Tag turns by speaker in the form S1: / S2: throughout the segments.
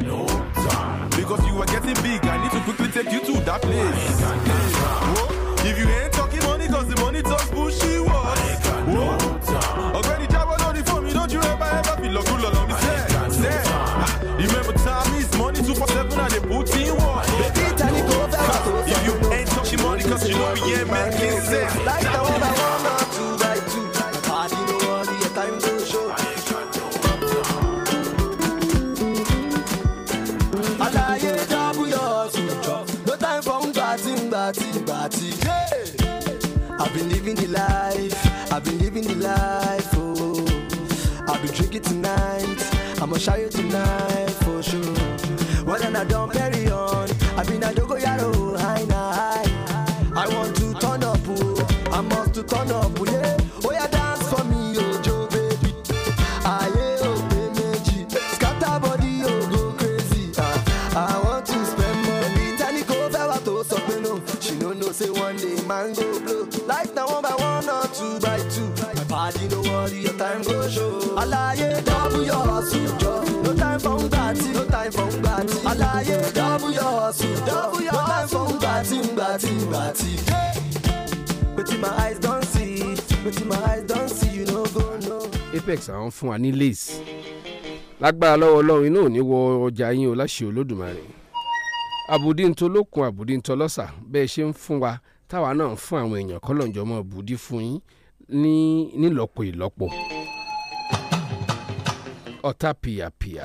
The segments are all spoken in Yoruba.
S1: No time. Because you are getting big, I need to quickly take you to that place. Whoa. If you ain't talking money, cause the money talks bushy was. Whoa. Already job on the phone, you don't you ever ever feel like cool along the set. Remember time is money, two for seven and they put in work. If you ain't talking money, cause you know we ain't making sense.
S2: living the life. I've been living the life. Oh, I'll be drinking tonight. I'ma show you tonight. àlàyé dábúyọ̀ ọ̀sùn dábúyọ̀ ọ̀sùn gbàtí gbàtí gbàtí. wetin my eyes don see wetin my eyes don see you no go know.
S3: apex àwọn fún wa ní lace lágbára lọ́wọ́ ọlọ́run iná ò ní wọ ọjà yín o láṣẹ olódùmarè àbùdíntò lókun àbùdíntò lọ́sà bẹ́ẹ̀ ṣe ń fún wa táwa náà ń fún àwọn èèyàn kọ́lọ̀njọ́ mọ́ bùdí fún yín ní nílọ́pọ̀ ìlọ́pọ̀ ọ̀tá pìyàpìyà.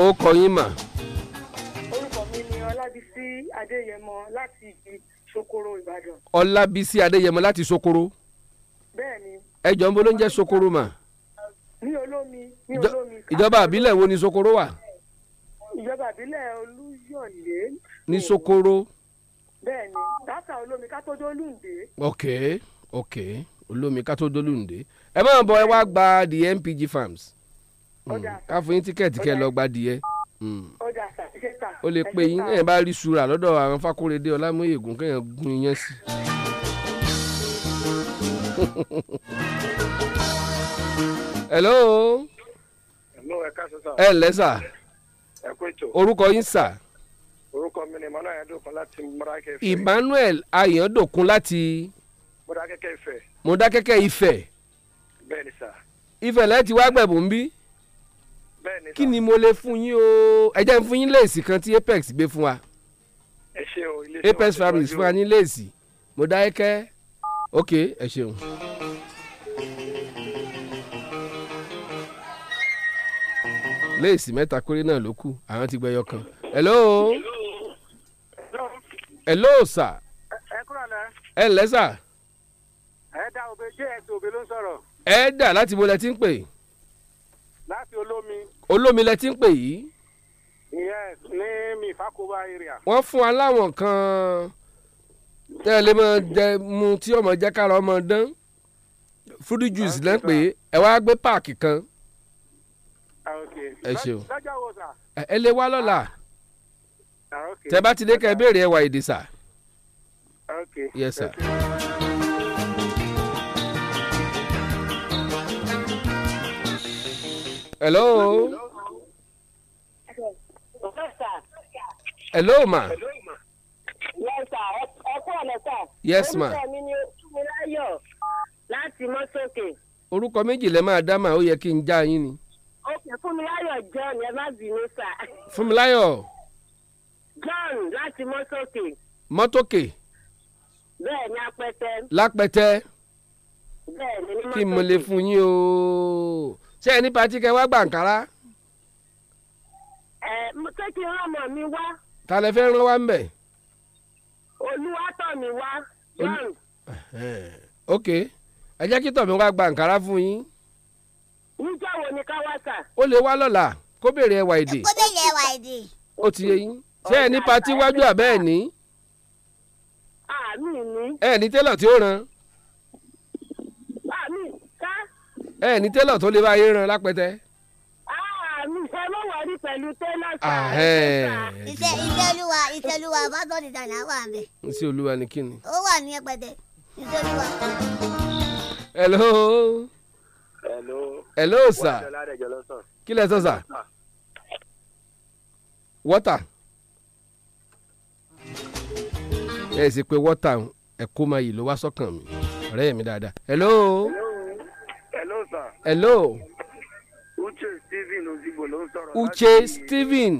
S3: ó kọ yín mà.
S4: orúkọ mi ni ọlábísí adéyẹmọ láti sokoro ìbàdàn.
S3: ọlábísí adéyẹmọ láti sokoro. bẹ́ẹ̀ni. ẹ jọ ń bolo ń jẹ sokoro mà.
S4: ní olómi ní olómi.
S3: ìjọba àbílẹ̀ wo ni sokoro wà.
S4: ìjọba
S5: àbílẹ̀ olúyọ̀lé.
S3: ní sokoro.
S5: bẹ́ẹ̀ni dáta olómi ká tó
S6: dólùǹdé.
S3: ok ok olómi ká tó ẹ máa bọ ẹ wá gba the npg farms. Hmm, ká fún yín tíkẹ́ẹ̀tì kẹ́ hmm. ẹ lọ́ọ́ gbadìyẹ. ó lè pe yín ẹ̀yìn bá rí sùúrà lọ́dọ̀ àwọn Fákóredé Ọlámúyẹ̀gùn kẹ́yìn gun iyán sí. hello.
S7: hello ẹ ká sọ sá. ẹ ǹlẹ́ sà.
S8: ẹ kú ètò. orúkọ yín sà. orúkọ mi ni Emmanuel Ayọ̀dọ̀kun láti Mọ́dákẹ́kẹ́ Ifẹ̀.
S3: Emmanuel Ayọ̀dọ̀kun láti.
S8: Mọ́dákẹ́kẹ́ Ifẹ̀.
S3: Mọ́dákẹ́kẹ́ Ifẹ̀. bẹ́ẹ̀ ni sà. Ifẹ̀ lẹ́ẹ̀ ti wá gbẹ̀bùn bí kí ni mo lè fún yín o ẹ jẹ́ n fún yín léèsì kan tí apex gbé fún wa
S7: apex families fún
S3: wa ní léèsì mo dá ẹ kẹ́ ok ẹ ṣeun. léèsì mẹ́ta kórè náà ló kù àwọn ti gbẹyọ kan. hello. hello sir. ẹ kúrò lẹ. ẹ ǹlẹ́ sà.
S4: ẹ dá òbí jẹ́ ẹ̀sìn òbí ló ń sọ̀rọ̀.
S3: ẹ dà láti bo lẹ ti ń pè.
S4: láti olómi
S3: olómi lẹ ti ń pè yìí.
S4: yes ní mi fakoba area.
S3: wọ́n fún wa láwọn kan tẹ́ ẹ lè mọ jẹ mu tí ọmọ jẹ́ kára ọmọ dán fruit juice lẹ́ ń pè é ẹ wá gbé páàkì kan. ẹ ṣeun ẹ lè wá lọ́la
S7: ah,
S5: tẹ́ bá
S3: ti dé ká ẹ béèrè ẹwà èdè sà. yes sir. Okay. hello. hello ma.
S6: Yes, ma. yes ma. orúkọ mi ni Olúmiláyọ̀ láti mọ́sókè.
S3: orúkọ méjì lẹ máa dá mà ó yẹ kí n já yín ni.
S6: òkè Fúnmiláyọ̀ John ẹ má bínú sà. Fúnmiláyọ̀. John láti mọ́sókè. mọ́tókè. bẹ́ẹ̀ ni apẹtẹ. lápẹtẹ. bẹ́ẹ̀ ni mọ́tókè. kí mo lè
S3: fún yín o ṣé ẹ ní patí kẹ wá gbàǹkárá.
S9: ẹ ṣé kí n rán ọmọ mi wá.
S3: ta lẹ fẹ́ rán wa ń bẹ̀.
S9: olúwatọ̀mí wá
S3: lọ́rùn. ok ẹ jẹ́ kí tọ̀mí wá gbàǹkárá fún yín. níjọ́ wo ni ká wá sà. o lè wá lọ́la kó béèrè ẹwà èdè. kó
S6: béèrè ẹwà èdè.
S3: ó ti yé yín ṣé ẹ ní patí wájú àbẹ́ẹ̀ ní.
S6: àmì ni.
S3: ẹ ní tẹ́lọ̀ tí ó ràn. ẹ ní tẹ́lọ̀ tó lè bá yé ran lápẹtẹ.
S4: àmì ah, ìfẹ́ ló wà ní pẹ̀lú tẹ́lọ̀ sáà. iṣẹ́
S8: iṣẹ́ olúwa iṣẹ́ olúwa bàtọ́ ni dànù àwọn àmì.
S3: iṣẹ́ olúwa ni kí ni.
S8: ó wà ní ẹpẹtẹ iṣẹ́ olúwa. hello. hello. hello sa. kí lẹ sọ sà. Ah.
S3: wọ́tà. ẹ sì pé wọ́tà ẹ̀kọ́ máa yìí ló wá sọ́kàn mi ọ̀rẹ́ mi dáadáa. hello. hello hello. uche stephen ozigbo ló ń sọ̀rọ̀ uche stephen.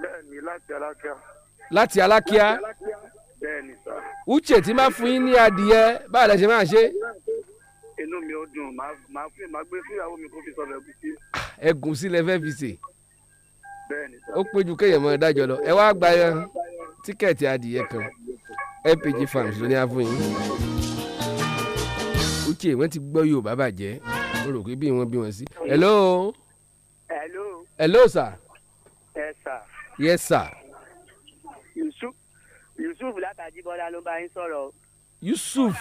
S5: bẹ́ẹ̀ni láti alákíá.
S3: láti alákíá. bẹ́ẹ̀ni sá. uche tí máa fún yín ní adìyẹ báà lẹ ṣe máa ṣe.
S5: inú mi ò dùn màá fún màá gbé fúyàwó mi kó fi sọ ẹgùn sí.
S3: Ah, ẹgùn sí lẹ fẹ́ fi sè. bẹ́ẹ̀ni sá. ó péjú kéèyàn mọ ìdájọ́ lọ ẹ wá gba eh, tíkẹ́ẹ̀tì adìyẹ kan mpg farms ló ní a fún yín tiẹ̀ wọ́n ti gbọ́ Yorùbá bàjẹ́ mo rò pé bí wọ́n bí wọ́n sí. hello. hello. hello sir. yes sir. yes sir.
S9: Yusuf Yusuf látàjíbọ́lá ló bá yín sọ̀rọ̀.
S3: Yusuf.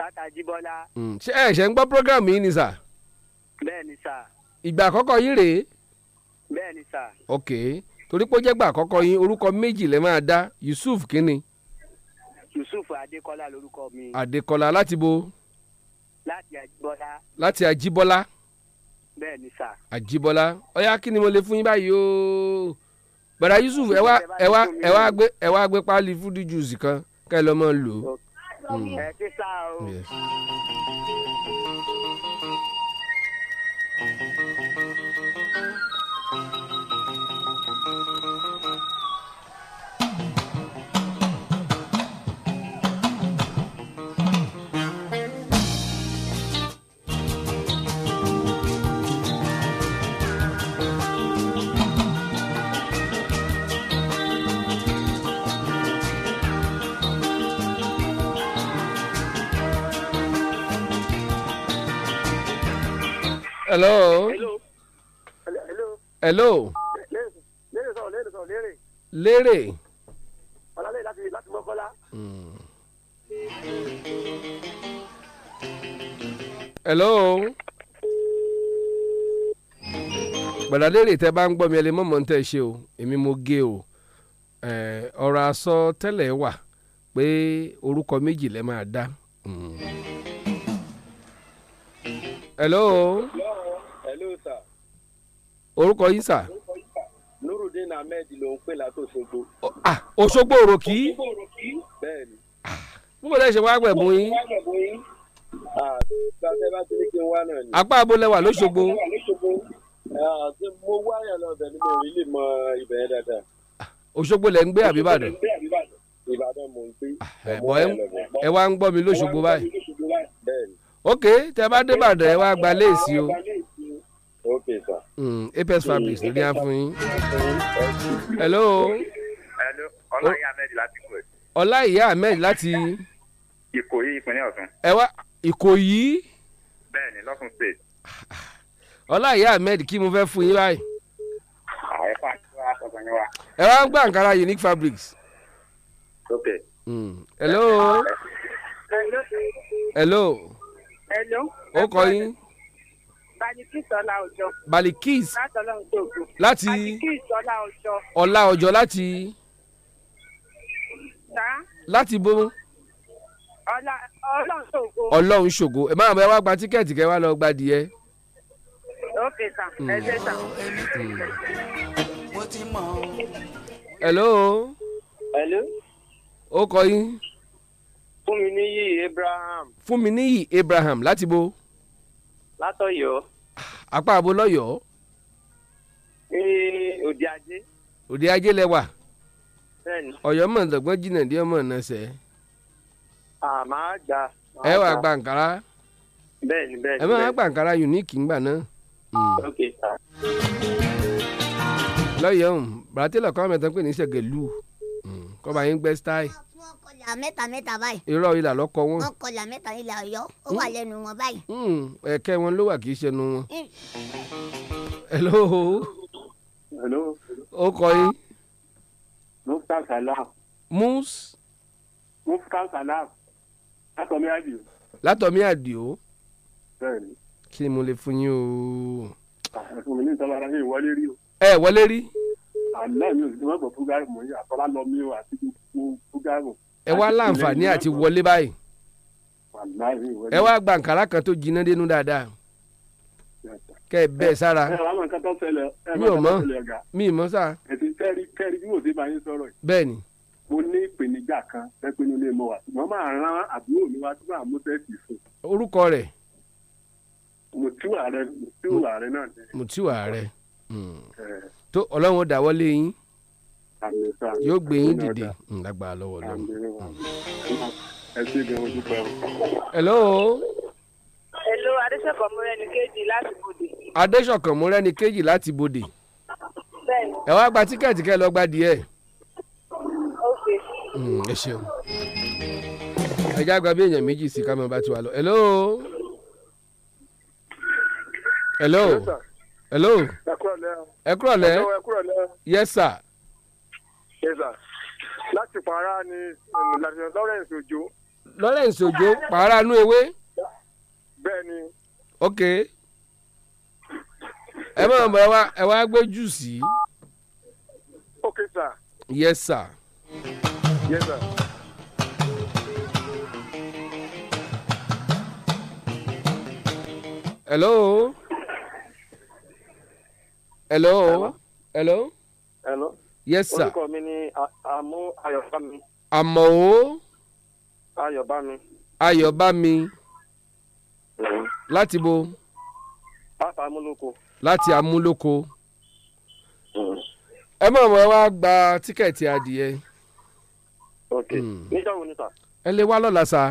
S6: látàjíbọ́lá.
S3: Mm, ṣé ẹ ṣe ń gbọ́ program yìí ni sà. bẹ́ẹ̀ni sà. ìgbà àkọ́kọ́ yín rèé. bẹ́ẹ̀ni sà. ok torí pé ó jẹ́ gbà àkọ́kọ́ yín orúkọ méjì lè máa dá Yusuf kínni.
S6: Yusuf adekola lórúkọ mi.
S3: Adekola láti bo láti Àjíbọ́lá. bẹ́ẹ̀ ni sà. Àjíbọ́lá ọ̀yá kí ni mo lè fún yín báyìí o bàdà Yusuf ẹ wá ẹ wá ẹ wá gbé ẹ wá gbé páálí fúdí jùùsì kan kẹ́ ẹ lọ́ mọ́ lò ó.
S7: ẹ ti sá o.
S3: hello. hello. hello.
S8: lérè sọ̀rọ̀ lérè sọ̀rọ̀ lérè. lérè. ọ̀làlẹ́ láti láti mọ́kọ́lá. Hmm.
S3: hello. gbọ̀dá lérè tẹ́ bá ń gbọ́ mi ẹ lè mọ̀mọ́ ń tẹ́ ṣe o èmi mo gé o ọ̀rọ̀ àsọ tẹ́lẹ̀ wà pé orúkọ méjì lẹ́ máa dá. Hmm. hello. hello? hello sir. orúkọ yín sà.
S10: nurudeen ahmed ló ń pè láti Òṣogbo. ah Òṣogbo òròkì. bẹ́ẹ̀ni.
S3: mo bẹ̀rẹ̀ ṣe wá gbẹ̀bùn yín.
S10: apá abolẹ́wà lóṣogbo. mo wá yàn lọ bẹ̀ ni mo rí lè mọ ibẹ̀ yẹn dáadáa.
S3: Òṣogbo lẹ ń gbé àbí Ìbàdàn.
S10: Ìbàdàn mò ń gbé.
S3: ẹ wá ń gbọ́ mi lóṣogbo báyìí. ok tẹ bá dé Ìbàdàn ẹ wá gba léèsì o. Hmm, apex hmm, fabrics ló dé á fún yín. hello.
S8: ọlá ìyá ahmed láti ìkòyí.
S3: ọlá ìyá ahmed láti.
S8: ìkòyí ìpínlẹ̀ ọ̀sùn.
S3: ẹ wá ìkòyí.
S8: bẹ́ẹ̀ni lọ́sùn
S10: state.
S3: ọlá ìyá ahmed kí mo fẹ́ fún yín báyìí.
S10: àwọn ẹ̀fọ́ àti ìwà
S7: sọ̀tàn yín wa.
S3: ẹ wá ń gbà Ankara unique fabrics. ok. Mm. hello. hello. hello.
S7: hello.
S4: ó kọ yín balikis ọlá ọjọ́. balikis láti balikis ọlá ọjọ́.
S3: ọlá ọjọ́ láti. láti bó.
S4: ọlọ́run ṣògo.
S3: ọlọ́run ṣògo ẹ máa bẹ wá gba tíkẹ́ẹ̀tì kẹ́ wá lọ gba díẹ̀. Hmm. Hmm. hello. hello. ó kọ yín.
S8: Fúnminíyì Abraham.
S3: Fúnminíyì Abraham láti bo. látọ̀yọ́. apá àbò lọ́yọ̀ọ́.
S8: ee òde ajé.
S3: òde ajé lẹwà. bẹ́ẹ̀ni. ọ̀yọ́ mọ̀ ǹdọ̀gbọ́n jìnnà díẹ̀ mọ̀ ọ̀nà sẹ́.
S10: àmà gbà. ẹ wà gba
S3: gba nkàrà unique ngbà náà.
S8: Hmm. ok sir.
S3: lọ́yọ̀ọ́ bàtẹ́lẹ̀ kọ́ pé ní hmm. kọ́ bá yín gbẹ́ style.
S8: ìlà mẹ́ta mẹ́ta báyìí. irọ́ ìlà
S3: lọ́kọ wọn. ọkọ
S8: ìlà mẹ́ta ìlà ọ̀yọ́ ó hmm. wà lẹ́nu wọn báyìí.
S3: Hmm, ẹ̀kẹ́ wọn ló wà kì í ṣẹnu wọn. Hmm. hello. hello. ó kọ yín. Ah.
S10: mufta salam. mus. mufta salam. látọ̀mí àdìo.
S3: látọ̀mí àdìo. bẹ́ẹ̀ni. kí ni mo lè fún yín o.
S8: àfihàn ah, mi ní ìtàn ara yín wọlé rí o. ẹ wọlé rí. àná mi ò sì mọ̀ pé fúgárì mò ń yà lọ mí o àti fúgárì ẹ wá láǹfààní
S3: àti wọlé báyìí ẹ wá gba nkàrà kan tó jiná dénú dáadáa kẹ bẹ́ẹ̀ sára mi ò mọ̀ mi ì mọ̀ sá. bẹ́ẹ̀ ni.
S4: mo ní ìpèníjà kan ẹpinnu ilé mo wà
S10: ṣùgbọ́n máa rán àbúrò mi wá tí màá fún. orúkọ rẹ̀. mùtíwà rẹ mùtíwà rẹ náà.
S3: mùtíwà rẹ hmm. tó ọlọ́run ó dáwọ́lé yín yóò gbé yín dìde
S8: lágbára lọ́wọ́ lọ́wọ́.
S3: hello.
S8: hello adéṣọ̀kan múrẹ́ni
S6: kejì láti bòde.
S3: adéṣọ̀kan múrẹ́ni kejì láti bòde. ẹ wá gba tíkẹ́ẹ̀tì kẹ́ ẹ lọ́ọ́ gba díẹ̀. Mm, ẹ ṣeun. ẹ já gba bí èèyàn méjì sí ká máa bá tiwa lọ. hello.
S7: hello. hello. ẹ kúrọ̀lẹ́. ẹ kúrọ̀lẹ́.
S3: yes sir
S8: láti pààrà ni eh, Lawrence Ojo.
S3: Lawrence Ojo pààrà nú ewé. bẹ́ẹ̀ ni. ok ẹ máa bọ̀ ẹ wá gbé júùsì. ok sir. yes sir. yes sir. hello. hello. hello. hello yes sir. orúkọ
S10: mi ni àmọ́ ayọ̀bámi.
S3: àmọ́ o. ayọ̀bámi. ayọ̀bámi. láti bo.
S10: láti amúlòkó.
S3: láti amúlòkó. Hmm. ẹ mọ̀ mọ́ wá gba tíkẹ́ẹ̀tì adìyẹ. ok hmm. níjà wo ni sà. ẹ lè wá lọ́la sà.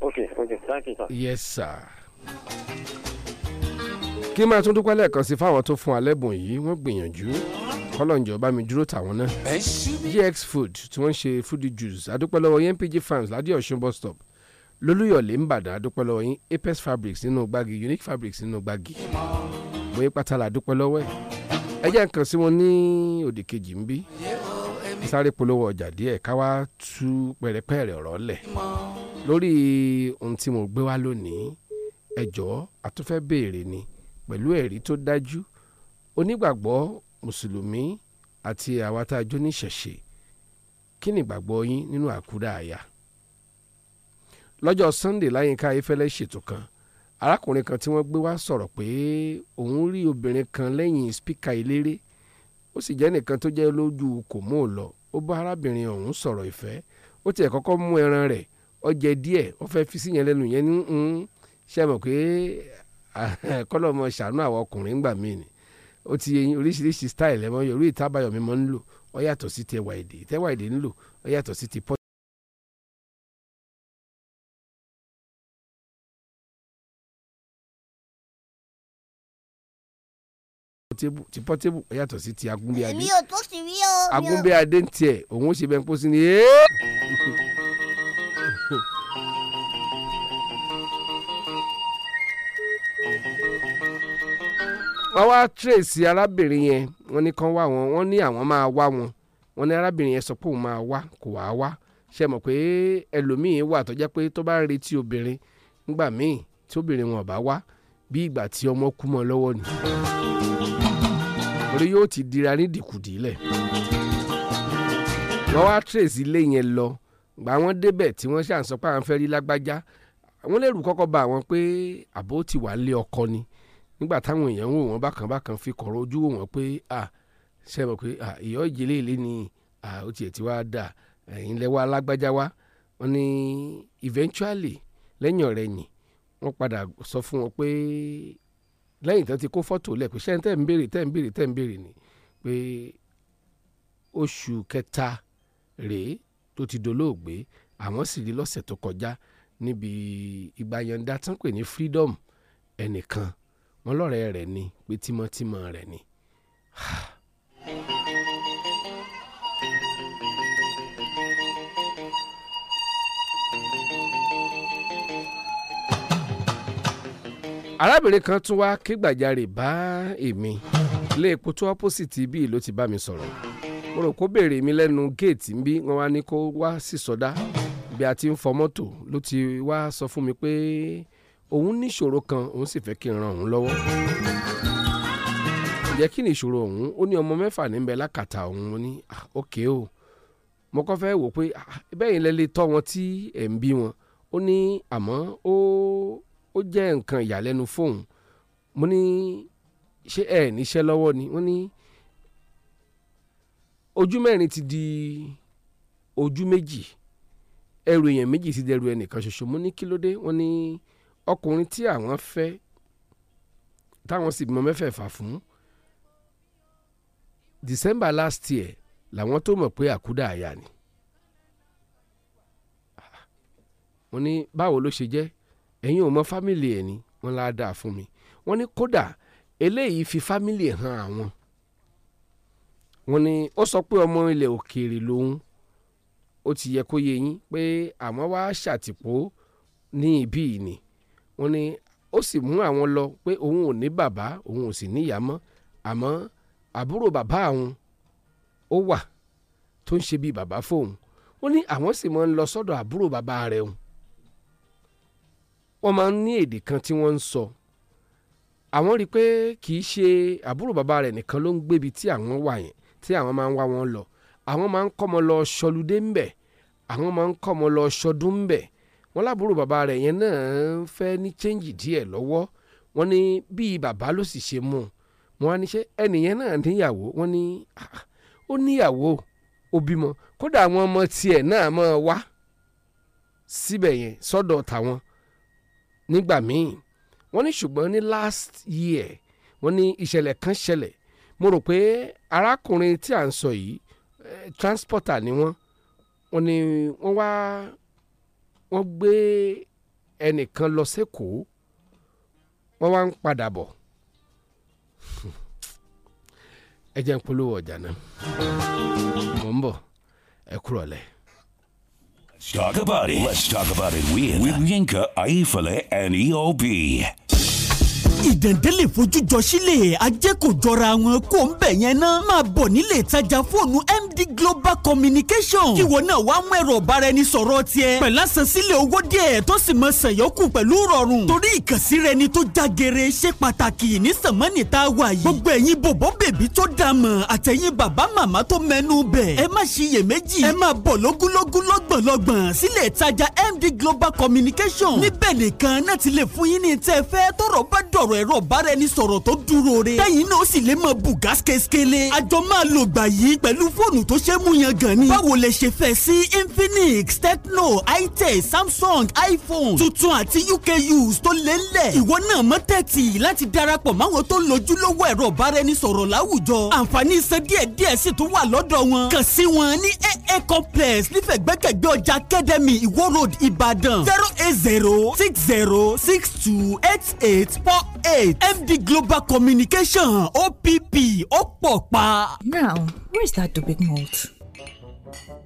S7: ok ok thank you sir.
S3: yes sir kí máa tún dúpẹ́ lẹ́ẹ̀kan sí fáwọn tó fún alẹ́bùn yìí wọ́n gbìyànjú kọ́lọ̀njọ́ bá mi dúró tàwọn náà gx food tí wọ́n ń ṣe foodie juice adúpẹ́ lọ́wọ́ NPG farms ládìí ọ̀ṣun bus stop lolúyọ̀lé ńbàdàn adúpẹ́ lọ́wọ́ yín apex fabrics nínú gbági unique fabrics nínú gbági bóyá pátálà adúpẹ́ lọ́wọ́ ẹ̀ ẹ jẹ́ nǹkan sí wọn ní òdì kejì ń bí sáré polówó ọjà díẹ̀ ká wá tú pẹ̀rẹ̀pẹ̀rẹ̀ ọ̀rọ̀ lẹ̀ lórí ohun tí mo gbé wá lónìí ẹ àtúfẹ́ béèrè ni pẹ̀lú ẹ̀rí tó dájú onígbàgbọ́ mùsùlùmí àti àwa tá a jó níṣẹ̀ṣe kí ni ìgbàgbọ́ yín nínú àkúdàáyà lọ́jọ́ sunday láyínká ayéfẹ́lẹ́ ṣètò kan arákùnrin kan tí wọ́n gbé wá sọ̀rọ̀ pé òun rí obìnrin kan lẹ́yìn spíkà eléré ó sì jẹ́ nìkan tó jẹ́ lójú kò mú un lọ ó bá arábìnrin ọ̀hún sọ̀rọ̀ ìfẹ́ ó tiẹ̀ kọ́kọ́ mú ẹran rẹ̀ ó jẹ díẹ̀ ó fẹ́ fi sí lẹ́nu yẹn ń ṣe mọ̀ pé kọ́lọ́mọ ṣàánú àwọn ọkùnrin gbà mí ni ó ti yẹ oríṣiríṣi style ẹ̀ mọ́ yorùbá
S7: ìtàbáyọ̀ mi mọ́ ń lò ó yàtọ̀ sí tẹwà èdè tẹwà èdè ń lò ó yàtọ̀ sí ti pọ́. ti pọ́tébù ó yàtọ̀ sí ti agúnbíadé agúnbíadé
S3: ń tiẹ̀ òun ó ṣe bẹ́ẹ̀ pósí ni. wọ́n wá tírèsì arábìnrin yẹn wọ́n ní kán wá wọn wọ́n ní àwọn máa wá wọn wọ́n ní arábìnrin yẹn sọ pé òun máa wá kò wá wá ṣe mọ̀ pé ẹlòmíín wà tó jẹ́ pé tó bá ń retí obìnrin ńgbà míì tí obìnrin wọn ò bá wá bí ìgbà tí ọmọ kú mọ́ lọ́wọ́ ni orí yóò ti dira ní dìkùdì wọ́n wá tírèsì ilé yẹn lọ gbà wọ́n débẹ̀ tí wọ́n ṣàǹsọ́ pé àwọn fẹ́ rí lágbájá wọ́n lè rù kọ́kọ́ bá àwọn pé àbó ti wà lé ọkọ ni nígbà táwọn èèyàn ń wò wọ́n bákan bákan fi kọ̀rọ̀ ojú wò wọ́n pé à ṣe mọ̀ pé à ìyọ́ ìjìlé ilé ni à ó tiẹ̀ ti wá dà ẹ̀yìn lẹ́wọ́ alágbájá wá wọ́n ní eventually lẹ́yìn ọ̀rẹ́ yìn wọ́n padà sọ fún wọn pé lẹ́yìn tó ti kó fọ́tò lẹ̀ pé ṣẹ́ni tẹ́ ń béèrè tẹ́ ń béèrè tẹ́ ń béèrè ni pé oṣù kẹta rèé tó ti dolóògbé àwọn sì rí lọ́sẹ̀ tó kọjá níbi ìgbàyànjá freedom ẹnìkan wọn lọ́rẹ̀ẹ́ rẹ̀ ni pé tímọ́tímọ́ rẹ̀ ni. arábìnrin kan tún wá kígbàjarè bá èmi ilé epo tó ọ́pọ́sìtì bíi ló ti bá mi sọ̀rọ̀ mo rò kó béèrè mi lẹ́nu géètì ń bí wọ́n wá ní kó wá sí sọ́dá bí a ti ń fọ mọ́tò ló ti wá sọ fún mi pé. Pe òun níṣòro kan òun sì fẹ́ kí n ran òun lọ́wọ́ jẹ́ kí ni ìṣòro òun ó ní ọmọ mẹ́fà níbẹ̀ lákàtà òun mo ní òkè ah, o mo kọ́ fẹ́ wò pé ah, bẹ́ẹ̀ lẹ lè tọ́ wọn tí ẹ̀ ń bí wọn ó ní àmọ́ ó ó jẹ́ nǹkan ìyàlẹ́nu fóun mo ní ṣé ẹ níṣẹ́ lọ́wọ́ ni wọ́n ní ojú mẹ́rin ti di ojú méjì ẹrù èèyàn méjì ti dẹrù ẹnìkan ṣoṣo mo ní kí ló dé wọ́n ní. Ni ọkùnrin tí àwọn fẹ́ táwọn sì bímọ mẹ́fẹ̀ẹ̀fà fún December last year làwọn tó mọ̀ pé àkúdà àyà ni wọ́n ní báwo ló ṣe jẹ́ ẹ̀yin ò mọ fámìlì ẹ̀ ni wọ́n lá dáa fún mi wọ́n ní kódà eléyìí fi fámìlì ẹ̀ hàn àwọn wọ́n ní ó sọ pé ọmọ ilẹ̀ òkèèrè lòun ó ti yẹ kó yé yín pé àwọn wá ṣàtìpó ní ibí yìí ni. Ibi, ni wọ́n ní ó sì mú àwọn lọ pé òun ò ní bàbá òun ò sì níyàá mọ́ àmọ́ àbúrò bàbá àwọn ó wà tó ń ṣe bíi bàbá fóun ó ní àwọn sì máa ń lọ sọ́dọ̀ àbúrò bàbá rẹ̀ òun wọ́n máa ń ní èdè kan tí wọ́n ń sọ àwọn rí i pé kì í ṣe àbúrò bàbá rẹ̀ nìkan ló ń gbébi tí àwọn wà yẹn tí àwọn máa ń wá wọn lọ àwọn máa ń kọ́ ọmọ lọ ṣọlúdé ńbẹ̀ àwọn máa ń kọ́ ọmọ lọ ṣọdún ńbẹ̀ wọ́n lábúrò bàbá rẹ̀ yẹn náà ń fẹ́ ní chẹ́ǹgì díẹ̀ lọ́wọ́ wọ́n ní bíi bàbá ló sì ṣe mú un wọ́n á ní ṣe ẹnìyẹn náà níyàwó wọ́n ní ah, ó níyàwó ó kódà àwọn ọmọ tiẹ̀ náà máa wá síbẹ̀ yẹn sọ́dọ̀ tàwọn nígbà míì wọ́n ní ṣùgbọ́n ní last year wọ́n ní ìṣẹ̀lẹ̀ kan ṣẹlẹ̀ mo rò pé arákùnrin tí à ń sọ yìí eh, transporter ni wọ́n wọ́n ní wọ́n wá. Wa wọ́n gbé ẹnìkan lọ sẹ́kọ̀ọ́ wọ́n wá ń padà bọ̀ ẹ jẹ́ ń polówó ọjà náà mò ń bọ̀ ẹ kúrọ̀lẹ́.
S11: Let's talk about it. Let's talk about it with, with Yinka, Aifale, and EOB
S12: ìdẹ̀ndẹ́ lè fojú jọ sílẹ̀ ajé kò jọra wọn kò ń bẹ̀ yẹn ná máa bọ̀ nílé ìtajà fóònù MD Global Communication kíwọ náà wàá mú ẹ̀rọ ọ̀bára ẹni sọ̀rọ̀ tiẹ̀ pẹ̀lú àsansílẹ̀ owó díẹ̀ tó sì mọ sẹ̀yọ́kù pẹ̀lú rọrùn torí ìkànsíra ẹni tó já gere ṣe pàtàkì ní sàmánì tá a wà yìí gbogbo ẹ̀yin bòbọ́ bèbí tó dà mọ̀ àtẹ̀yin bàbá màmá tó mẹ́nu bẹ̀ ẹ má ṣiyèméjì ẹ máa bọ̀ lógúnlógún lọ́gbọ̀nlọ́gbọ̀n sílẹ̀ ìtajà MD Global Communication níbẹ̀ nìkan náà ti lè fún yín ní tẹ́ fẹ́ tọ̀rọ̀ bá dọ̀rọ̀ ọ̀rọ̀ ẹ̀rọ ìbáraẹnisọ̀rọ̀ tó dúró re tẹ́yìn náà sì lè máa bù gas kéékèèlé àjọ máa lò gbà yìí pẹ̀lú fóònù tó ṣe é mú yan gan ni báwo lẹ ṣe fẹ́ sí Infinix Tecno itel Samsung iPhone tuntun àti UK used tó lé lẹ̀ ìwọ náà mọ́ tẹ́tì láti darapọ̀ máwọn tó lójúlówó ẹ̀rọ ìbáraẹnisọ̀rọ̀ láwùjọ àǹfààní san díẹ̀díẹ̀ sì tún wà lọ́dọ̀ wọn kàn sí wọn ní aa complex nífẹ̀gbẹ́kẹ̀gbẹ́ ọjà academy Iwo Road Ìbàdàn zero eight zero six zero six two eight eight four eight md global communication opp ó now
S13: where is that dubic malt.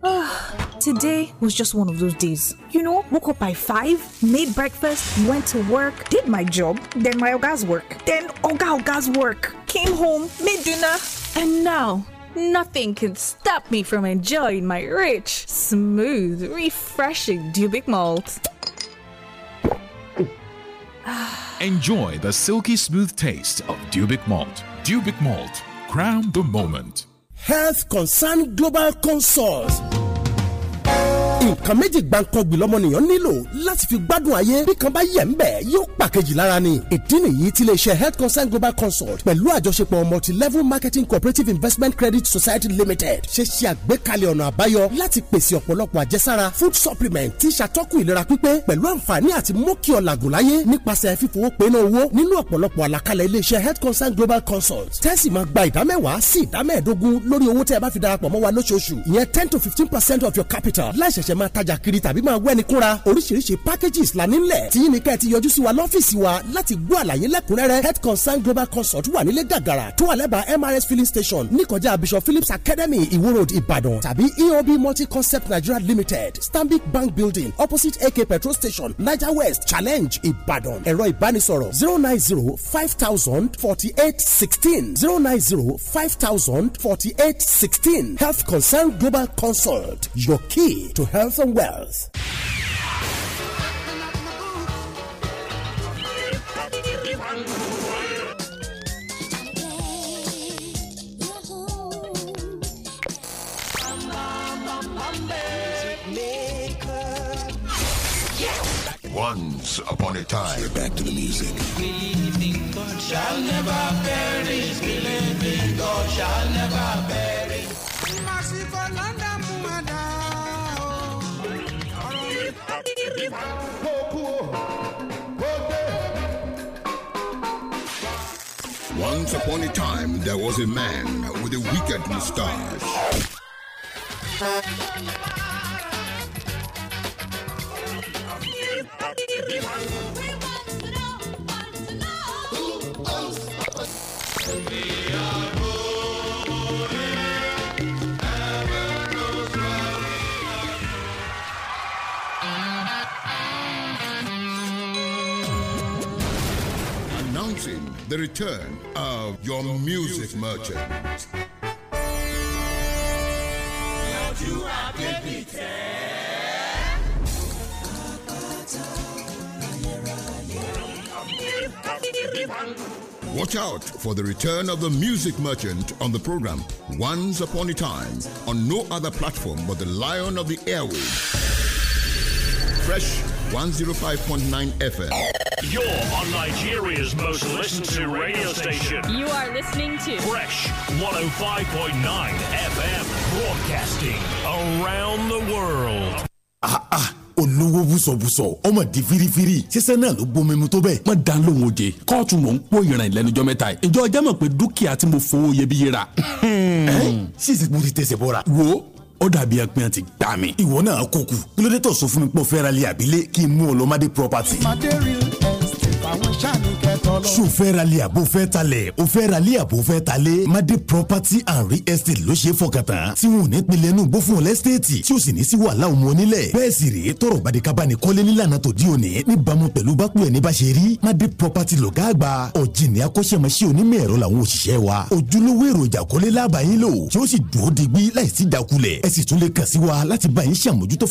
S13: Ah, today was just one of those days. You know, woke up by 5, made breakfast, went to work, did my job, then my oga's work, then oga oga's work, came home, made dinner, and now nothing can stop me from enjoying my rich, smooth, refreshing Dubik malt.
S14: Enjoy the silky smooth taste of Dubic Malt. Dubic Malt, crown the moment.
S15: Health Concern Global Consult. nǹkan méjì gbàǹkangbì lọ́mọnìyàn nílò láti fi gbádùn ayé bí kan bá yẹ̀ ń bẹ̀ yóò pàkejì lára ni ìdí nìyí tí lè ṣe health concern global consult pẹ̀lú àjọṣepọ̀ level marketing cooperative investment credit society limited ṣe ṣe àgbékalẹ̀ ọ̀nà àbáyọ láti pèsè ọ̀pọ̀lọpọ̀ àjẹsára food supplement tí ṣàtọ́kù ìlera pípé pẹ̀lú àǹfààní àti mú kí ọ làgùn láyé nípasẹ̀ fífowó pinnu owó nínú ọ̀pọ̀lọpọ̀ àlàkalẹ̀ iléeṣẹ́ health concern global consult tẹ́sí máa gba ìdámẹ́wàá sí ìdámẹ́ẹ̀dógún lórí owó tẹ́ ẹ bá fi darapọ̀ mọ́ wa lóṣooṣù ìyẹn ten to fifteen percent of your capital láìṣẹ̀ṣẹ̀ máa tajà kiri tàbí máa wẹ́ni kúnra oríṣiríṣi packages la nílẹ̀ tí yín ni ká ẹ ti yọjú sí wa lọ́fíìsì wa láti gbọ́ àlàyé lẹ́kùnrẹ́rẹ́ health concern global consult wà nílé gàgàrà tó wà lẹ́bàá mrs filling station níkọjá bishop phillips academy iwo road Ibadan. tàbí eob multi concept nigeria limited stanbic bank building opposite ak petrol station niger west challenge Ibadan. ẹ̀rọ ìbánisọ̀rọ̀ zero nine zero five thousand forty eight sixteen zero nine zero five thousand forty eight sixteen health concern global consult your key to health. Once
S16: upon a time. So back to
S17: the music.
S18: God shall never perish. God shall never perish.
S16: Once upon a time, there was a man with a wicked
S7: mustache.
S16: the return of your music merchant. Watch out for the return of the music merchant on the program Once Upon a Time on no other platform but the Lion of the Airwaves. Fresh 105.9 FM.
S11: You're on Nigeria's most listened to radio station.
S9: You are listening to Fresh
S11: 105.9 FM broadcasting around the world. Ah,
S14: ah. olówó bùsọ̀bùsọ̀ ọmọ di firifiri ṣiṣẹ́ náà ló gbómi mu tó bẹ́ẹ̀ má dá lóhùn oje kóòtù mò ń pò ìrìn ìlẹ́nujọ́ mẹ́ta yìí ìjọ ọjà mọ̀ pé dúkìá tí mo fowó iyebíye rà. ṣíṣe mo ti tẹsẹ̀ bọ́ra. wo ó dàbí ẹpin àti gbà mí. ìwọ náà kò kù kí ló dé tó sọ fún mi pé o fẹ́ ra ilé àbílẹ̀ kí n mú ọ lọ property
S15: àwọn sani kẹtọ lọ.
S14: ṣó fẹ́ ra lẹ̀ àbò madi property and real estate ló ṣe fọkàn tán tí wọn ò ní pinnu ẹnu bó fún ọ lẹ́stéètì tí o sì ní sí wàhálà òun onílẹ̀ bẹ́ẹ̀ sì rèé tọrọ badikaba ni kọ́lé nílànà tó di òní níbàámu pẹ̀lú bákú ẹ̀ ní bá rí madi property lọ́gá àgbà ọ̀jìnì akọ́ṣẹ́mọṣẹ́ onímọ̀ ẹ̀rọ làwọn òṣìṣẹ́ wa ojúlówó èròjà kọ́lé lábàáyín lò tí ó sì dúró digbí láìsí ìjákulẹ̀ ẹ sì tún lè kàn sí wa láti bá yín ṣàmójútó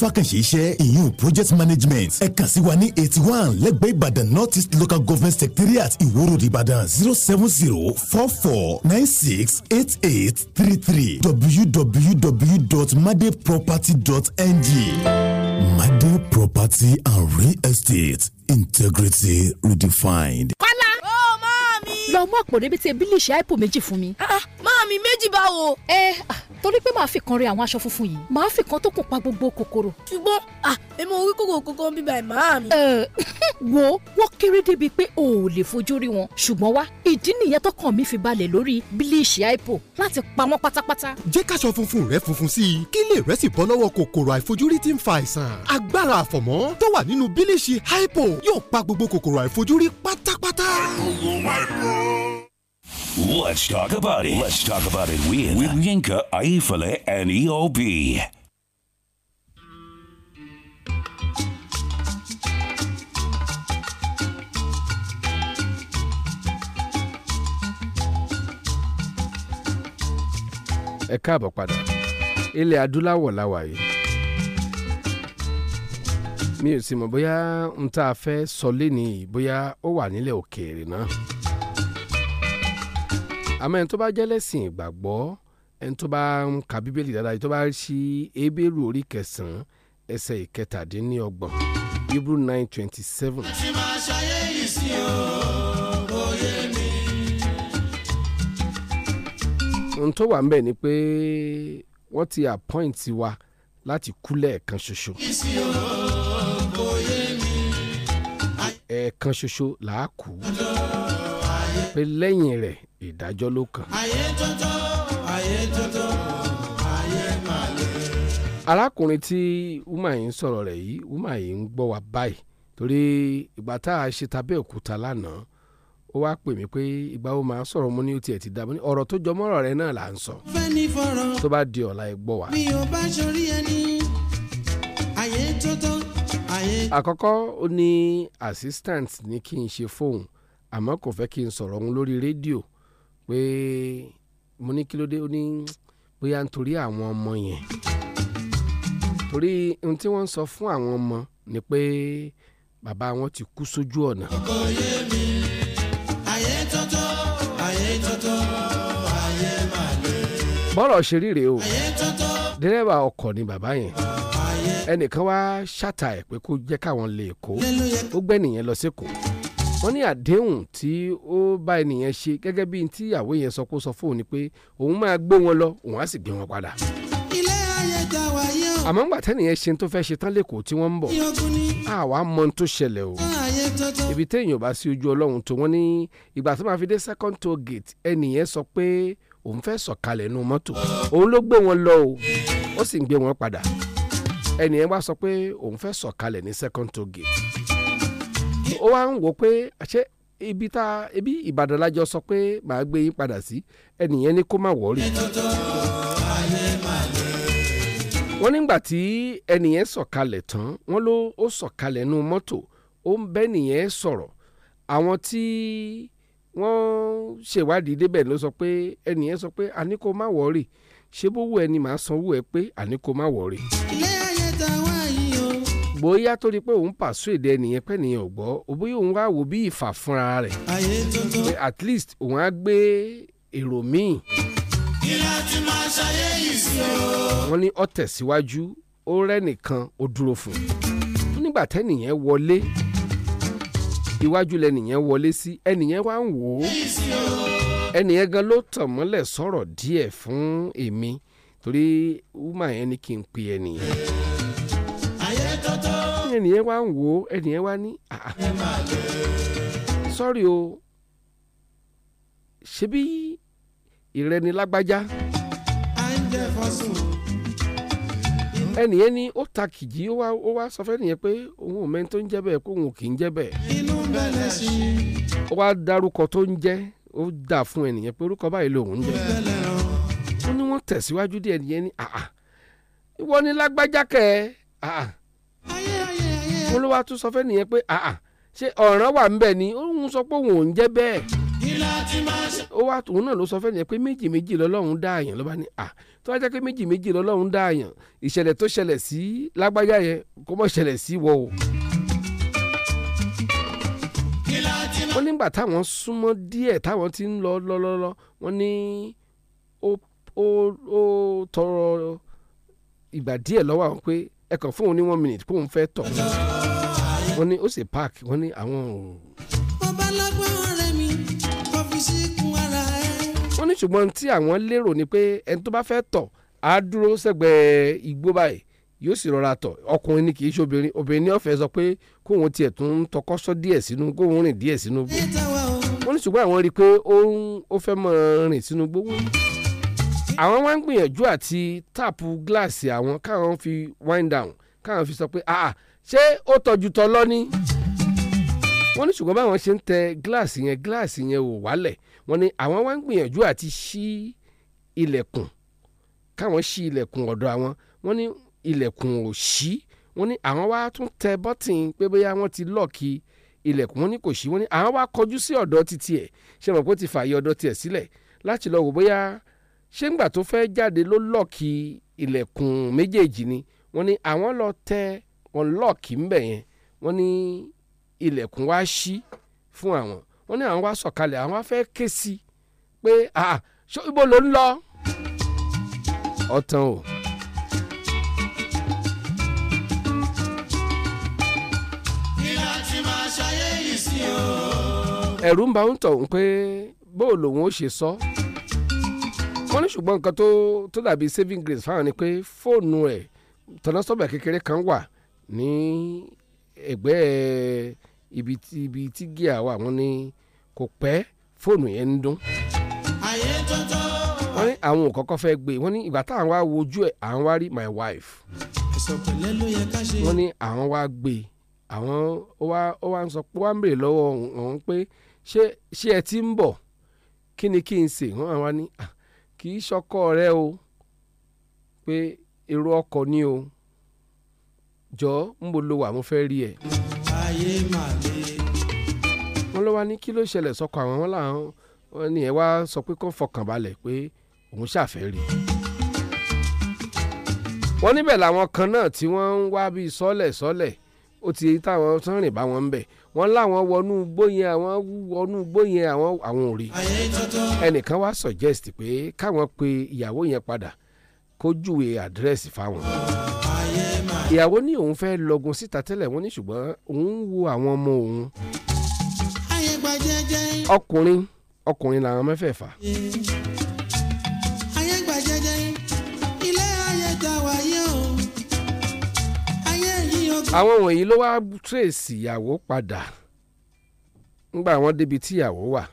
S14: project management ẹ kàn eighty one lẹ́gbẹ̀ẹ́ Ìbàdàn north east local government secretariat ìwòrò ìbàdàn zero seven zero four four nine six eight eight three three www.madeproperty.ng. Made Property and Real Estate Integrity Redefined.
S13: Kọ́lá. Ó máa mi. Lọ mú àpò rẹ́bí tí ebílíṣì àìpò méjì fún mi. Ah, ah, máa mi méjì báwo. Ẹ eh, ah, torí pé màá fi kan rẹ àwọn aṣọ funfun yìí màá fi kan tó kùn pa gbogbo kòkòrò. ṣùgbọ́n à èmi ò rí kòkòrò kankan bíbá ẹ̀ máa mi. wo wọ́n kéré débi pé o ò lè fojú rí wọn ṣùgbọ́n wá ìdí nìyẹn tọkàn mi fi balẹ̀ lórí bílíìṣì àìpò láti pa wọ́n pátápátá.
S15: jẹ́ káṣọ funfun rẹ funfun sí i kí lè rẹ́ sì bọ́ lọ́wọ́ kòkòrò àìfojúrí tí ń fa àìsàn agbára àfọ̀mọ́ tó wà nínú bílíìṣì àìpò yóò pa gbogbo kòkòrò àìfojúrí pátápátá. oògùn
S11: àìpò Let's talk about it. Let's talk about it with, with Yinka, Aifale, and EOB.
S3: ẹ káàbọ̀ padà ilẹ̀ adúláwọ̀ la wà yìí mi ò sì mọ̀ bóyá n tá a fẹ́ sọ lé nìyí bóyá ó wà nílẹ̀ òkèèrè náà àmọ́ ẹni tó bá jẹ́ ìgbàgbọ́ ẹni tó bá ń ka bíbélì dáadáa tó bá ṣí ebéèrú orí kẹsàn-án ẹsẹ̀ ìkẹtàdínlọ́gbọ̀n hebrew nine twenty seven. ohun tó wà ń bẹ̀ ni pé wọ́n ti appoint wa láti kú lẹ́ẹ̀kan ṣoṣo. ẹ̀ẹ̀kan ṣoṣo là kú pé lẹ́yìn rẹ̀ ìdájọ́ ló kàn. arákùnrin tí uma yìí ń sọ̀rọ̀ rẹ̀ yìí uma yìí ń gbọ́ wa báyìí torí ìgbà tá a ṣe tabẹ́ òkúta lánàá ó wá pè mí pé ìgbà wo máa sọ̀rọ̀ mo ní o tiẹ̀ ti dá mo ní ọ̀rọ̀ tó jọ mọ́rọ̀ rẹ náà là ń sọ. tó bá di ọ̀la ẹ gbọ́ wa. mi
S18: ò bá sọrí ẹni àyè tó tó
S3: àyè. àkọ́kọ́ ó ní assistant ní kí n ṣe fóun àmọ́ kò fẹ́ kí n sọ̀rọ̀ òun lórí rédíò pé mo ní kí ló dé ó ní bóyá nítorí àwọn ọmọ yẹn torí ohun tí wọ́n ń sọ fún àwọn ọmọ ni pé bàbá wọn ti kú sójú ọ̀nà. ọkọ ṣe rí o dírẹ́bà ọkọ̀ ni bàbá yẹn ẹnìkan wá ṣàtà ẹ̀ pé kó jẹ́ káwọn lè kó ó gbẹ́ nìyẹn lọ sí kò wọ́n ní àdéhùn tí ó bá ènìyàn ṣe gẹ́gẹ́ bíi tí ìyàwó yẹn sọ kó sọ fóun ni pé òun máa gbé wọn lọ òun á sì gbé wọn padà. ilé
S18: ayé ta wà yẹ o.
S3: àmọ́ ńgbà tẹ́nìyẹn ṣe tó fẹ́ ṣe tán lẹ́kọ̀ọ́ tí wọ́n ń bọ̀ àwa mọ tó ṣẹlẹ̀ o. ibi téèyàn bá sí ojú ọlọ́run tó wọ́n ní ìgbà tó máa fi dé second toll gate ẹnìyẹn sọ pé òun fẹ́ sọ̀kalẹ̀ nu mọ́tò òun ló gbé wọn lọ o ó sì ń gbé wọn padà ẹnìyẹn wá sọ pé òun fẹ́ sọ̀kalẹ̀ ní second toll gate ó wá ń wò pé ṣé ibi tá ibi ìbàdàn lájọ sọ pé màá gbé yín padà sí ẹnìyẹn ní kó má wọ̀ọ́rì. wọ́n nígbà tí ẹnìyẹn sọ̀kalẹ̀ tán wọ́n ló ó sọ̀kalẹ̀ nu mọ́tò ó ń bẹ́ nìyẹn sọ̀rọ̀ àwọn tí wọ́n ṣèwádìí débẹ̀ ló sọ pé ẹnìyẹn sọ pé àní má wọ̀ọ́rì ṣé bó wù ẹni màá sanwó ẹ pé àní má wọ̀ọ́rì bóyá torí pé òun pàṣọ èdè ẹnìyẹn pẹ́ nìyẹn ò gbọ́ òbóyá òun wá wò bí ìfà fúnra rẹ̀ pé at least òun á gbé èrò míì.
S7: ìlà tí máa ṣayé yìí sí o.
S3: wọ́n ní ó tẹ̀síwájú ó rẹ́nìkan ó dúró fún un nígbà tẹ́nìyẹn wọlé iwájú lẹ́nìyẹn wọlé sí ẹnìyẹn wá ń wò ó ẹnìyẹn gan ló tàn mọ́lẹ̀ sọ̀rọ̀ díẹ̀ fún èmi torí wúmà yẹn ni kí n pe ẹnìyẹn. ẹnìyẹn wa ń wò ó ni wá ní ah, ah. sọ́rí o ṣebí ìrẹnilágbájá ẹnìyẹn ni ó ta kìjì ó wá ó wá sọ pé òun ò mẹ́ni tó ń jẹ́ bẹ́ẹ̀ kó òun kì í jẹ́ bẹ́ẹ̀ ó wá dárúkọ tó ń jẹ́ ó dà fún ẹnìyẹn pé orúkọ báyìí lòun ń jẹ́ ó ní wọ́n tẹ̀síwájú díẹ̀ ẹnìyẹn ní ah, ìwọ ni lágbájá kẹ́ olúwa tún sọ fẹ́ nìyẹn pé àà ṣé ọ̀ràn wà ń bẹ̀ ni òun sọ pé òun ò ń jẹ́ bẹ́ẹ̀ ó wá òun náà ló sọ fẹ́ẹ́ yẹn pé méjì méjì lọ́lọ́run dá àyàn ló bá ní à tó wá jẹ́ pé méjì méjì lọ́lọ́run dá àyàn ìṣẹ̀lẹ̀ tó ṣẹlẹ̀ sí lágbájá yẹn kó mọ̀ ṣẹlẹ̀ sí wọ́ o. wọ́n nígbà táwọn súnmọ́ díẹ̀ táwọn ti ń lọ lọ́lọ́lọ́ wọ́n ní ó ó ó tọrọ ìgbà díẹ̀ lọ́wọ́ àwọn pé ẹ kàn fún òun ní one minute kóun fẹ́ tọ̀ wọ́n ní ó sì park wọ́n ní àwọn ò.
S18: ọba lágbọ́n ọ̀rẹ́ mi
S7: kọ́ fi sí kun ara
S3: ẹ̀. wọ́n ní ṣùgbọ́n tí àwọn lérò ni pé ẹni tó bá fẹ́ tọ̀ á dúró sẹ́gbẹ̀ẹ́ igbó báyìí yóò sì rọra tọ̀ ọkùnrin ni kì í ṣe obìnrin obìnrin ní ọ̀fẹ́ sọ pé kóun tiẹ̀ tún ń tọkọ́sọ́ díẹ̀ sínú kóun rìn díẹ̀ sínú bó wọ́n ní ṣùgbọ́n àwọn rí i pé ó fẹ́ mọ̀ rìn sínú gbówó àwọn wá ń gbìyànjú àti táàpù gíláàsì àwọn káwọn fi wind down káwọn fi sọ pé ah ṣé ó tọ́jú tọ́ lọ ni. wọ́n ní ṣùgbọ́n báwọn ṣe ń tẹ gíláàsì yẹn gíláàsì yẹn ò wálẹ̀ wọ́n ní àwọn wá ń gbìyànjú àti ṣí ilẹ̀kùn káwọn ṣí ilẹ̀kùn ọ̀dọ̀ àwọn wọ́n ní ilẹ̀kùn ò ṣí wọ́n ní àwọn wá tún tẹ bọ́tìn pé bóyá wọ́n ti lọ́ọ̀kì ilẹ̀kùn wọn ní kò ṣí wọ́n ní àwọn wá kọjú sí ọ̀dọ̀ títí ẹ̀ ṣe mọ̀ pé ó ti fààyè ọ̀dọ̀ tiẹ̀ sílẹ̀ láti lọ wò bóyá ṣé ńgbà tó fẹ́ jáde ló lọ́ọ̀kì ilẹ̀kùn méjèèjì ni wọ́n ní àwọn lọ tẹ wọ́n lọ́ọ̀kì ń bẹ̀ yẹn wọ́n ní ilẹ̀kùn wá ṣí fún àwọn wọ́n ní àwọn wá sọ̀kalẹ̀ àwọn wá fẹ́ ké sí pé ṣó ibo ló ń lọ ọ̀tàn o. ẹ̀rù ń ba ń tọ̀hún pé bóò lòun ó ṣe sọ wọ́n ní ṣùgbọ́n nǹkan tó dàbí saving grace fáwọn ni pé fóònù ẹ̀ tọ̀nà sọ́bẹ̀ kékeré kan wà ní ẹ̀gbẹ́ ibi tí ibi tí gíà wà wọ́n ní kò pẹ́ fóònù yẹn ń dún. ayé wọ́n ní àwọn ò fẹ́ gbé wọ́n ní ìgbà táwọn wá wojú ẹ̀ à ń wá rí my wife. ẹ̀sọ̀ pẹ̀lẹ́ ló yẹ ká ṣe. wọ́n ní àwọn wá gbé àwọn ó wá ó wá ń sọ pé wá ń bèrè lọ́wọ́ òun pé ṣé ẹ ti ń bọ̀ kí ni kí n ṣe wọ́n wá ní kì í ṣọkọ rẹ o pé èrò ọkọ̀ ni o jọ ń bo lo wà mo fẹ́ rí ẹ̀.
S18: ayé mà le.
S3: wọ́n ló wá ní kí ló ṣẹlẹ̀ sọ́kọ àwọn wọn làwọn wọn ni ẹ wá sọ pé kó fọkàn balẹ̀ pé òun ṣàfẹ́ rí i wọ́n níbẹ̀ làwọn kan náà tí wọ́n ń wá bíi sọ́lẹ̀ sọ́lẹ̀ ó ti táwọn tán bá wọn ń bẹ̀ wọ́n láwọn wọnú gbóyè àwọn wọnú gbóyè àwọn àwọn ò ẹnìkan wá suggest pé káwọn pe ìyàwó yẹn padà kó júwe àdírẹ́sì fáwọn ìyàwó ní òun fẹ́ lọ́gun síta tẹ́lẹ̀ wọ́n ní ṣùgbọ́n òun ń wo àwọn ọmọ òun. ọkùnrin ọkùnrin làwọn mẹ́fẹ̀ẹ̀fà. àwọn wọ̀nyí ló wá tírèsì ìyàwó padà ńgbà wọ́n débi tí ìyàwó wà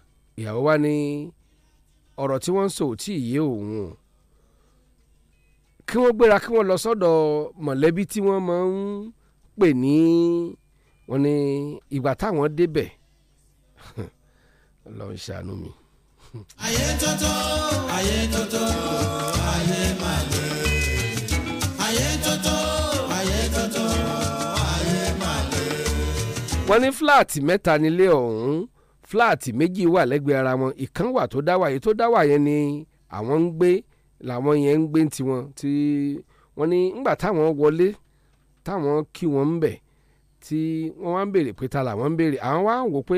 S3: ìyàwó wà ní ọ̀rọ̀ tí wọ́n ń sọ ò tí ì yé òun o kí wọ́n gbéra kí wọ́n lọ sọ́dọ̀ mọ̀lẹ́bí tí wọ́n máa ń pè ní wọn ni ìgbà táwọn débẹ̀ ọlọ́run
S18: ṣàánú mi. ayé tótó ayé tótó
S7: ayé máa lè ayé tótó ayé
S3: tótó ayé máa lè. wọ́n ní fúláàtì mẹ́ta nílé ọ̀hún fúláàtì méjì wà lẹ́gbẹ̀ẹ́ ara wọn ìkan tó dá wà yìí tó dá wà yẹn ni àwọn ń gbé làwọn yẹn ń gbé tiwọn tí wọ́n ní ńgbà táwọn wọlé táwọn kí wọ́n ń bẹ̀ tí wọ́n wá ń béèrè pé ta làwọn ń béèrè àwọn wá ń wò pé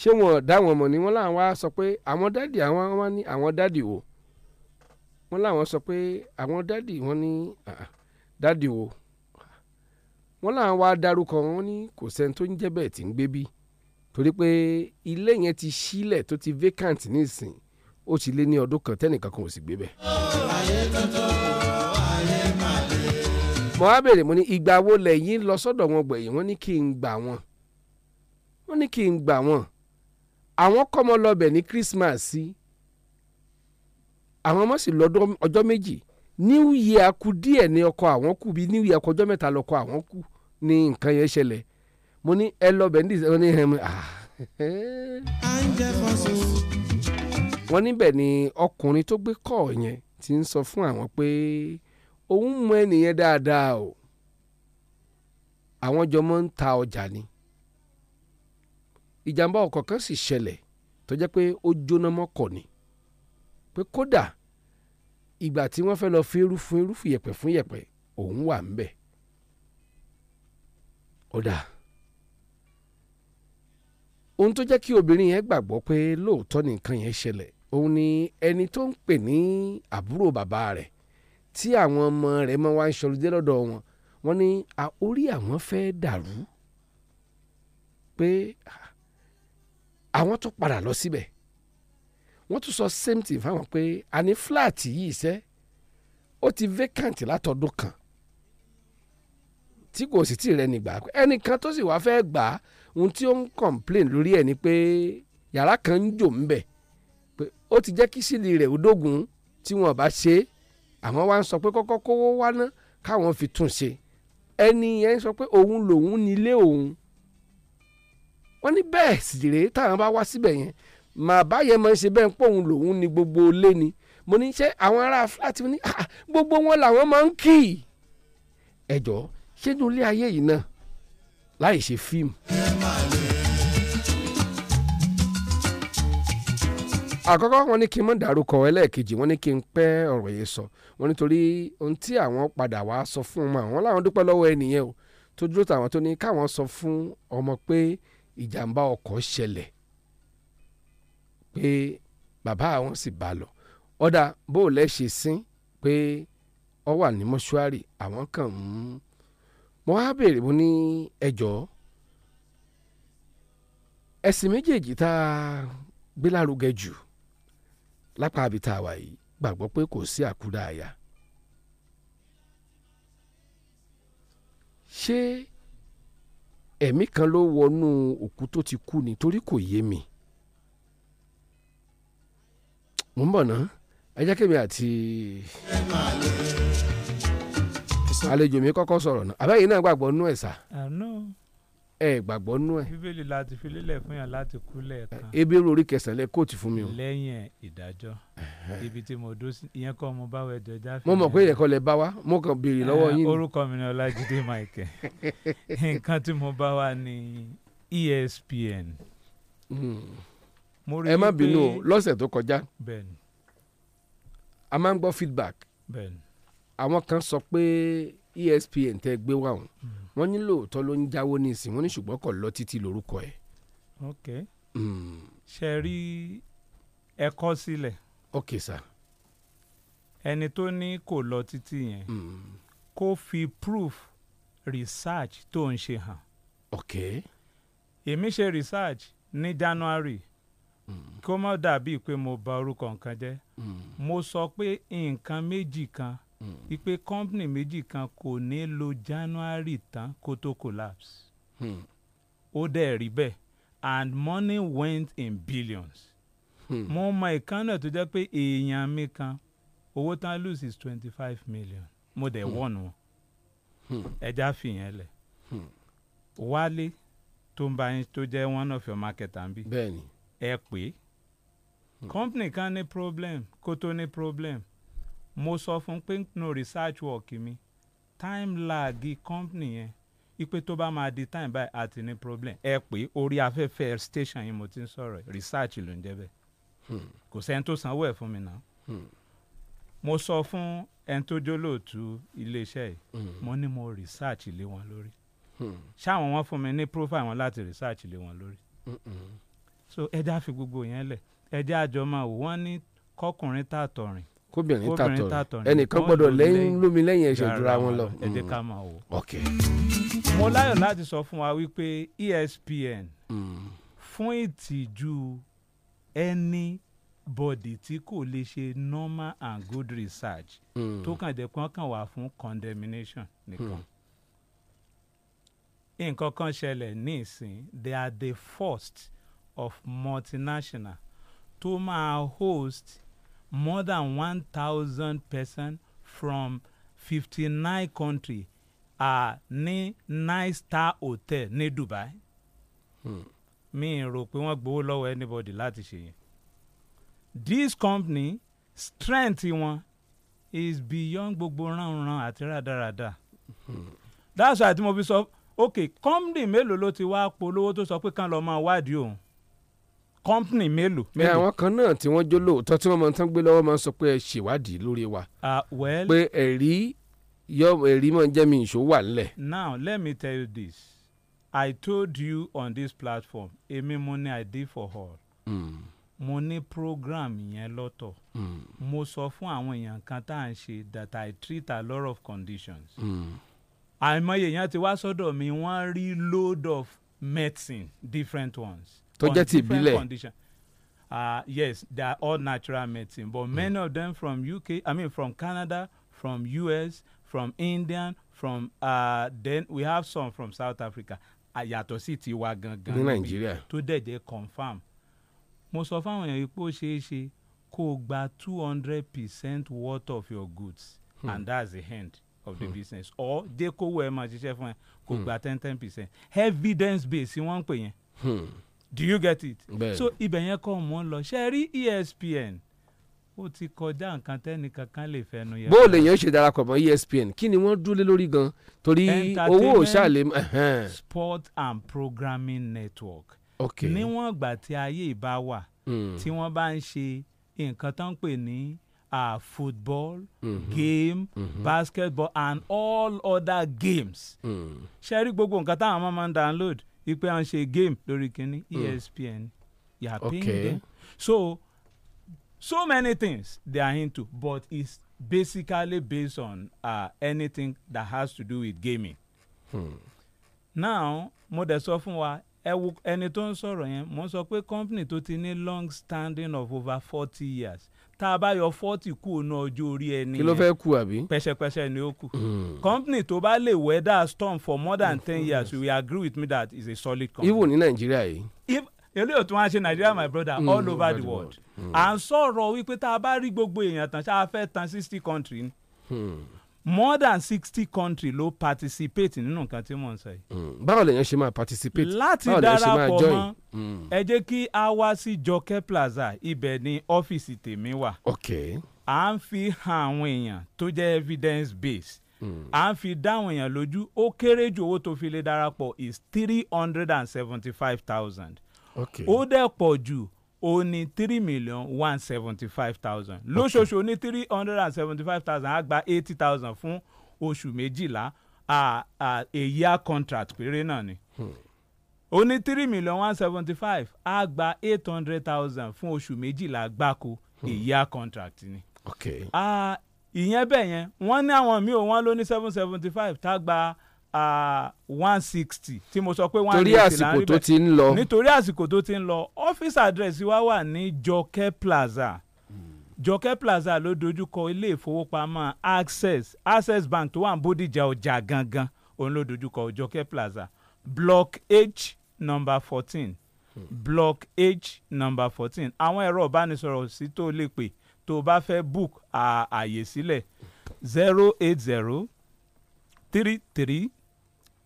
S3: ṣé wọn ò dá wọn mọ̀ ni wọ́n láwọn wá sọ pé àwọn dádì àwọn wá ní àwọn dádì wo wọ́n láwọn sọ pé àwọn dádì wọn ní dádì wo wọ́n láwọn wá dárúkọ wọn ní kò sẹ́ni tó ń jẹ́ bẹ́ẹ̀ tí ń gbé bí torí pé ilé yẹn ti sílẹ̀ tó ti vacant nísìnyí ó ti lé ní ọdún kan tẹ́nìkan kan ò sì gbé bẹ̀. mo wá bèrè mo ní ìgbà wo lẹ́yìn lọ sọ́dọ̀ wọn gbẹ̀yìn wọ́n ní kí n gbà wọ́n wọ́n ní kí n gbà wọ́n àwọn kọ́mọ lọ́bẹ̀ ní Christmas sí àwọn ọmọ sì lọ́dún ọjọ́ méjì New Year kù díẹ̀ ní ọkọ àwọn kù bíi New Year kù mẹ́ta lọ́kọ àwọn kù ní nǹkan yẹn ṣẹlẹ̀ mo ní ẹ lọ́bẹ̀ ní ìṣẹ́ ní ẹ̀hìn mi. à wọ́n níbẹ̀ ni ọkùnrin tó gbé kọ́ yẹn ti ń sọ fún àwọn pé òun mọ ẹnìyẹn dáadáa o àwọn jọmọ ń ta ọjà ni ìjàmbá ọkọ̀ kan sì ṣẹlẹ̀ tó jẹ́ pé ó jóná mọ́kọ̀ ni pé kódà ìgbà tí wọ́n fẹ́ lọ fi irú fún yẹ̀pẹ̀ fún yẹ̀pẹ̀ òun wà ń bẹ̀ ó ohun tó jẹ́ kí obìnrin yẹn gbàgbọ́ pé lóòótọ́ nìkan yẹn ṣẹlẹ̀ òun ni ẹni tó ń pè ní àbúrò bàbá rẹ̀ tí àwọn ọmọ rẹ̀ mọ́ wá ń ṣọlùdé lọ́dọ̀ wọn wọ́n ní orí àwọn fẹ́ dàrú pé àwọn tó padà lọ síbẹ̀ wọ́n tún sọ same thing fáwọn pé àní fúláàtì yìí sẹ́ ó ti vacant látọdún kan tí kò sì tí ì rẹ nígbà ẹnìkan tó sì wá fẹ́ gbà ohun tí ó ń complain lórí ẹ̀ ni pé yàrá kan ń jò ń bẹ̀ pé ó ti jẹ́ kí sílì rẹ̀ ó dógùn tí wọ́n bá ṣe é àwọn wá ń sọ pé kọ́kọ́ kówó wá ná káwọn fi tún ṣe ẹni yẹn sọ pé òun lòun nílé òun wọ́n ní bẹ́ẹ̀ sì rèé táwọn bá wá síbẹ̀ yẹn màbá yẹn máa ń ṣe bẹ́ẹ̀ pé òun lòun ní gbogbo ilé ni mo ní ṣe àwọn ará fúláàtì mo ní ah, gbogbo wọn làwọn máa ń kì í ẹjọ́ ṣé ní ilé ayé yìí náà láì ṣe fíìmù. àkọ́kọ́ wọn ní kí n mọ̀ dárúkọ ẹlẹ́ẹ̀kejì wọn ní kí n pẹ́ ọ̀rọ̀ yẹn sọ wọn nítorí ohun tí àwọn padà wá sọ fún ọmọ àwọn làwọn dúpẹ́ lọ́wọ́ ẹnìyẹn o tó dúró tàwọn tó ní káwọn sọ fún ọmọ pé ìjàmbá ọkọ̀ ṣẹlẹ̀ pé bàbá àwọn sì bá lọ ọ̀dà bó lẹ́ ṣe sín pé ọ wà ní mọ́ṣúárì àwọn kan ń mọ́ á béèrè mo ní ẹjọ́ ẹ̀sìn méjèèjì tá a gbé lárugẹ jù lápá àbí tá a wà yìí gbàgbọ́ pé kò sí àkúdà àyà. ṣé ẹ̀mí kan ló wọnú òkú tó ti kú ni torí kò yé mi mo ń bọ̀ ná ẹ jẹ́ kémi àti àlejò mi kọ́kọ́ sọ̀rọ̀ náà àbẹ́yìn náà gbàgbọ́ nú ẹ̀ sá ẹ gbàgbọ́ nú ẹ.
S19: bíbélì láti fi lélẹ̀ fún yàn láti kú lẹ́ẹ̀kan. ebérù orí kẹsàn-án lẹ kóòtù fún mi o. lẹ́yìn ìdájọ́ ibi tí mo dó ìyẹn kọ́ mo bá wẹ̀jọ jáfe. mo mọ̀ pé ìyẹ̀kọ́ lẹ bá wa mo kàn béèrè lọ́wọ́ yín. orúkọ mi ni ọlájídé michael nǹkan tí mo bá wa ni espn. Hmm. ẹ má bínú o lọ́sẹ̀ tó kọjá a máa ń gbọ́ feedback
S3: àwọn kan sọ pé ESPN tẹ́ gbé wá òun wọ́n ní lóòótọ́ ló ń jáwó ní ìsìn wọ́n ní ṣùgbọ́n kọ̀ lọ títí lórúkọ ẹ̀. ok hmm.
S19: ṣe rí ẹ̀kọ́ sílẹ̀. ok sir. ẹni tó ní kò lọ títí yẹn hmm. kó fi proof research tó ń ṣe hàn. ok. èmi ṣe research ní January hmm. kó má dàbíi pé mo bà orúkọ nǹkan jẹ́ mo sọ pé nǹkan méjì kan. Mm Mm. wípé company méjì kan kò ní lo January tán kó tó collapse hmm. ó dẹ̀ rí bẹ́ẹ̀ and money went in billions hmm. mo mọ ìkànnà tó jẹ́ pé èèyàn mi kan owó tán lose is twenty five million mo dẹ̀ hmm. wọ́n wọn ẹja fìyẹn lẹ̀ wálé tó ń bá yín tó jẹ́ one of your market and be ẹ pé company kan ní problem kó tó ní problem mo sọ fún pé no research work mi time lag company yẹn ipe tó bá máa di time báyìí àti ní problem ẹ pé orí afẹ́fẹ́ station yìí mo ti ń sọ̀rọ̀ research ló ń jẹ́ bẹ́ẹ̀ hmm. kò sẹ́ni tó sanwó ẹ̀ fún mi náà hmm. mo sọ fún ẹni tó jólóòtú iléeṣẹ́ yìí hmm. mo ní mo research lé wọn lórí ṣáwọn wọn fún mi ní profile wọn láti research lé wọn lórí so ẹja fi gbogbo yẹn lẹ̀ ẹja àjọ máa wò wọ́n ní kọkùnrin tààtọ̀rìn kóbìnrin tàtọ̀ ẹnìkan gbọ́dọ̀ lẹ́yìn lómi lẹ́yìn ẹ̀ṣẹ̀ jura wọn lọ. ẹ ká máa wò. ok. mo láyọ̀ láti sọ fún wa wípé ESPN fún ìtìjú ẹni bọ́dì tí kò lè ṣe normal and good research hmm. tó kàn jẹ́ pọ́n kàn wá fún condemnation nìkan. Hmm. nǹkan kan ṣẹlẹ̀ ní ìsìn they are the first of multinational tó máa host more than 1,000 persons from 59 countries are ní nine star hotel ní Dubai. Hmm. mi rò pé wọ́n gbowó lọ́wọ́ anybody láti ṣe yẹn. this company strength wọn is beyond gbogbo ránran àti rádaràda. Hmm. that's why tí mo fi sọ ok company mélòó ló ti wá polówó tó sọ pé kán lọ́ọ́ máa wádìí òun kọ́ńpìnì mélòó. ẹ àwọn
S3: kan náà tí wọ́n jó lóòótọ́ tí wọ́n máa ń tán gbé lọ́wọ́ máa ń sọ pé ẹ ṣèwádìí lórí wa.
S19: Ah, pé
S3: ẹ̀rí yọ ẹ̀rí máa ń jẹ́ mi ìṣó wà nílẹ̀.
S19: now let me tell you this i told you on this platform èmi mo I id for all. Mm. mo ní program yẹn lọ́tọ̀. Mm. mo sọ fún àwọn èèyàn kan tá à ń ṣe that i treat a lot of conditions. Hmm. àìmọye èèyàn ti wá sọ́dọ̀ mi wọ́n rí load of medicine different ones tó jẹ́ ti ìbílẹ̀. Uh, yes they are all natural medicine but mm. many of them from UK I mean from Canada from US from India from uh, then we have some from South Africa àyàtọ̀ ah, sí tiwa gangan ní Nàìjíríà tó dẹ̀ jẹ́ confam mo sọ fáwọn èèyàn pé ó ṣeé ṣe kó o gba two hundred percent worth of your goods hmm. and that's the end of the hmm. business or jẹ́ kówó ẹ̀ máa ṣiṣẹ́ fún ẹ kó o hmm. gba ten ten percent evidence base wọ́n ń pè yẹn. Hmm do you get it. bẹ́ẹ̀ so ibẹ̀ yẹn kọ́ mọ́ lọ ṣe rí ESPN ó ti kọjá nǹkan tẹ́ni kankan lè fẹnu yẹn. bó o lè yẹn ṣe
S3: darapọ̀ mọ́ ESPN kí ni wọ́n dúró lórí gan torí owó ò ṣàlè.
S19: sport and programming network. ok níwọ̀n ìgbà tí ayé ìbá wà hmm. tí wọ́n bá ń ṣe nǹkan tó pè ní football,
S7: hmm. game,
S19: hmm. basketball and all other games. ṣe rí gbogbo nǹkan táwọn máa ń download wípé à ń ṣe game lórí kínní hmm. ESPN you are paying okay. so so many things they are into but it's basically based on uh, anything that has to do with gaming. Hmm. now mo dẹ̀ sọ fún wa ẹni tó ń sọ̀rọ̀ yẹn mo sọ pé company tó ti ní long standing of over forty years tá a bá yọ fọ́ọ̀tì kù ọ̀nà ọjọ́ orí ẹni kí ló fẹ́ kù àbí. pẹ́sẹ́pẹ́sẹ́ ni ó kù. Hmm. company tó bá lè weather storm for more than ten years We agree with me that is a solid company. even ní nàìjíríà yìí. if eléyìí tó wá ṣe nàìjíríà my brother hmm. all over, the world. Hmm. à ń sọ̀rọ̀ wípé tá a bá rí gbogbo èèyàn tán ṣáà fẹ́ tan sixty country ni more than sixty countries ló participate nínú nǹkan tí mò ń sọ yìí. Mm. báwo
S3: lèèyàn ṣe máa participate láti darapọ̀ mọ́ mm.
S19: ẹ jẹ́ kí a wá sí jọkẹ́ plaza ibẹ̀ ni ọ́fíìsì tèmi wà. ok. à ń fi hàn àwọn èèyàn tó jẹ́ evidence based mm. à ń fi dáhùn èèyàn lójú ó kéré ju owó tó fi lè darapọ̀ is three hundred and seventy five thousand. ok. ó dẹ̀ pọ̀ jù ó ní three million one seventy five thousand lóṣooṣù ó ní three hundred and seventy five thousand á gba eighty thousand fún oṣù méjìlá èyí á contract péré náà ni hmm. ó ní three million one seventy five á gba eight hundred thousand fún oṣù méjìlá gbáko hmm. èyí á contract ni ìyẹn bẹ́ẹ̀ yẹn wọ́n ní àwọn míì wọ́n ló ní seven seventy five tá gba one sixty tí mo sọ pé one eighty là ń rí bẹ́ẹ̀ torí àsìkò tó ti ń lọ nítorí àsìkò tó ti ń lọ ọ́fíìsì àdírẹ́sì wa wà ní Jọkẹ́ Plaza hmm. Jọkẹ́ Plaza ló dojúkọ ilé ìfowópamọ́ Access Access Bank tó wà ní Bódìjà ọjà gangan òun ló dojúkọ Jọkẹ́ Plaza block H number fourteen hmm. block H number fourteen àwọn ẹ̀rọ ìbánisọ̀rọ̀ sí tó lè pè tó o bá fẹ́ book ààyè sílẹ̀ hmm. zero eight zero three three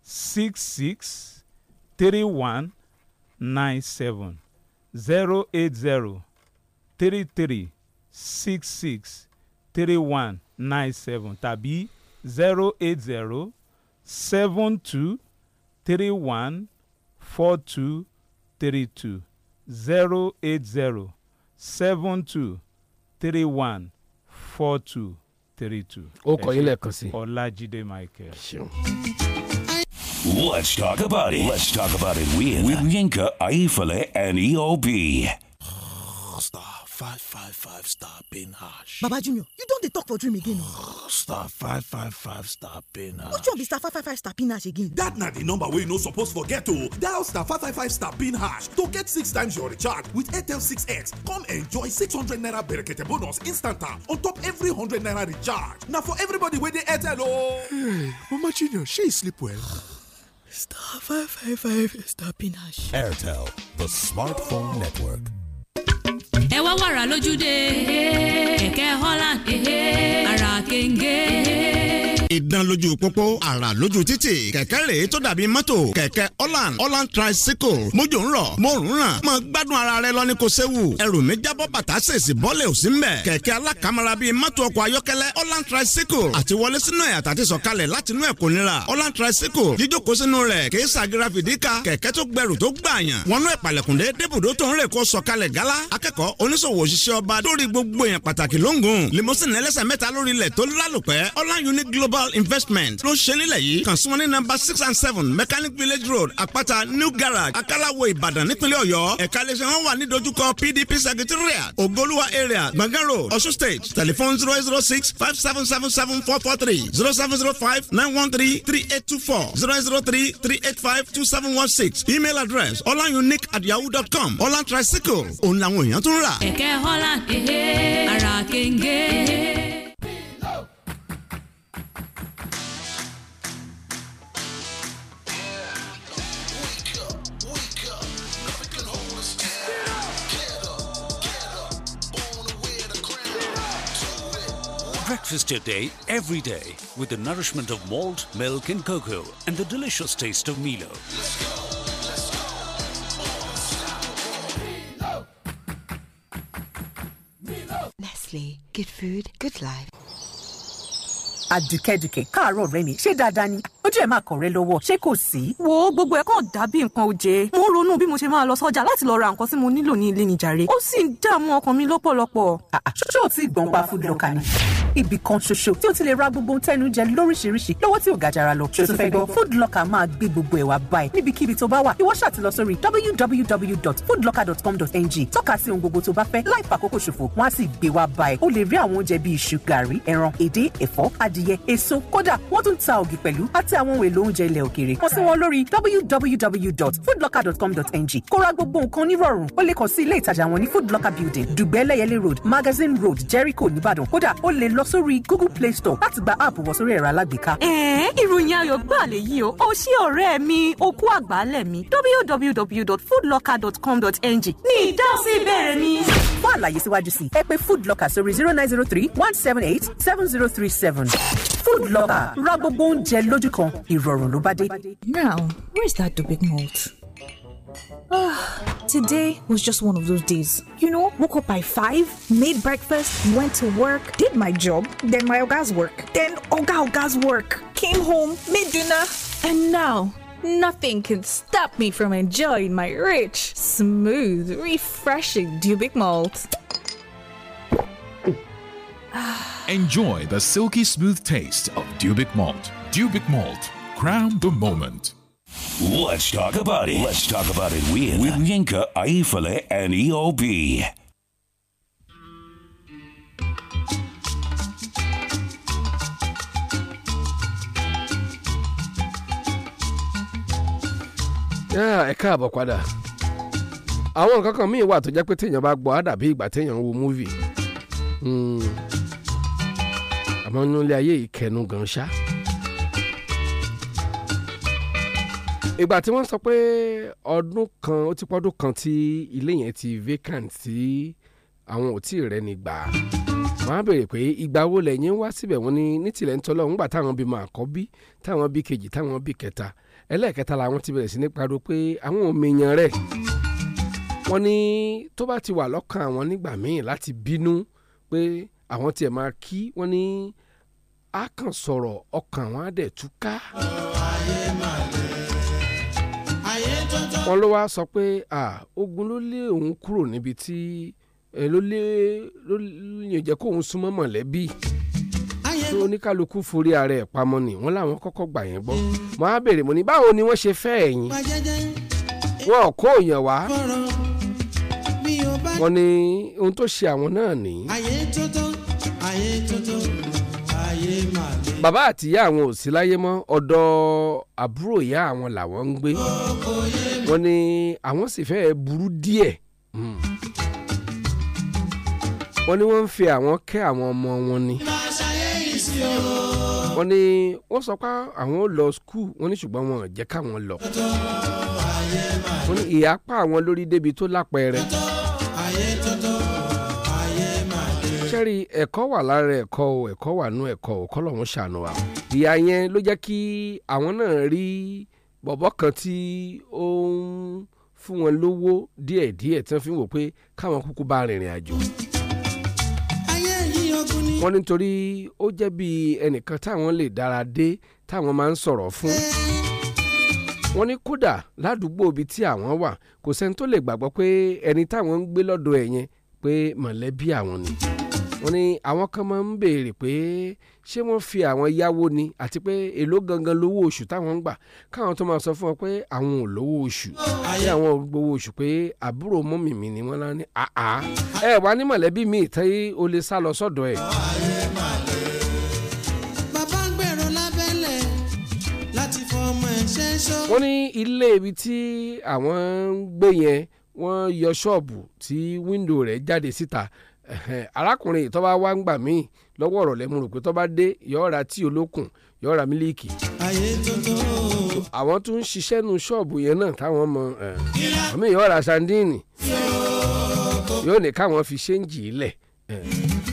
S19: six six three one nine seven zero eight zero three three six six three one nine seven tàbí zero eight zero seven two three one four two three two zero eight zero seven two three one four two three two. ó kọ yín lẹ́ẹ̀kan sí. Ọlájídé Michael. ṣeun.
S11: Let's talk about it. Let's talk about it with, with Yinka, Aifale, and EOB. star
S1: five five five star being harsh.
S12: Baba Junior, you don't talk for dream again o. Oh. star
S1: five five five star pin hash.
S12: Which one be star five five five star being harsh again? That na the number wey you no suppose
S14: forget o. Oh. Dial star five five five star being harsh to get six times your recharge with Airtel 6x. Come enjoy six hundred naira berekete bonus instant on top every hundred naira recharge. Now for everybody wey dey Airtel o. Oh. Hey, Mama Junior, she sleep well?
S2: Star 555 is tapping hash.
S14: Airtel, the smartphone network.
S2: ẹ wá wàrà lójúde kẹ̀kẹ́ holland ara
S7: kéńgé.
S1: ìdán lójú pópó àrà lójú títì kẹ̀kẹ́ rèé tó dàbí mọ́tò kẹ̀kẹ́ holland holland tricycle mójò ń rọ̀ mo ń ràn mo gbádùn ara rẹ lọ ní kò séwu ẹrù mi jábọ́ bàtà sèṣì bọ́lẹ̀ ò sí ń bẹ̀ kẹ̀kẹ́ bíi mọ́tò ọkọ̀ ayọ́kẹ́lẹ́ holland tricycle àti wọlé sínú ẹ̀ àtàtì sọ̀kalẹ̀ látinú ẹ̀ kò nira holland tricycle jíjókòó sínú rẹ̀ kìí sàgìrà fìdíkà kẹ̀kẹ́ tó gbẹrù tó gbààyàn wọnú ẹ̀ pàlẹ̀kùndé débùdó tó ń rè kó sọ̀kalẹ̀ gálá akẹ́kọ̀ọ́ oníṣòwò òṣìṣẹ́ ọba lórí gbogbo èèyàn pàtàkì unique global capital investment ló ń ṣe nílẹ̀ yìí kàn sí ní nọ́mbà six and seven mechanic village road àpáta new garage akálàwọ̀ ìbàdàn nípínlẹ̀ ọ̀yọ́ ẹ̀ka iléeṣẹ́ wọn wà ní dojúkọ pdp secretariat ògolúwa area gbọ̀ngàn road ọ̀ṣun state telephone zero zero six five seven seven seven four four three zero seven zero five nine one three three eight two four zero zero three three eight five two seven one six email address ọlányunique at yahoo dot com ọlá tricycle òun làwọn èèyàn tún rà.
S2: kẹ̀kẹ́ holland eh, eh, ara kenge.
S11: Breakfast your day every day with the nourishment of malt, milk, and cocoa and the delicious taste of Milo.
S2: Nestle, good food, good life.
S13: Àdùkẹ́ Dùkẹ́ káàárọ̀ ọ̀rẹ́ mi ṣé dáadáa ojú ẹ̀ máa kọ̀rẹ́ lọ́wọ́ ṣé kò sí. wo gbogbo ẹ̀ kàn dàbí nǹkan oje mo ń ronú bí mo ṣe máa lọ sọ́jà láti lọ ra nǹkan tí mo nílò ní ilé nìjàre ó sì ń dààmú ọkàn mi lọ́pọ̀lọpọ̀. Ah, ah. ṣoṣo ò tí ì gbọ̀n food locker ni ibì kan ṣoṣo tí o ti lè ra gbogbo tẹnu jẹ lóríṣiríṣi lọ́wọ́ tí ò ga jara lọ. ṣòtún fẹ́ gbọ́ food locker máa gbé gbogbo ẹ̀ wá báyìí níbikíbi tó bá wà ìwọ ṣáà ti lọ sórí www.foodlocker.com.ng tọ́ka sí ohun gbogbo tó bá fẹ́ láì fàkókò ṣòfò wọ́n á sì gbé wá báyìí. o lè rí àwọn oúnjẹ bíi iṣu gàrí ẹran èdè ẹ̀fọ́ adìyẹ èso kódà wọ́n tún ta ògì pẹ̀lú àti àti àwọn ohun èlò oúnjẹ ilẹ̀ òkèèrè kàn sí wọn lórí www.foodlocker.com.ng kó ra gbogbo nǹkan nírọ̀rùn o lè kàn sí ilé ìtajà wọn ní foodlocker building dùgbẹ́ lẹ́yẹlé road magazine road jericho nìbàdàn kódà o lè lọ sórí google play store láti gba app wọ sórí ẹ̀rọ alágbèéká. ẹ̀ẹ́n ìròyìn ayọ̀ gbà lèyí o ó sí ọ̀rẹ́ mi okú àgbálẹ̀ mi www.foodlocker.com.ng ní ìdásí ìbẹ̀rẹ̀ mi. fún àlàyé síwájú sí ẹ pé foodlocker sórí zero nine zero three one seven eight seven zero three seven. food ra gbogbo oúnjẹ lójú kan ìrọ̀rùn ló bá dé. now where is that dubik malt. Ah, today was just one of those days. You know, woke up by 5, made breakfast, went to work, did my job, then my Oga's work, then Oga Oga's work, came home, made dinner, and now nothing can stop me from enjoying my rich, smooth, refreshing Dubik malt.
S14: Enjoy the silky smooth taste of Dubic malt. Dubic malt, crown the moment.
S11: Let's talk about it. Let's talk about it with, with Yinka, Aifale, and EOB.
S3: ẹ káàbọ̀ padà àwọn nǹkan kan míì wà tó jẹ́ pé téèyàn bá gbọ́ á dàbí ìgbà téèyàn ń wo múvì àmọ́ nílé ayé ìkẹnu gan ṣá. ìgbà tí wọ́n sọ pé ọdún kan ó ti pọ́dún kan tí ilé yẹn ti vacant tí àwọn ò tí ì rẹ́ni gbà á wọ́n á béèrè pé ìgbà wo lẹ́yìn wá síbẹ̀ wọ́n ní ní tilẹ̀ ń tọ́lọ́ ńgbà táwọn bímọ àkọ́bí táwọn bí kejì táwọn bí kẹta ẹlẹ́ẹ̀kẹta làwọn ti bẹ̀rẹ̀ sí ní pariwo pé àwọn ò mèèyàn rẹ̀ wọ́n ní tó bá ti wà lọ́kàn àwọn nígbà míì láti bínú pé àwọn tiẹ̀ máa kí wọ́n ní á kàn sọ̀rọ̀ ọkàn wọn á dẹ̀ túká. wọ́n ló wá sọ pé ogun ló lé òun kúrò níbi tí ló lé ló yàn jẹ́ kó òun súnmọ́ mọ̀lẹ́bí tó oníkálukú forí ara ẹ̀ pamọ́ ni wọ́n làwọn kọ́kọ́ gbà yẹn gbọ́ mo á béèrè mo ní báwo ni wọ́n ṣe fẹ́ ẹ̀yìn wọn ò kó òyìn wá wọ́n ní ohun tó ṣe àwọn náà nìyí.
S18: ayé tuntun ayé tuntun
S3: bàbá àtìyá àwọn ò sí láyé mọ́ ọ̀dọ̀ àbúrò ìyá àwọn làwọn ń gbé wọ́n ní àwọn sì fẹ́ burú díẹ̀ hmm. wọ́n ní wọ́n ń fi àwọn kẹ́ àwọn ọmọ wọn ni wọ́n ní wọ́n sọ pé àwọn ò lọ skul wọ́n ní ṣùgbọ́n wọn ò jẹ́ káwọn lọ wọ́n ní ìyapa àwọn lórí débi tó lápẹẹrẹ. rí ẹ̀kọ́ wà lára ẹ̀kọ́ o ẹ̀kọ́ wà nú ẹ̀kọ́ o kọ́lọ́hún ṣàánú wa. ìyá yẹn ló jẹ́ kí àwọn náà rí bọ̀bọ́ kan tí ó ń fún wọn lówó díẹ̀díẹ̀ tí wọ́n fi ń wò pé káwọn kúkú bá rìnrìn àjò. wọ́n nítorí ó jẹ́ bí ẹnìkan táwọn lè dára dé táwọn máa ń sọ̀rọ̀ fún wọ́n ní kódà ládùúgbò ibi tí àwọn wà kò sẹ́ni tó lè gbàgbọ́ pé ẹni táwọn ń gbé lọ́dọ̀ ẹ̀ yẹn pé mọ̀lẹ́bí àwọn ni wọ́n ní àwọn kan máa ń béèrè pé ṣé wọ́n fi àwọn yáwó ni àti pé èló gangan lówó oṣù táwọn ń gbà káwọn tó máa sọ fún wọn pé àwọn ò lówó oṣù pé àwọn ò gbowó oṣù pé àbúrò mọ́mì mi ni wọ́n náà ní àá ẹ wà ní mọ̀lẹ́bí mi ìtẹ́ o lè sá lọ sọ́dọ̀ ẹ̀.
S18: wọ́n ní ilé ibi
S3: tí àwọn ń gbé yẹn wọ́n yọ ṣọ́ọ̀bù tí wíńdò rẹ̀ jáde síta arákùnrin tó bá wá ń gbà míì lọ́wọ́ ọ̀rọ̀ lẹ́mu rò pé tó bá dé yóò ra tíì olókùn yóò ra mílíìkì. àwọn tún ń ṣiṣẹ́ nu ṣọ́ọ̀bù yẹn náà táwọn mọ àmì yóò ra sandini yóò ní káwọn fi ṣéǹjì lẹ̀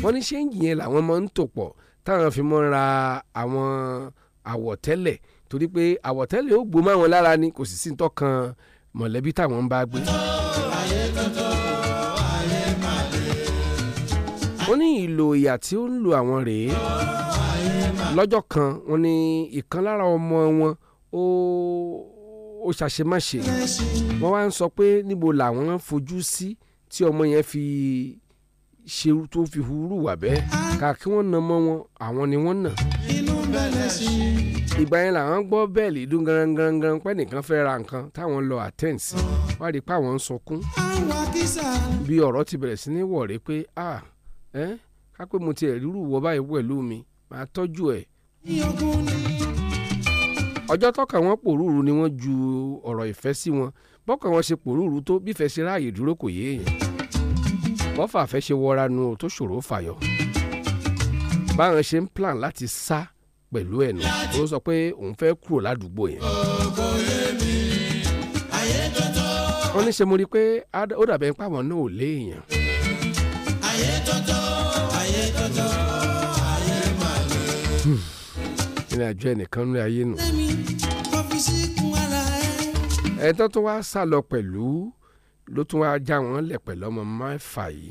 S3: wọ́n ní ṣéǹjì yẹn làwọn máa ń tò pọ̀ táwọn fi mọ́ ra àwọn àwọ̀tẹ́lẹ̀ torí pé àwọ̀tẹ́lẹ̀ ó gbó máwọn lára ni kò sì sí ní tọ́kan mọ̀lẹ́bí táwọn ń bá gbé. ó ní ìlò ìyà tí ó ń lu àwọn rèé lọ́jọ́ kan wọ́n ní ìkan lára ọmọ wọn ó ó ṣàṣemáṣe wọ́n wá ń sọ pé níbo làwọn fojú sí tí ọmọ yẹn fi ṣe tó fi hurú wà bẹ́ẹ̀ kà kí wọ́n na mọ́ wọn àwọn ni wọ́n nà. ìgbà yẹn làwọn gbọ́ bẹ́ẹ̀lì dún garangarangan pẹ́ nìkan fẹ́ ra nǹkan táwọn lọ attend sí wá rí i pé àwọn ń sọkún bí ọ̀rọ̀ ti bẹ̀rẹ̀ sí ní wọ̀ọ́rẹ́ pé ah ẹ́ ká pé mo tiẹ̀ rírù wọ báyìí pẹ̀lú mi màá tọ́jú ẹ̀. ọjọ́ tọ́ka wọn pòrúurú ni wọ́n ju ọ̀rọ̀ ìfẹ́ sí wọn bọ́kà wọn ṣe pòrúurú tó bífẹ́ ṣe ráàyè dúró kò yé èèyàn mọ́fà fẹ́ ṣe wọra nu tó ṣòro fàyọ̀ báwọn ṣe ń plan láti sá pẹ̀lú ẹ̀ nù ó sọ pé òun fẹ́ kúrò ládùúgbò yẹn. wọ́n ní ṣe mo rí i pé ó dàbẹ̀ pàwọn náà ò léèyàn ní hmm. àjọ ẹnìkan ní ayé nù. ẹ tó tún wá sá lọ pẹ̀lú ló tún wá já wọn lẹ̀ pẹ̀lú ọmọ mẹ́fà yìí.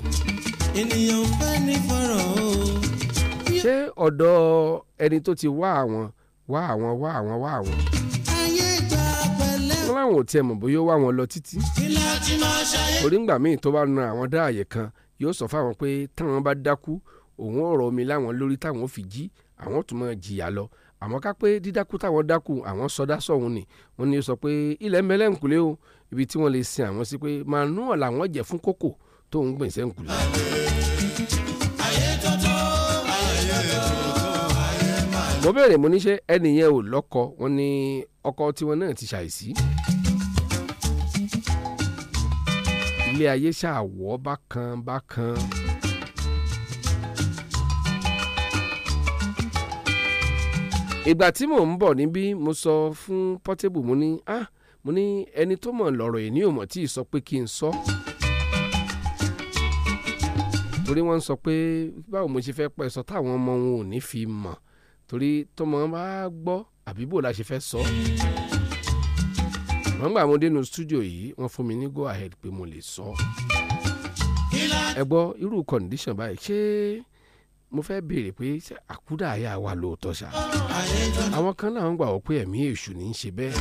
S18: ènìyàn fẹ́ ní fọ̀rọ̀ o. ṣé
S3: ọ̀dọ̀ ẹni tó ti wá àwọn wá àwọn wá àwọn wá àwọn.
S18: ayé ìgbà pẹ̀lẹ́. wọ́n
S3: láwọn ò tiẹ̀ mọ̀ bóyá ó wá wọn lọ títí. kí
S18: láti máa
S3: ṣayé. orí ń gbà míì tó bá na àwọn dá àyè kan yóò sọ fáwọn pé táwọn bá dákú òun ọ̀rọ̀ omi láwọn lórí táwọn fi jí àwọn tún máa jìyà lọ àmọ́ ká pé dídákú táwọn dákú àwọn sọdá sọ̀hún ni wọ́n ní sọ pé ilẹ̀ mẹ́lẹ́ ńkùlé o ibi tí wọ́n lè sin àwọn sí pé màánúà làwọn jẹ́ fún kókò tó ń gbèsè ńkùlé. mo béèrè mo níṣẹ́ ẹnìyẹn ò lọ́kọ wọn ni ọkọ tiwọn náà ti ṣàìsí. ilé ayé ṣàwọ̀ bákan bákan. ìgbà tí mò ń bọ̀ níbí mo sọ fún Portable mo ní ah mo ní ẹni tó mọ̀ lọ́rọ̀ yìí ní òmò tí ì sọ pé kí n sọ. torí wọ́n ń sọ pé báwo mo ṣe fẹ́ pẹ́ sọ táwọn ọmọ wọn ò ní fi mọ̀ torí tọmọ bá gbọ́ àbí bò la ṣe fẹ́ sọ. So ṣùgbọ́n gbà mo dénú studio yìí wọ́n fún mi ní go ahead pé mo lè sọ. ẹ gbọ́ irú condition báyìí ṣé mo fẹ́ béèrè pé àkúdàáyà wa lóòótọ́ ṣá. àwọn kan náà ń gbà wọ́n pé ẹ̀mí èṣù ní í ṣe bẹ́ẹ̀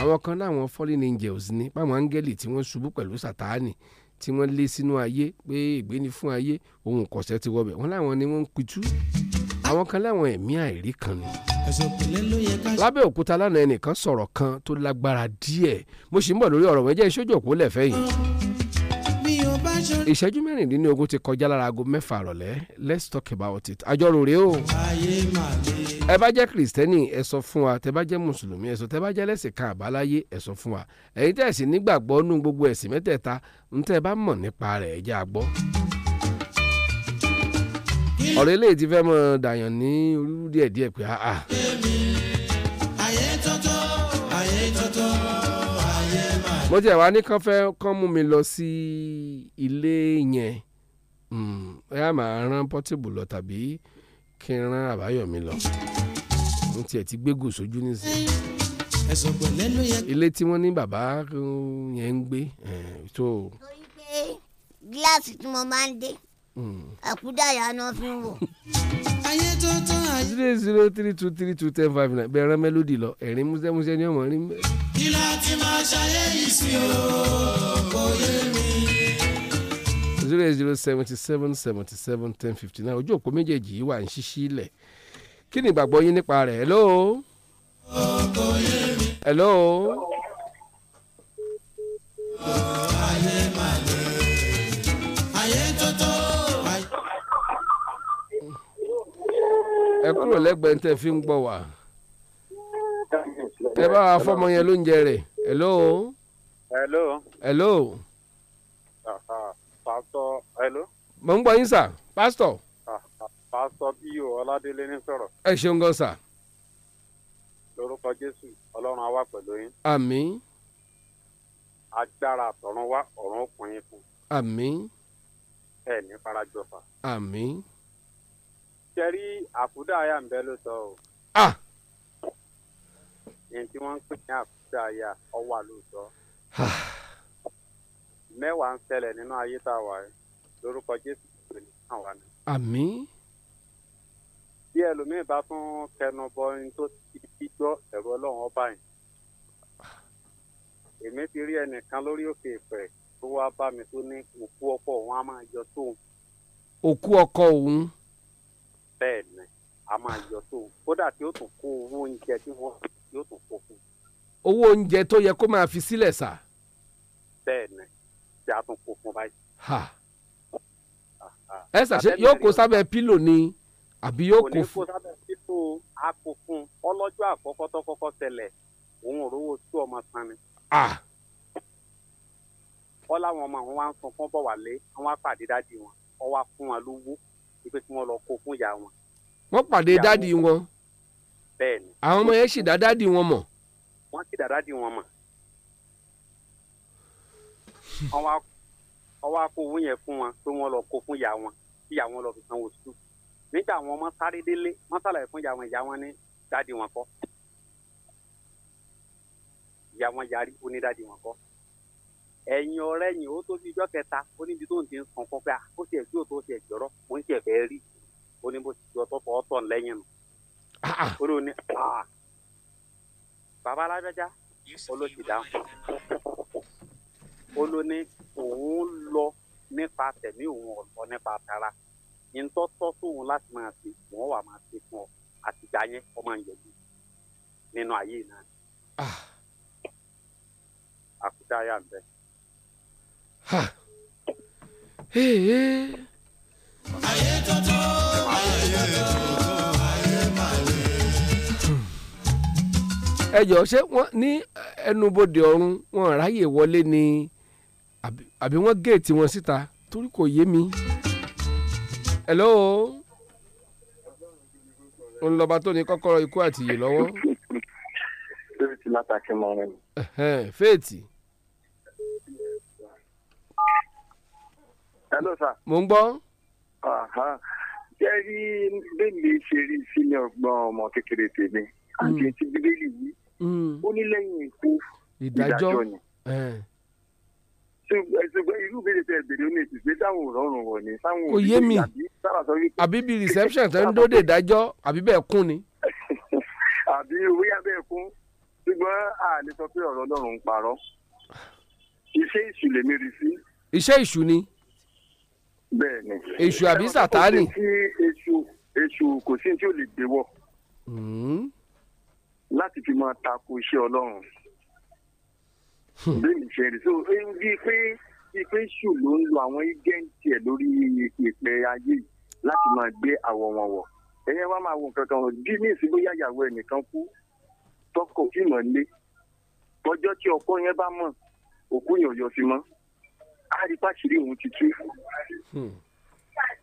S3: àwọn kan náà wọn fallen angels ní páwọn áńgẹ́lì tí wọ́n ṣubú pẹ̀lú sàtáànì tí wọ́n lé sínú ayé pé ègbé fún ayé ohun kọ̀ṣẹ́ ti wọ́bẹ̀ wọ́n láwọn ni wọ́n ń pitú. àwọn kan láwọn ẹ̀mí àìrí kan ni. lábẹ́ òkúta lánàá ẹnìkan sọ̀rọ̀ kan tó lágbára díẹ̀ mo sì ń bọ̀ lórí ọ̀rọ̀ wọn jẹ́ ìṣojú lẹ́fẹ̀ẹ́ yìí. ìṣẹ́jú mẹ́rìndínlógún ti kọjá lára aago mẹ́fà rọ̀lẹ́ let's talk about it o. ẹ bá jẹ́ kìrìsìtẹ́nì ẹ sọ fún wa tẹ bá jẹ́ mùsùlùmí ẹ sọ tẹ bá jẹ́ lẹ́sìn kan àbáláyé ẹ fún wa ẹ̀yin tẹ̀sí nígbàgbọ́ nú gbogbo ẹ̀sìn mẹ́tẹ̀ẹ̀ta ọ̀rọ̀ eléyìí ti fẹ́ mọ dàyàn ní orúurú díẹ̀ díẹ̀ pé a. Ah, ah. mo jẹ́ wa ní kán fẹ́ kán mú mi lọ sí ilé yẹn ẹ̀yà hmm, máa rán pọ́tìbù lọ tàbí kí n rán àbáyọ̀mí lọ mo tiẹ̀ ti gbégò sójú nísìnyí ilé tí wọ́n ní bàbá yẹn ń gbé eh,
S4: gíláàsì tí mo máa ń dé àkúdàyà náà fi wò. ayé tó tán ayé.
S3: zero zero three two three two ten five nine bẹ̀rẹ̀ mélòdì lọ ẹ̀rín músẹ́músẹ́ ni ọmọ rí.
S18: kí la ti máa ṣayé
S7: yìí sí o kò mi.
S3: zero zero seventy seven seventy seven ten fifty nine ojú òpó méjèèjì yìí wà ń ṣíṣí ilẹ̀ kí ni ìgbàgbọ́ yín nípa rẹ̀ hello. kò hello. ẹ kúrò lẹ́gbẹ̀ẹ́ tẹ́ fi ń gbọ́ wá
S10: tẹ bá wa fọmọ yẹn ló
S3: ń jẹ rẹ hello. hello. hello.
S10: pásítọ̀ hello.
S3: mo ń gbọ́ yín sà pásítọ̀.
S10: pásítọ̀ bíyò ọládélé ní sọ̀rọ̀. ẹ ṣeun gan sà. lórúkọ jésù ọlọ́run á wà pẹ̀lú yín. àmín. agbára àtọ̀run wá ọ̀run ọkùnrin fún. àmín. ẹ ní farajọ fà. àmín kẹrí àkúdàáyà ń bẹ ló sọ o. ẹni tí wọ́n ń pè ní àkúdàáyà ọwà ló sọ. mẹ́wàá ń ṣẹlẹ̀ nínú ayé tá a wà yìí lórúkọ jésù kò ní kàn wá ní. àmín. bí ẹlòmíín bá tún kẹnu bọ ohun tó ti fi gbọ́ ẹ̀rọ ọlọ́run ọba yìí. èmi ti rí ẹnìkan lórí òkè ìpẹ́ tó wá bá mi tó ní òkú ọkọ òun á máa yọ tóun.
S3: òkú ọkọ òun
S10: bẹ́ẹ̀ ni a máa yọ tó kódà tí ó tún kó owó oúnjẹ tí wọ́n yóò tún kó fún.
S3: owó oúnjẹ tó yẹ kó máa fi sílẹ̀ sà.
S10: bẹ́ẹ̀ ni tí a tún kó fún báyìí. ẹ ṣàṣe yóò kó
S3: sábẹ́ pílò ni àbí yóò kó fún. kò ní kó
S10: sábẹ́ pílò akó fún ọlọ́jọ́ àkọ́kọ́ tó kọ́kọ́ tẹ̀lẹ̀ òun ò rówó tú ọmọ san ni. ọ láwọn ọmọ àwọn wa ń sọ fún bọ̀wálé àwọn apàdé dájú wọn ọwọ́ fún wọn lówó wípé kí wọ́n lọ kó fún ìyá wọn.
S3: wọ́n pàdé dáàdi wọn. bẹ́ẹ̀ni. àwọn ọmọ yẹn sì dá dáàdi wọn mọ̀.
S10: wọ́n sì dá dáàdi wọn mọ̀. wọ́n wá kó owó yẹn fún wọn pé wọ́n lọ kó fún ìyá wọn kí ìyá wọn lọ fi sanwó sùkúù. nígbà wọn mọ sáré délé wọn sàlàyé fún ìyá wọn ìyá wọn ní dáàdi wọn kọ́. ìyá wọn yarí ó ní dáàdi wọn kọ́. ẹ̀yin ọ̀rẹ́ yìí o tó fi ijọ́ kẹta ó tó ń ti sàn pé ó ti ti ń ti rí ní bó ti jọ tó fọ́ tọ̀ lẹ́yìn nù. Ah, ah. ó o ní bàbá alájọjá ó ní òun lọ nípa tẹ̀mí òun ọ̀lọ́ nípa tara ìtọ́ tọ́ láti máa ṣe wọ́n wà máa ṣe fún ọ ọmọ nínú ayé náà. Ah. yà ha
S18: ee. ayé tótó ayé tótó
S3: ayé màlè. ẹ ṣé wọ́n ní ẹnubodè ọ̀run wọn ráyè wọlé ni àbí wọ́n géètì wọn síta torí kò yé mi. hello ń lọba tó ní kọ́kọ́rọ́ ikú àtìyè lọ́wọ́.
S8: fèètì látàkì mọ́rin. fèètì. hello sir. mo ń gbọ́. jẹ́rí bẹ́ẹ̀ni ṣe rí sínú ọgbọ́n ọmọ kékeré tèmi àti etí hmm. bíbélì yìí hmm. ó ní lẹ́yìn ikú ìdájọ́ ni eh. ṣùgbọ́n irú ìbéèrè tẹ ìbéèrè ní ètùtù táwọn òrọ̀rùn wọ̀ ni. òye mi
S3: àbí bí reception tó ń dóde ìdájọ́ àbí bẹ́ẹ̀ kún ni.
S8: àbí wíyá bẹ́ẹ̀ kún ṣùgbọ́n a lè sọ pé ọ̀rọ̀ ọlọ́run parọ́ iṣẹ́ ìṣù lèmi rí sí.
S3: iṣẹ́ ìṣù ni
S8: bẹ́ẹ̀ni. èṣù àbí sátani. èṣù èṣù kò sí tí ò lè gbé wọ. Hmm. láti fi máa tako iṣẹ́ ọlọ́run. Hmm. bẹ́ẹ̀ ni ṣe rí so ibi pé ipe èṣù ló ń lo àwọn ẹgẹ́ǹtì ẹ̀ lórí ìpè ayé láti máa gbé àwọ̀ wọn wọ̀ ẹ̀yẹ́ wá máa wo nǹkan kan bí ní ìsìn bóyá ìyàwó ẹnìkan kú tọkọ kí mọ̀ lé tọjọ́ tí ọkọ yẹn bá mọ̀ òkú yẹn yọ sí mọ́ á òun ti tú Hmm.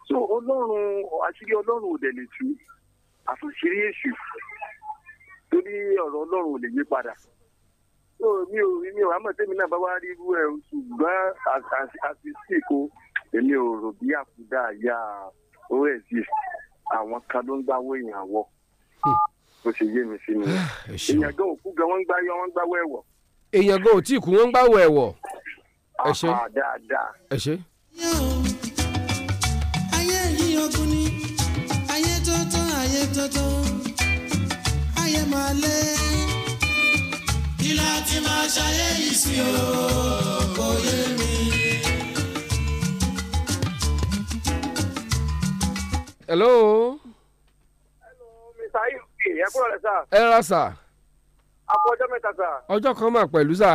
S8: so ọlọ́run àṣírí ọlọ́run ò dẹ̀ lè tú àfàṣírí èṣù torí ọ̀rọ̀ ọlọ́run ò lè yí padà so mi ò mi ò àmọ́ tèmi náà bá wá rí irú ẹ̀ ṣùgbọ́n àti síkò èmi ò rò bí àkúdà yá oasis àwọn kan ló ń gbáwó èèyàn wọ hmm. bó ṣe yé mi sí ni ah, èèyàn gan òkú gan wọ́n ń gbáyọ wọ́n ń gbáwó ẹ̀wọ̀.
S3: èèyàn gan ò tí ì kú wọ́n ń gbáwó ẹ̀wọ̀. ẹ ah, ṣe ah, ẹ ṣe
S18: lógún ní ayé tó ayé tó ayé máa lé. kí láti máa ṣayé yìí sí o
S7: kò yé mi.
S3: hello.
S8: hello mr ayuki ẹ kúrò lẹ sá. ẹ ra sá. àpò ọjọ́ mẹ́ta sá.
S3: ọjọ́ kan mà pẹ̀lú sá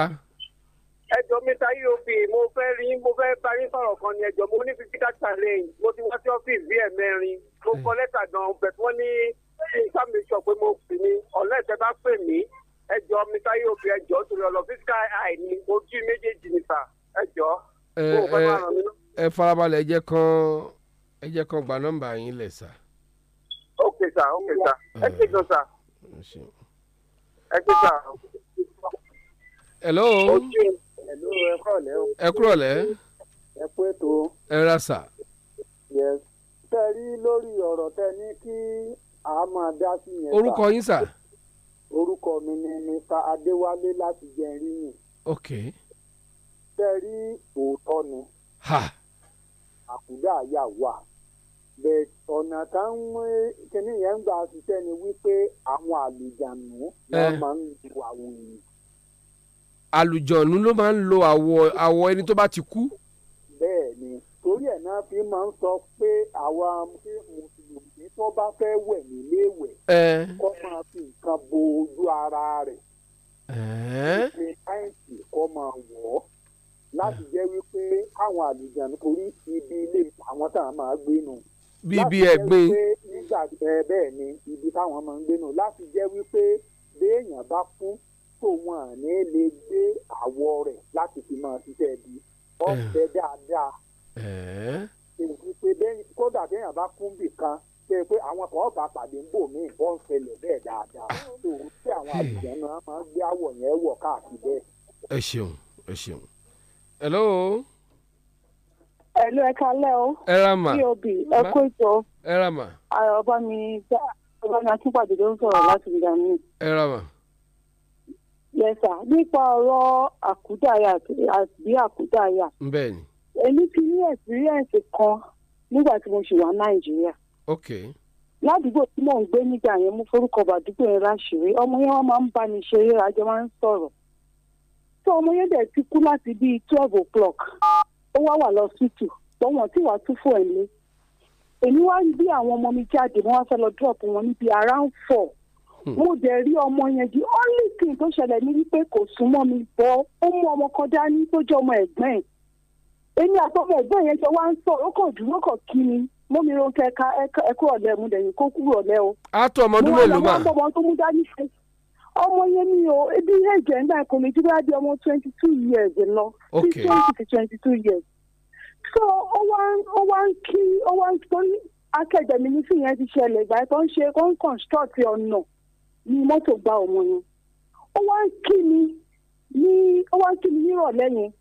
S8: ẹjọ mẹ́ta eop mo fẹ́ rí mo fẹ́ parí sọ̀rọ̀ kan ní ẹjọ mo ní physical challenge mo ti wá sí ọfíìsì bíi ẹ̀mẹrin mo kọ eh. lẹ́tà gan bẹ̀tẹ̀ wọ́n ní ìsàmì sọ pé mo sì ní ọ̀lẹ́ ìtẹ́ bá pè mí ẹjọ mẹ́ta eop ẹjọ torí ọ̀lọ́ physical eye ni ojú méjèèjì ni sà ẹjọ. ẹ
S3: ẹ ẹ farabalẹ̀ ẹ jẹ́ kan ẹ jẹ́ kan gba nọ́mbà yín lẹ̀ sà.
S8: ok sà ok sà ẹ ṣe gan sà eh, ẹ ṣe sà.
S3: hello. Okay
S5: ẹ̀lú ẹ kúrọ̀lẹ́ o. ẹ kúrọ̀lẹ́. ẹ kú ètò. ẹ ra sà. tẹ rí lórí ọ̀rọ̀ tẹ ní kí a máa dá sí yẹn. orúkọ yín sà. orúkọ mi ni Mr. Adéwálé láti Jẹ̀rìyìn. ok. tẹ rí òótọ́ ni. ha. àkùdá àyà wà bẹ́ẹ̀ ọ̀nà tá ń mú kíní yẹn ń gbà ṣiṣẹ́ ni wípé àwọn àlùjànnú ni eh. wọ́n máa ń lu àwọn èèyàn
S3: àlùjọ̀nù ló máa ń lo àwọ̀ àwọ̀ ẹni tó bá ti kú.
S5: bẹ́ẹ̀ ni torí ẹ̀ náà fi máa ń sọ pé àwa mùsùlùmí tó bá fẹ́ wẹ̀ nílé wẹ̀ kó máa fi nǹkan bo ojú ara rẹ̀ ṣe táyìntì kó máa wọ̀ ọ́ láti jẹ́ wípé àwọn àlùjọ̀nù torí ibi ilé àwọn tá a máa gbé nù
S19: bíbí ẹ̀gbin.
S5: nígbà bẹ́ẹ̀ ni ibi táwọn máa ń gbé nù láti jẹ́ wípé béèyàn bá kú so wọn à ní lè gbé àwọ̀ rẹ̀ láti fi máa ṣiṣẹ́ eh. eh. bí ọ̀fẹ́ dáadáa. èyí pé bẹ́ẹ̀ kódà bẹ́ẹ̀ bá kún bì kan ṣe pé àwọn kan ọba pàdé ń bò mí ìbọn ń ṣẹlẹ̀ bẹ́ẹ̀ dáadáa. òun tí àwọn àbùjẹ́ náà máa ń gbé àwọ̀ yẹn wọ̀ káàkiri bẹ́ẹ̀.
S18: ẹ ṣeun
S3: ẹ ṣeun. hello
S4: ẹ̀lú ẹ̀ka lẹ́ o.
S6: ẹ ra mà bob ẹ kó ìtọ́. ẹ ra mà. ọba mi ọba mi akínpàdé ló ń sọ̀rọ̀ láti ìgbà mi. ẹ ra mà. Yes, sir. nípa ọ̀rọ̀ àkúdàáyà àbí àkúdàáyà. bẹ́ẹ̀ni. èmi ti ní ẹ̀sìrìẹ̀sì kan nígbà tí mo ṣì wà nàìjíríà. ok. ládùúgbò tí mò ń gbé nígbà yẹn mo forúkọ bàdúgbò yẹn láṣìírí ọmọ yẹn wọn máa ń bá mi ṣeré àjọ máa ń sọ̀rọ̀. tó ọmọ yẹn dẹ̀ ti kú láti bíi twelve o'clock ó wá wà lọ sítù lọ́wọ́n tí wàá tún fún ẹ̀ lé. èmi wá ń gbé àwọn ọmọ mi jáde mo wá fẹ́ lọ drop wọn níbi around four Hmm. mo dẹ̀ rí ọmọ yẹn di only thing tó ṣẹlẹ̀ ní wípé kò súnmọ́ mi bọ́ ó mú ọmọ kan dání tó jẹ́ ọmọ ẹ̀gbọ́n ẹ̀ èmi àtọmọ ẹ̀gbọ́n yẹn jọ wá ń sọ ó dúró kàn kí ni mo mi ro kẹka ẹkọ ọ̀lẹ mu dẹ̀yìn kó kúrò ọ̀lẹ o.
S3: a tó ọmọ ọdún mélòó mà. mo wà
S6: lọ́wọ́ ọmọ ọmọ yẹn mi ò ebi ẹ̀jẹ̀ ńlá ẹ̀kọ́ mi dúró bí ọmọ twenty two years lọ sí twenty to twenty two years. so ó wá ó wá ń kí ó wá ń torí akẹ́gbẹ̀mí ní sí yẹn ti ṣẹlẹ̀ ìgbà tó ń ṣe kó ń construct ọ̀nà ni mọ́tò gba ọmọ yẹn ó wá ń kí mi ní ó wá ń kí mi nírọ̀lẹ́ yẹn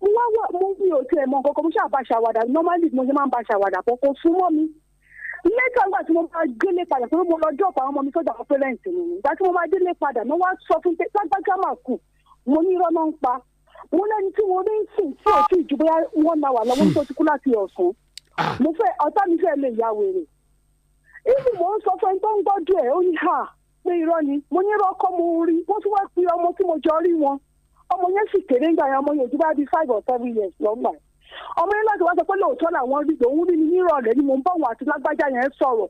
S6: mo wá wà mo mi ò tiẹ̀ mọ kankan mo ṣáà bá ṣàwàdà normally mo ṣe máa ń bá ṣàwàdà pọ̀ kò sún mọ́ mi lẹ́tà nígbà tí mo bá délé padà pé mo lọ jọ́pọ̀ àwọn ọmọ mi sọ́jà àwọn parents mi nígbà tí mo bá délé padà mo wá sọ fún pé lágbájá mà kù mo ní irọ́ náà ń pa mo lẹ́ni tí mo ní sùn tí ò tí ì ju bóyá one lọ́wọ́ tó ti kú láti ọ̀sán mo fẹ́ ọ̀tá mi fẹ́ lè ya wèrè ibi mo ń sọ fún ẹni tó ń gbọ́dọ̀ ẹ̀ ó ní ha pé irọ́ ni mo ní irọ́ kọ́ mo rí wọ́n tún wá pe ọmọ tí mo jọ rí wọn ọmọ yẹn sì kéré ńgbà yẹn ọmọ yẹn ojú bá di five or seven years lọ́gbà ọmọ yẹn láti wá sọ pé lóòótọ́ làwọn rí lòun rí ni mo ń bọ̀ yẹn sọ̀rọ̀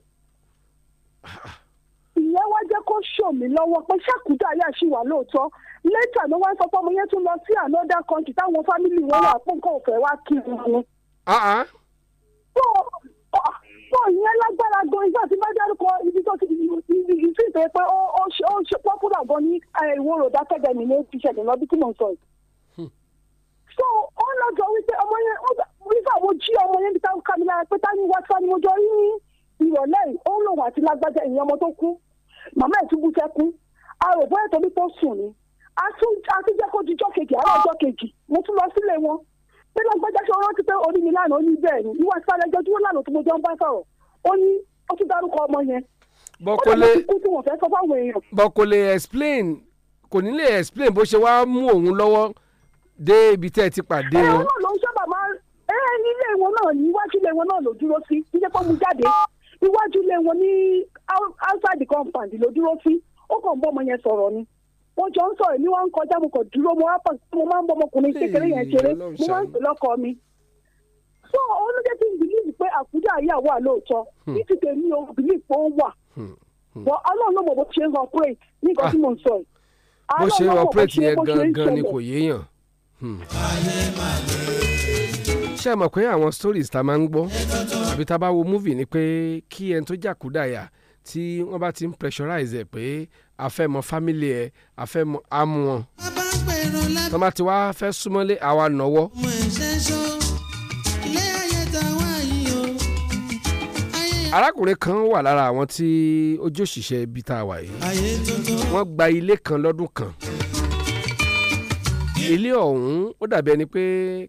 S6: ìyẹn wá jẹ́ kó sọ pọ̀ ìyẹn lágbára gan ìgbà tí bá dárúkọ ibi tó ti ìfi ìtẹ́ pé ó ṣe pọ́pùlà gan ní eh, ìwọ ròdà mi ní ìṣẹ̀lẹ̀ lọ́dún tí mò ń sọ yìí. Hmm. so ó lọ jọ wípé ọmọ yẹn wípé àwọn jí ọmọ yẹn níta ká mi lára pé táyé wá tí wá ni mo jọ rí ní ìrọ̀lẹ́ yìí ó lòun àti lágbájá ìyẹn ọmọ tó kú màmá ẹ̀ tún bú sẹ́kún àròbó ẹ̀ torí tó sùn ni a tún jẹ́ kó dijọ́ kejì àárọ̀ ọjọ́ kejì mo tún lọ sílé wọn pé lágbájá ṣe rántí pé orí mi lánàá ó ní bẹ́ẹ̀ ni ìwà sáré jọjúmọ́ lánàá tó mo jọ ń bá sọ̀rọ̀ ó ní ó tún dárúkọ ọmọ yẹn bọ́kọ́lé
S3: bọ́kọ́lé explain kò ní lè explain bó ṣe wáá mú òun lọ́wọ́ dé ibi tẹ́ ẹ ti pàdé wọn. ẹ̀rọ
S6: ló ń sábà máa ń ẹ nílé wọn náà níwájú ilé wọn náà ló dúró sí ilé pọ́nmu jáde níwájú ilé wọn ní outside the compound ló dúró sí ó kàn bọ́ ọmọ yẹn sọ̀rọ̀ ni wọ́n jọ ń sọ̀rọ̀ ní wọ́n ń kọjá mo kàn dúró mo wá pọ̀ mo máa ń bọ kékeré yẹn ṣeré mo máa ń pè lọ́kọ mi. so òun ló jẹ́ kí n bìlíìfù pé àkúdà yà wà lóòótọ́ hmm. ní ti tèmi o bìlíìfù ó wà.
S7: Hmm. Hmm.
S6: bọ́ ọlọ́run ló mọ̀ bó ṣe ń operate ní nǹkan tí mo ń sọ yìí. bó ṣe operate yẹn gangan ni kò
S3: yéèyàn. ṣé ẹ mọ̀ pé àwọn stories ta máa ń gbọ́ àbí ta bá wo movie ni pé kí ẹni tó jàkúdà yà tí wọ́n bá ti ń pressurize ẹ̀ pé a fẹ́ mọ family ẹ̀ a fẹ́ mọ amú wọn. tọ́ bá ti wá fẹ́ súnmọ́lé àwa nọ́wọ́. arákùnrin kan wà lára àwọn tí ó òṣìṣẹ́ ibi tá a wà yìí wọ́n gba ilé kan lọ́dún kan ilé ọ̀hún ó dàbí ẹni pé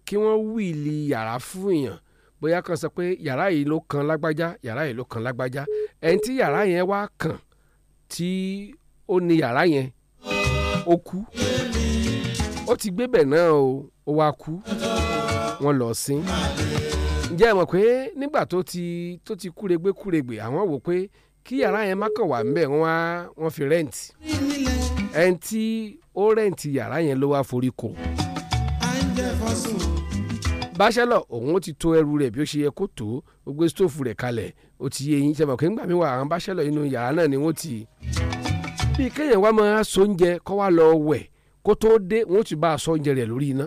S3: kí wọ́n wíìlì yàrá fún èèyàn bóyá kan sọ pé yàrá yìí ló kan lágbájá yàrá yìí ló kan lágbájá ẹni tí yàrá yẹn wá kàn tí ó ní yàrá yẹn ó kú ó ti gbébẹ̀ náà o ó wá kú wọ́n lọ sin ǹjẹ́ ẹ mọ̀ pé nígbà tó ti tó ti kúregbé kúregbé àwọn wò pé kí yàrá yẹn má kàn wà ń bẹ̀ wọ́n wá wọ́n fi rẹ́ǹtì ẹni tí ó rẹ́ǹtì yàrá yẹn ló wá forí kò báṣẹ́lọ̀ òun ti to ẹrù rẹ̀ bí ó ṣe yẹ kó tó ó gbé stóòfù rẹ̀ kalẹ̀ ó ti yé eyín sẹ́mọ̀ pé ńgbà mi wà àwọn báṣẹ́lọ̀ inú yàrá náà ni wọ́n ti. bí kéèyàn wá máa so oúnjẹ kó wá lọ wẹ̀ kó tó dé wọ́n ti bá a sọ oúnjẹ rẹ̀ lórí iná.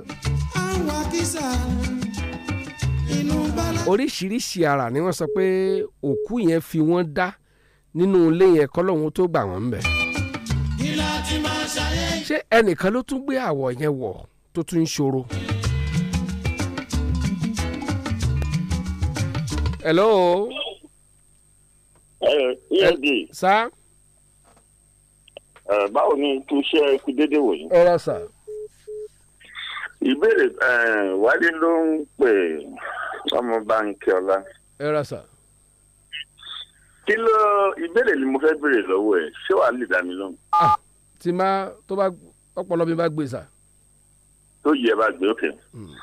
S3: oríṣiríṣi ara ni wọ́n sọ pé òkú yẹn fi wọ́n dá nínú ilé yẹn kọ́lọ́hún tó gbà wọ́n bẹ̀. ṣé ẹnìkan ló tún gbé àwọ̀ yẹn wọ̀ tó tún ń ṣòro.
S8: hello. ẹ esd. sá. ẹ báwo ni kí iṣẹ́ kú dédé wòye. ẹ rà sà. ìbéèrè wálé ló ń pè ọmọ báńkì ọlá. ẹ rà sà. kí ló ìbéèrè ni mo fẹ́ béèrè lọ́wọ́ ẹ̀ ṣé wàá lè dá mi lóhùn.
S3: tí máa tó bá ọpọlọ mi bá gbé sà.
S8: tó yẹ bá gbé òkè. Hmm.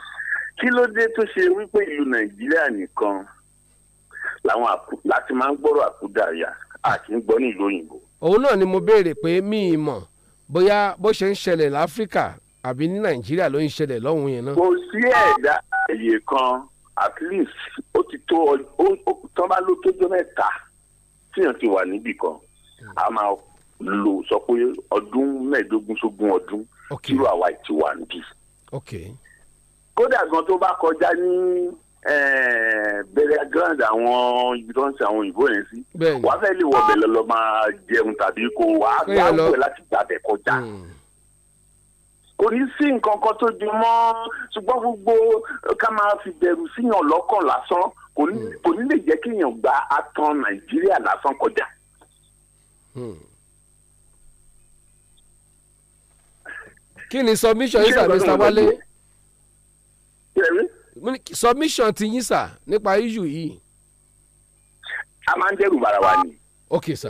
S8: kí ló dé tó ṣe wípé ìlú nàìjíríà nìkan làwọn láti máa ń gbọ́rọ̀ àkúdàáyà àti ń gbọ́ ní ìlú òyìnbó.
S3: òun náà ni mo béèrè pé mí ì mọ̀ bóyá bó ṣe ń ṣẹlẹ̀ láfíríkà àbí ní nàìjíríà ló ń ṣẹlẹ̀
S8: lọ́hùn yẹn náà. kò sí ẹ̀dá àyè kan at least ó ti tó tán bá ló tójó mẹ́ta tíyàn ti wà níbì kan a máa lò sọ pé ọdún mẹ́ẹ̀ẹ́dógún sógún ọdún kírò àwa ti wà níbì. kódà gan tó bá kọjá ní. Okay Eh, bẹ̀rẹ̀ grand àwọn ibi tó ń ṣe àwọn òyìnbó yẹn sí wà á fẹ́ lè wọ bẹ̀rẹ̀ lọ máa jẹun tàbí kó wà á gbà wẹ̀ láti gbàbẹ̀ kọjá hmm. kò ní sí nǹkan kan tó ju mọ́ ṣùgbọ́n gbogbo ká máa fi bẹ̀rù síyàn lọ́kàn lásán kò ní hmm. lè jẹ́ kéèyàn gba àtàn nàìjíríà lásán kọjá. Hmm. kí ni submission
S7: yìí sàbẹ̀sà wálé
S3: submission ti yín sà nípa issue yìí.
S8: a máa ń dẹ́rù bara wa ni. ok sà.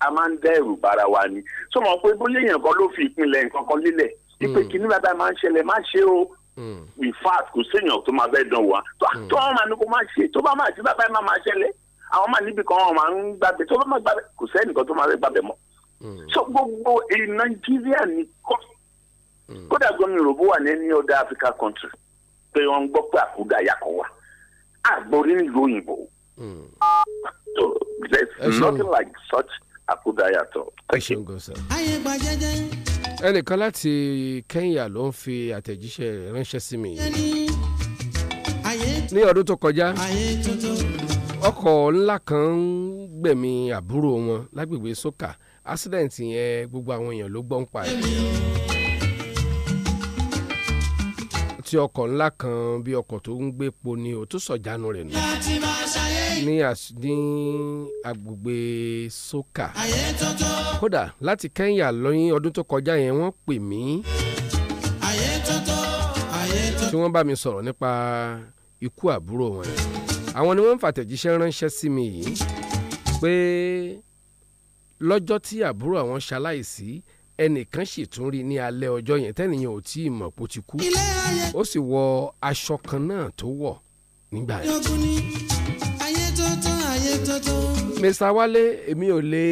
S8: a máa ń dẹ́rù bara wa ni sọmọ pé bóyá èèyàn kan ló fi ìpínlẹ̀ nǹkan kan lélẹ̀ ipe kìíní bàbá máa ń ṣẹlẹ̀ má ṣe o hmm. in fact kò séèyàn tó máa fẹ́ dán wa
S7: tó àwọn
S17: hmm.
S8: máa ní kó máa ṣe tó bá máa ṣe bàbá máa máa ṣẹlẹ̀ àwọn máa níbi kan wọn máa ń gbàgbé tó bá máa gbàgbé kò sẹ́nìkan tó máa fẹ́ gbàgbé mọ́ hmm. so gbogbo in Nigeria ni cost kódà gómìnà òbó wà ní any other African country pé wọ́n ń gbọ́ pé àkúdà yakọ̀ wa àgbórí nílùú òyìnbó hmm. so there
S3: ẹnìkan láti Kenya ló ń fi àtẹ̀jíṣẹ́ ránṣẹ́ sí mi ní ọdún tó kọjá ọkọ̀ ńlá kan ń gbẹ̀mí àbúrò wọn lágbègbè sókà accident yẹn gbogbo àwọn èèyàn ló gbọ́ pa ẹ̀ tí ọkọ̀ ńlá kan bí ọkọ̀ tó ń gbé po ni ò tó sọ̀jánu rẹ̀ nù. ní agbègbè soka kódà láti Kẹ́ńyà lọ́yìn ọdún tó kọjá yẹn wọ́n pè mí tí wọ́n bá mi sọ̀rọ̀ nípa ikú àbúrò wọn àwọn ni wọ́n ń fàtẹ̀jíṣẹ́ ránṣẹ́ sí mi yìí pé lọ́jọ́ tí àbúrò àwọn ṣaláìsí ẹnìkan sì tún rí ní alẹ́ ọjọ́ yẹn tẹ́nìyàn ò tí ì mọ̀ pó ti kú ó sì wọ aṣọ kan náà tó wọ̀ nígbà yẹn. Mr. Wale èmi ò lè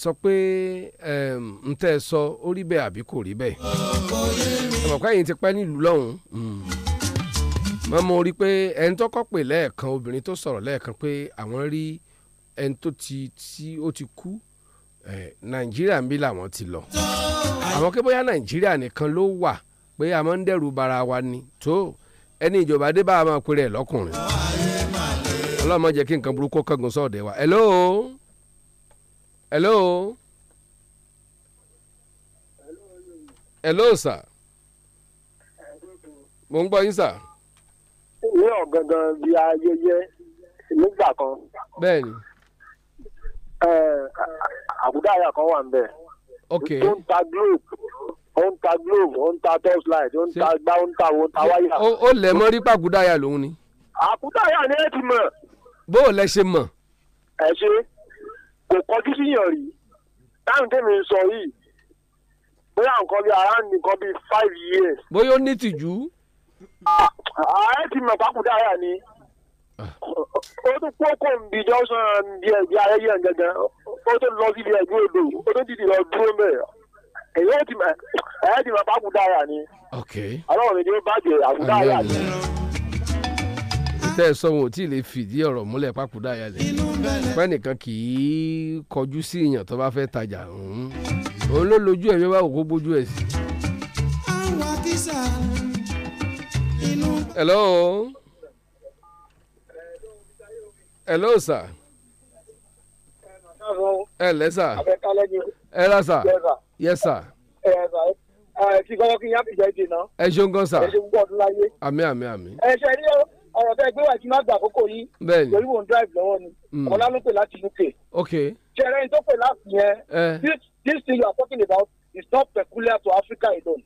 S3: sọ pé n tẹ́ ẹ sọ ó rí bẹ́ẹ̀ àbí kò rí bẹ́ẹ̀ ẹ̀mọ̀ káyìn ti pẹ́ nílùú lọ́hùn-ún mọ́ mo pé ẹni tó kọ́ lẹ́ẹ̀kan obìnrin tó sọ̀rọ̀ lẹ́ẹ̀kan pé àwọn rí ẹni tó ti tí ó ti kú Eh, nàìjíríà ń bí làwọn ti lọ àwọn kí bóyá nàìjíríà nìkan ló wà pé a ń bara wa ni tó ẹni ìjọba dé bá a máa pèrè ẹ̀ lọ́kùnrin ọlọ́mọ jẹ́ kí nǹkan burúkú kángun sọ̀dẹ̀ wa hello mo ń gbọ́ yín
S8: ní ọ̀gangan bíi ayẹyẹ nígbà kan. bẹ́ẹ̀ ni. àbúdáyà kan wà nbẹ. ok tó ń ta globe ó ń ta globe ó ń ta torchlight ó ń ta gbá ó ń ta wo ó ń ta wáyà. ó lẹ mọ rí pàkúdáyà lòun ni. àkúdáyà ni ẹ ti mọ. bó o lẹ ṣe mọ. ẹ ṣe kò kọjú síyàn rí táwọn tèmi sọ yìí bóyá nǹkan bíi around nǹkan bíi five years. bóyá ó ní tìjú. Ah, ẹ ti mọ̀ pàkúdáyà ni ó tún kó kó nbí jọ́sán bí ayẹyẹ yẹn gangan ó lọ sí ilé ẹ̀gbẹ́ odò ó tún dìde lọ dúró mẹ́ èyí ti mọ ẹ̀yẹ ti mọ bá kú dára ni ọlọ́run mi ni ó bàjẹ́ àkúdáyà ni
S3: tẹ́ ẹ sọ wọn ò tí ì lè fìdí ọ̀rọ̀ múlẹ̀ pákúdáyà lẹ̀ pẹ́ nìkan kì í kọjú sí èèyàn tó bá fẹ́ tajà òun ló lójú ẹ̀ bí wàá òkú bójú ẹ̀ sí. hello hello sir. ẹ lẹ́ sà. ẹ rà sà. yes sir.
S8: ẹ sà ẹ ti gbọ́dọ̀ kí n yá bìjẹ́ ìdè náà. ẹ ṣeun gan sà. ẹ ṣe púpọ̀ ọdún láyé.
S3: àmín àmín àmín.
S8: ẹ ṣe rí ọ̀rọ̀ tẹ́ gbé wà kí n gbà àkókò yìí. bẹ́ẹ̀ni lórí mò ń drive lọ́wọ́ ni. Hmm. ọ̀la láti UK. ok. ṣẹlẹ̀ ní tó pè láti yẹn. this thing you are talking about is not peculiar to Africa alone.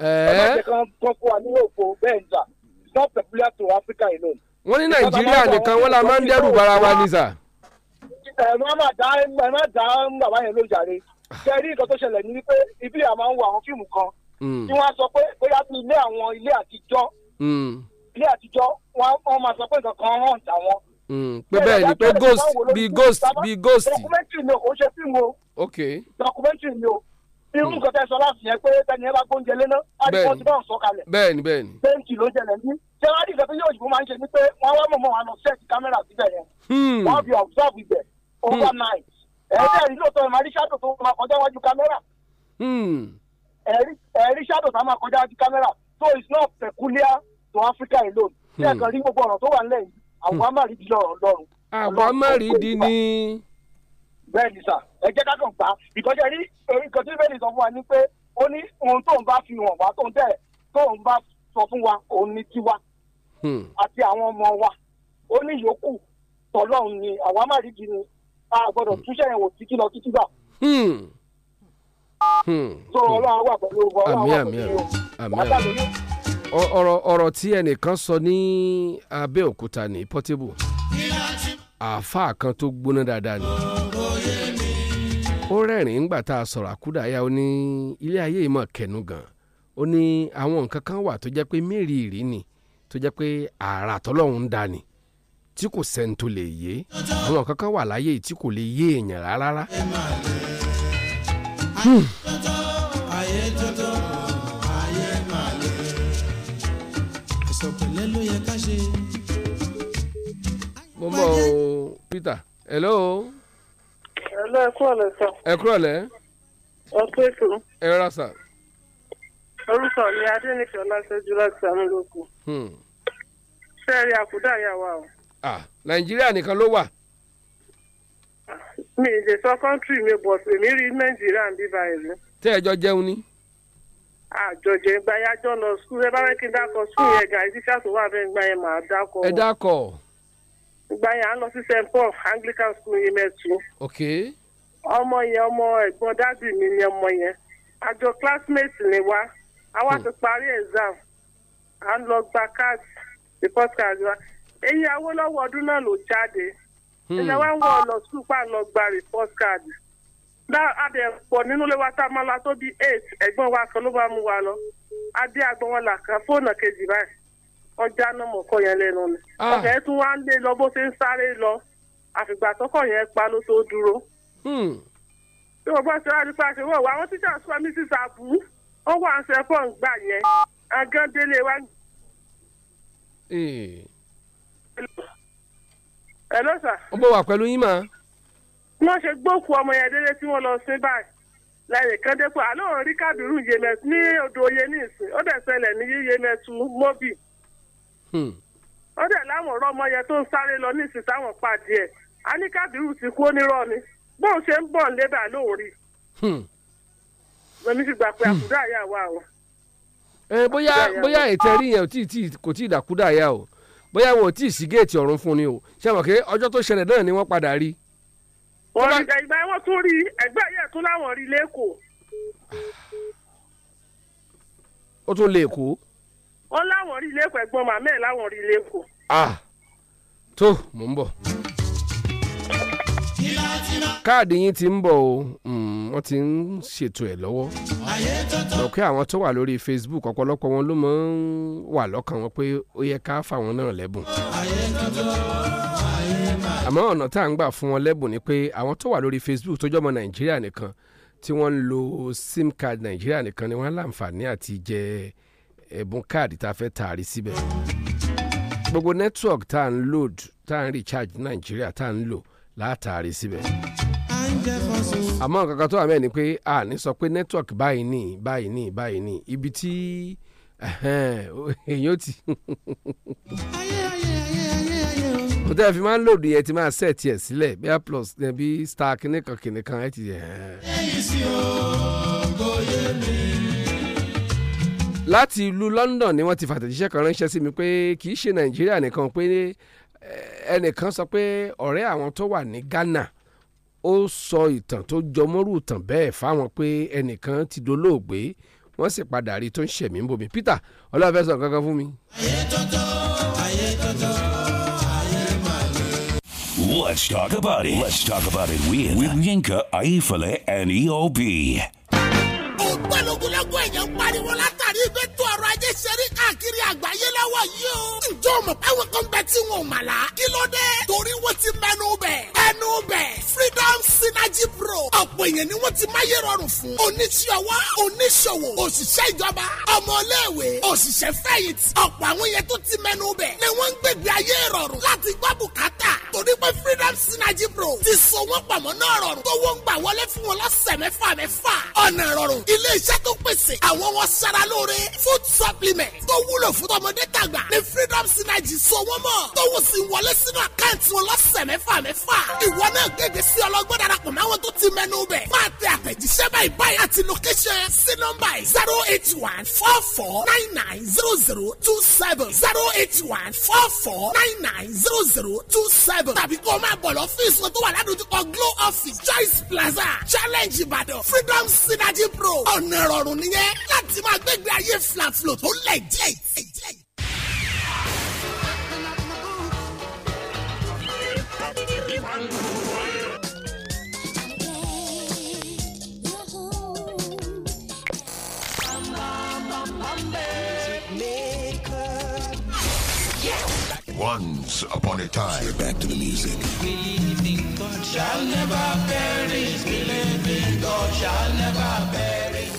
S7: ẹ̀ẹ́ ọ̀dọ́
S8: kan kọ́ fún wa ní òfò bẹ́ẹ̀ ń jà it's not peculiar to Africa alone wọ́n ní nàìjíríà nìkan wọ́n la máa ń dẹ́rù bara wa ní sà. ẹ má má dá ẹ má dá bàbá yẹn lójà re ṣe rí nǹkan tó ṣẹlẹ̀ ní wípé ibi àmà ń wo àwọn fíìmù kan hmm. tí wọ́n á sọ pé bóyá bí ilé àwọn ilé àtijọ́ hmm. ilé àtijọ́ wọ́n máa sọ pé nǹkan kan hàn tà wọ́n.
S7: Hmm. pé bẹ́ẹ̀ ni pé ghost bí ghost bí ghost.
S8: documentary ni o ṣe fíìmù o. ok documentary ni o irú nǹkan tẹ́ sọ láti yẹn pé tẹ́ni ẹ bá gbóúnjẹ lé tẹ́wádìí ìfẹ́ tó yóò yìnbọn máa ń ṣe ni pé wọ́n wá mọ̀mọ́ wa lọ sẹ́ẹ̀tì kámẹ́rà síbẹ̀ yẹn hmm. wọ́n fi observe ibẹ̀ hmm. overnight ẹ̀ẹ́dẹ̀ rí lóòótọ́ ẹ̀ máa rí ṣáàtò tó máa kọjá wájú kámẹ́rà ẹ̀ẹ́rí ṣáàtò tó máa kọjá wájú kámẹ́rà so it's not peculiar to Africa alone hmm. ṣé ẹ̀kan rí gbogbo ọ̀rọ̀ tó wà nílẹ̀ yìí àwọn amárìdí lọ́rọ̀ lọ́rùn. àwọn amárìdí ni. bẹ́ẹ̀ni sà ẹ rí nǹkan tí bẹ́ẹ̀ni ni pé ó sọ fún wa òun ni tiwa Hmm. àti àwọn ọmọ wa ó ní yòókù tọ́lọ́run ni àwa má rí gini a gbọ́dọ̀ hmm. túṣẹ́ yẹn wò títí lọ títí gbà.
S7: tó hmm. ọlọ́run
S8: wà pẹ̀lú ọlọ́run
S3: wà pẹ̀lú ọlọ́run ọ̀rọ̀ tí ẹnìkan sọ ní Abẹ́òkúta ní Portable àáfàá kan tó gbóná dáadáa ni ó rẹ́rìn-ín ńgbà tá a sọ̀rọ̀ àkúdàáyá ó ní ilé ayé ìmọ̀ kẹnu gan ó ní àwọn nǹkan kan wà tó jẹ́ pé mérìírí ni tó jẹ́ pé ààrà tọ́lọ́hún ń dani tí kò sẹ́ni tó lè yé àwọn kankan wà láyé tí kò lè yé èèyàn rárá. Hmm. mo mọ o Peter hello.
S4: hello ẹ kúrò lẹ sọ. ẹ kúrò lẹ. ọkọ ètò. ẹ rà sà. orúkọ mi adé nìkan láṣẹjú láti àmì lóko. Hmm. sẹ́ẹ̀rì ya wa o. nàìjíríà nìkan ló wà. mi ì lè sọ kọ́ńtírì mi bọ̀ pé mi rí nàìjíríà ń jẹun ni. àjọjẹ ìgbà yà lọ skul ẹ bá fẹ́ kí n dákọ̀ skul yẹn gà ìdí sàtò wà bẹ́ẹ̀ yẹn ẹ yẹn à ń lọ sí st anglican school yìí mẹ́tù. ok. ọmọ ọmọ ẹ̀gbọ́n ni ọmọ yẹn àjọ wa àwa ti parí exam à ń report card wa ọdún náà ló jáde ẹ̀yẹ hmm. wá ń wọ ọ̀nà lọ gba report card adé pọ̀ nínú a máa tó bí eight ẹ̀gbọ́n wa kan ló bá mú wa lọ adé agbọ̀n wọn là kan fóònù kejì báyìí wọ́n kọ́ yẹn lẹ́nu ni ah. ọ̀kẹ́ tún wá tọkọ yẹn pa ló tó dúró tí hmm. mo nípa ṣe wọ́n wá àwọn sọ mí sísà bù ó wà ń ṣe ẹ lọ sà. ó bọ̀ pẹ̀lú yín mà. wọ́n ṣe gbókù ọmọ yẹn délé tí lọ sí báyìí kan dé pé àlọ́ rí kábírù ní odò ìsìn ó dẹ̀ ní mọ́bì. Hmm. ó ọmọ yẹn tó ń lọ ní ìsìn táwọn pàdé ẹ̀ a ní kábírù ti kú ni bóun ṣe ń bọ̀ ń lébà lóòrí. ti hmm. gbà pé àkùdá àyà
S3: ẹ eh, bóyá bóyá ètò ẹrí yẹn tí tí kò tí ì dàkúdà yá o bóyá wọn ò tí ì sí géètì ọ̀run fún ni o ṣe mọ̀ pé ọjọ́ tó ṣẹlẹ̀ náà ni wọ́n padà rí.
S4: wọ́n ìgbà wọn tún rí ẹgbẹ́ yẹn tún láwọn rí lẹ́kọ̀ọ́.
S8: ó tún lè kó.
S4: ó láwọn rí lẹ́kọ̀ọ́ ẹ̀gbọ́n màmá ẹ̀ láwọn rí lẹ́kọ̀ọ́.
S8: ah
S3: tó mò ń bọ̀ káàdì yín ti ń bọ̀ o hmm, wọ́n ti ń ṣètò ẹ̀ lọ́wọ́ lọ́kẹ́ àwọn tó wà lórí Facebook ọ̀pọ̀lọpọ̀ wọn ló máa ń wà lọ́kàn wọn pé ó yẹ ká fáwọn náà lẹ́bùn àmọ́ ọ̀nà tá à ń gbà fún wọn lẹ́bùn ni pé àwọn tó wà lórí Facebook tó jọmọ Nàìjíríà nìkan tí wọ́n ń lo sim card Nàìjíríà nìkan ni wọ́n láǹfààní àti jẹ ẹ̀bùn káàdì tá a fẹ́ tààrí síbẹ̀ gbogbo network tá à ń load tá à ń recharge Nàìjíríà tá à ń lò látàrí síbẹ̀. àmọ́ nǹkan tó wà mẹ́rin ni pé a ní sọ pé nẹ́tíwọ̀kì báyìí ní báyìí ní báyìí ní ibi tí èèyàn ti. mo tẹ́ fi máa ń lòdì ẹ ti máa sẹ́ẹ̀tì ẹ̀ sílẹ̀ bí a plus bí star kìnìkan kìnìkan ẹ ti yẹ. láti ìlú London ni wọ́n ti fàtẹ̀jíṣẹ́ kan ránṣẹ́ sí mi pé kì í ṣe Nàìjíríà nìkan pé ẹnìkan sọ pé ọ̀rẹ́ àwọn tó wà ní Ghana ó sọ ìtàn tó jọmọ́rú ìtàn bẹ́ẹ̀ fáwọn pé ẹnìkan ti dolóògbé wọ́n sì padà rí tó ń ṣẹ̀mí ń bomi Peter ọlọ́fẹ́ kankan fún mi.
S11: Let's talk about it. Let's talk about it with, with Yinka Aifale and EOB
S17: àrí ibi tó ọrọ̀ ajé ṣerí káàkiri àgbáyé lọ́wọ́ yìí o. ǹjọ́ mọ̀ báwọn kan bẹ tí wọn mà la. kí ló dé? torí wọ́n ti mẹ́nu bẹ̀. mẹ́nu bẹ̀ freedom synergy pro. ọ̀pọ̀ èèyàn ni wọ́n ti máyé rọrùn fún. oníṣòwò oníṣòwò òṣìṣẹ́ ìjọba ọmọléèwé òṣìṣẹ́ fẹ̀yìntì. ọ̀pọ̀ àwọn yẹn tó ti mẹ́nu bẹ̀. ni wọ́n ń gbègbè ayé rọrùn láti gbọ́ bùkátà. torí pé freedom synergy pro ti so wọ́n pamọ́ náà rọrùn. tó wọ́n gbà wọlé fún wọn lọ́sẹ̀ mẹ́fà mẹ́fà. ọ̀nà rọrùn ilé tó pèsè àwọn wọn sara lóore lóore food supplement tó wúlò fún tọmọdé tàgbà ní freedom synergy so wọ́n mọ̀ tó wù sí wọlé sínú àkáǹtì wọn lọ́sẹ̀ mẹ́fà mẹ́fà ìwọ náà gègé sí ọlọ́gbọ́n darapọ̀ máwọn tó ti mẹ́nu bẹ̀ máa tẹ àtẹ̀jíṣẹ́ báyìí báyìí àti location sí nọ́mbà zero eight one four four nine nine zero zero two seven zero eight one four four nine nine zero zero two seven tàbí kó o máa bọ̀ lọ́fíìsì tó wà ládojúkọ Glo office Choice Plaza Challenge Ìbàdàn Freedom Synergy Pro ọ̀nà ìrọ̀rùn nìyẹn láti máa gbégbé ayé flat flow tó lẹ̀ díẹ̀.
S16: Once upon a
S17: time. We're back to the music.
S18: Believe in God shall never perish. Believe in
S17: God shall never perish.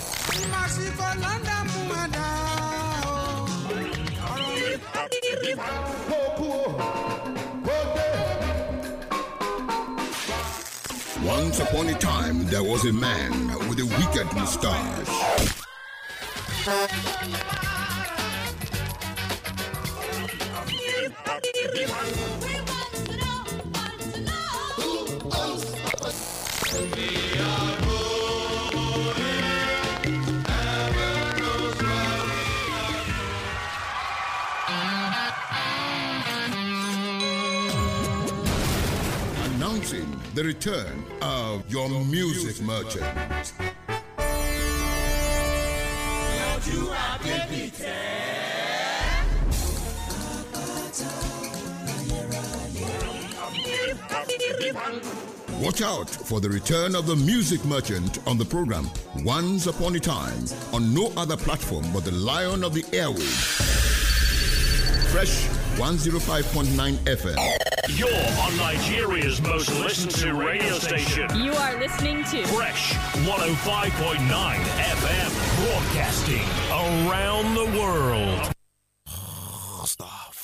S16: Once upon a time, there was a man with a wicked mustache. the return of your music merchant. Watch out for the return of the music merchant on the program Once Upon a Time on no other platform but the Lion of the Airwaves. Fresh 105.9 FM.
S11: You're on Nigeria's most listened to radio station. You
S9: are listening to Fresh
S11: 105.9 FM, broadcasting around
S1: the world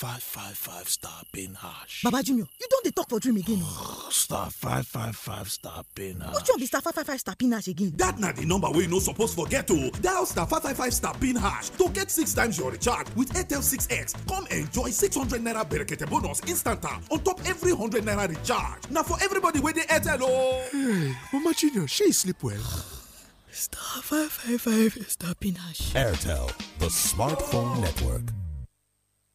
S1: five five five stop being harsh,
S15: Baba
S12: Junior, you don't talk for dream again o.
S1: star five five five star pin hash. Which one be
S12: star five five five stop being harsh again? That na the number we no supposed forget
S1: o. Dial star five five five
S12: stop being harsh to
S14: get six times your recharge with Airtel 6x. Come enjoy 600 naira berekete bonus instant on top every 100 naira recharge. Now for everybody with the Airtel o. Hey, Mama Junior, she sleep well? Star 555 stop being harsh. Airtel, the smartphone network.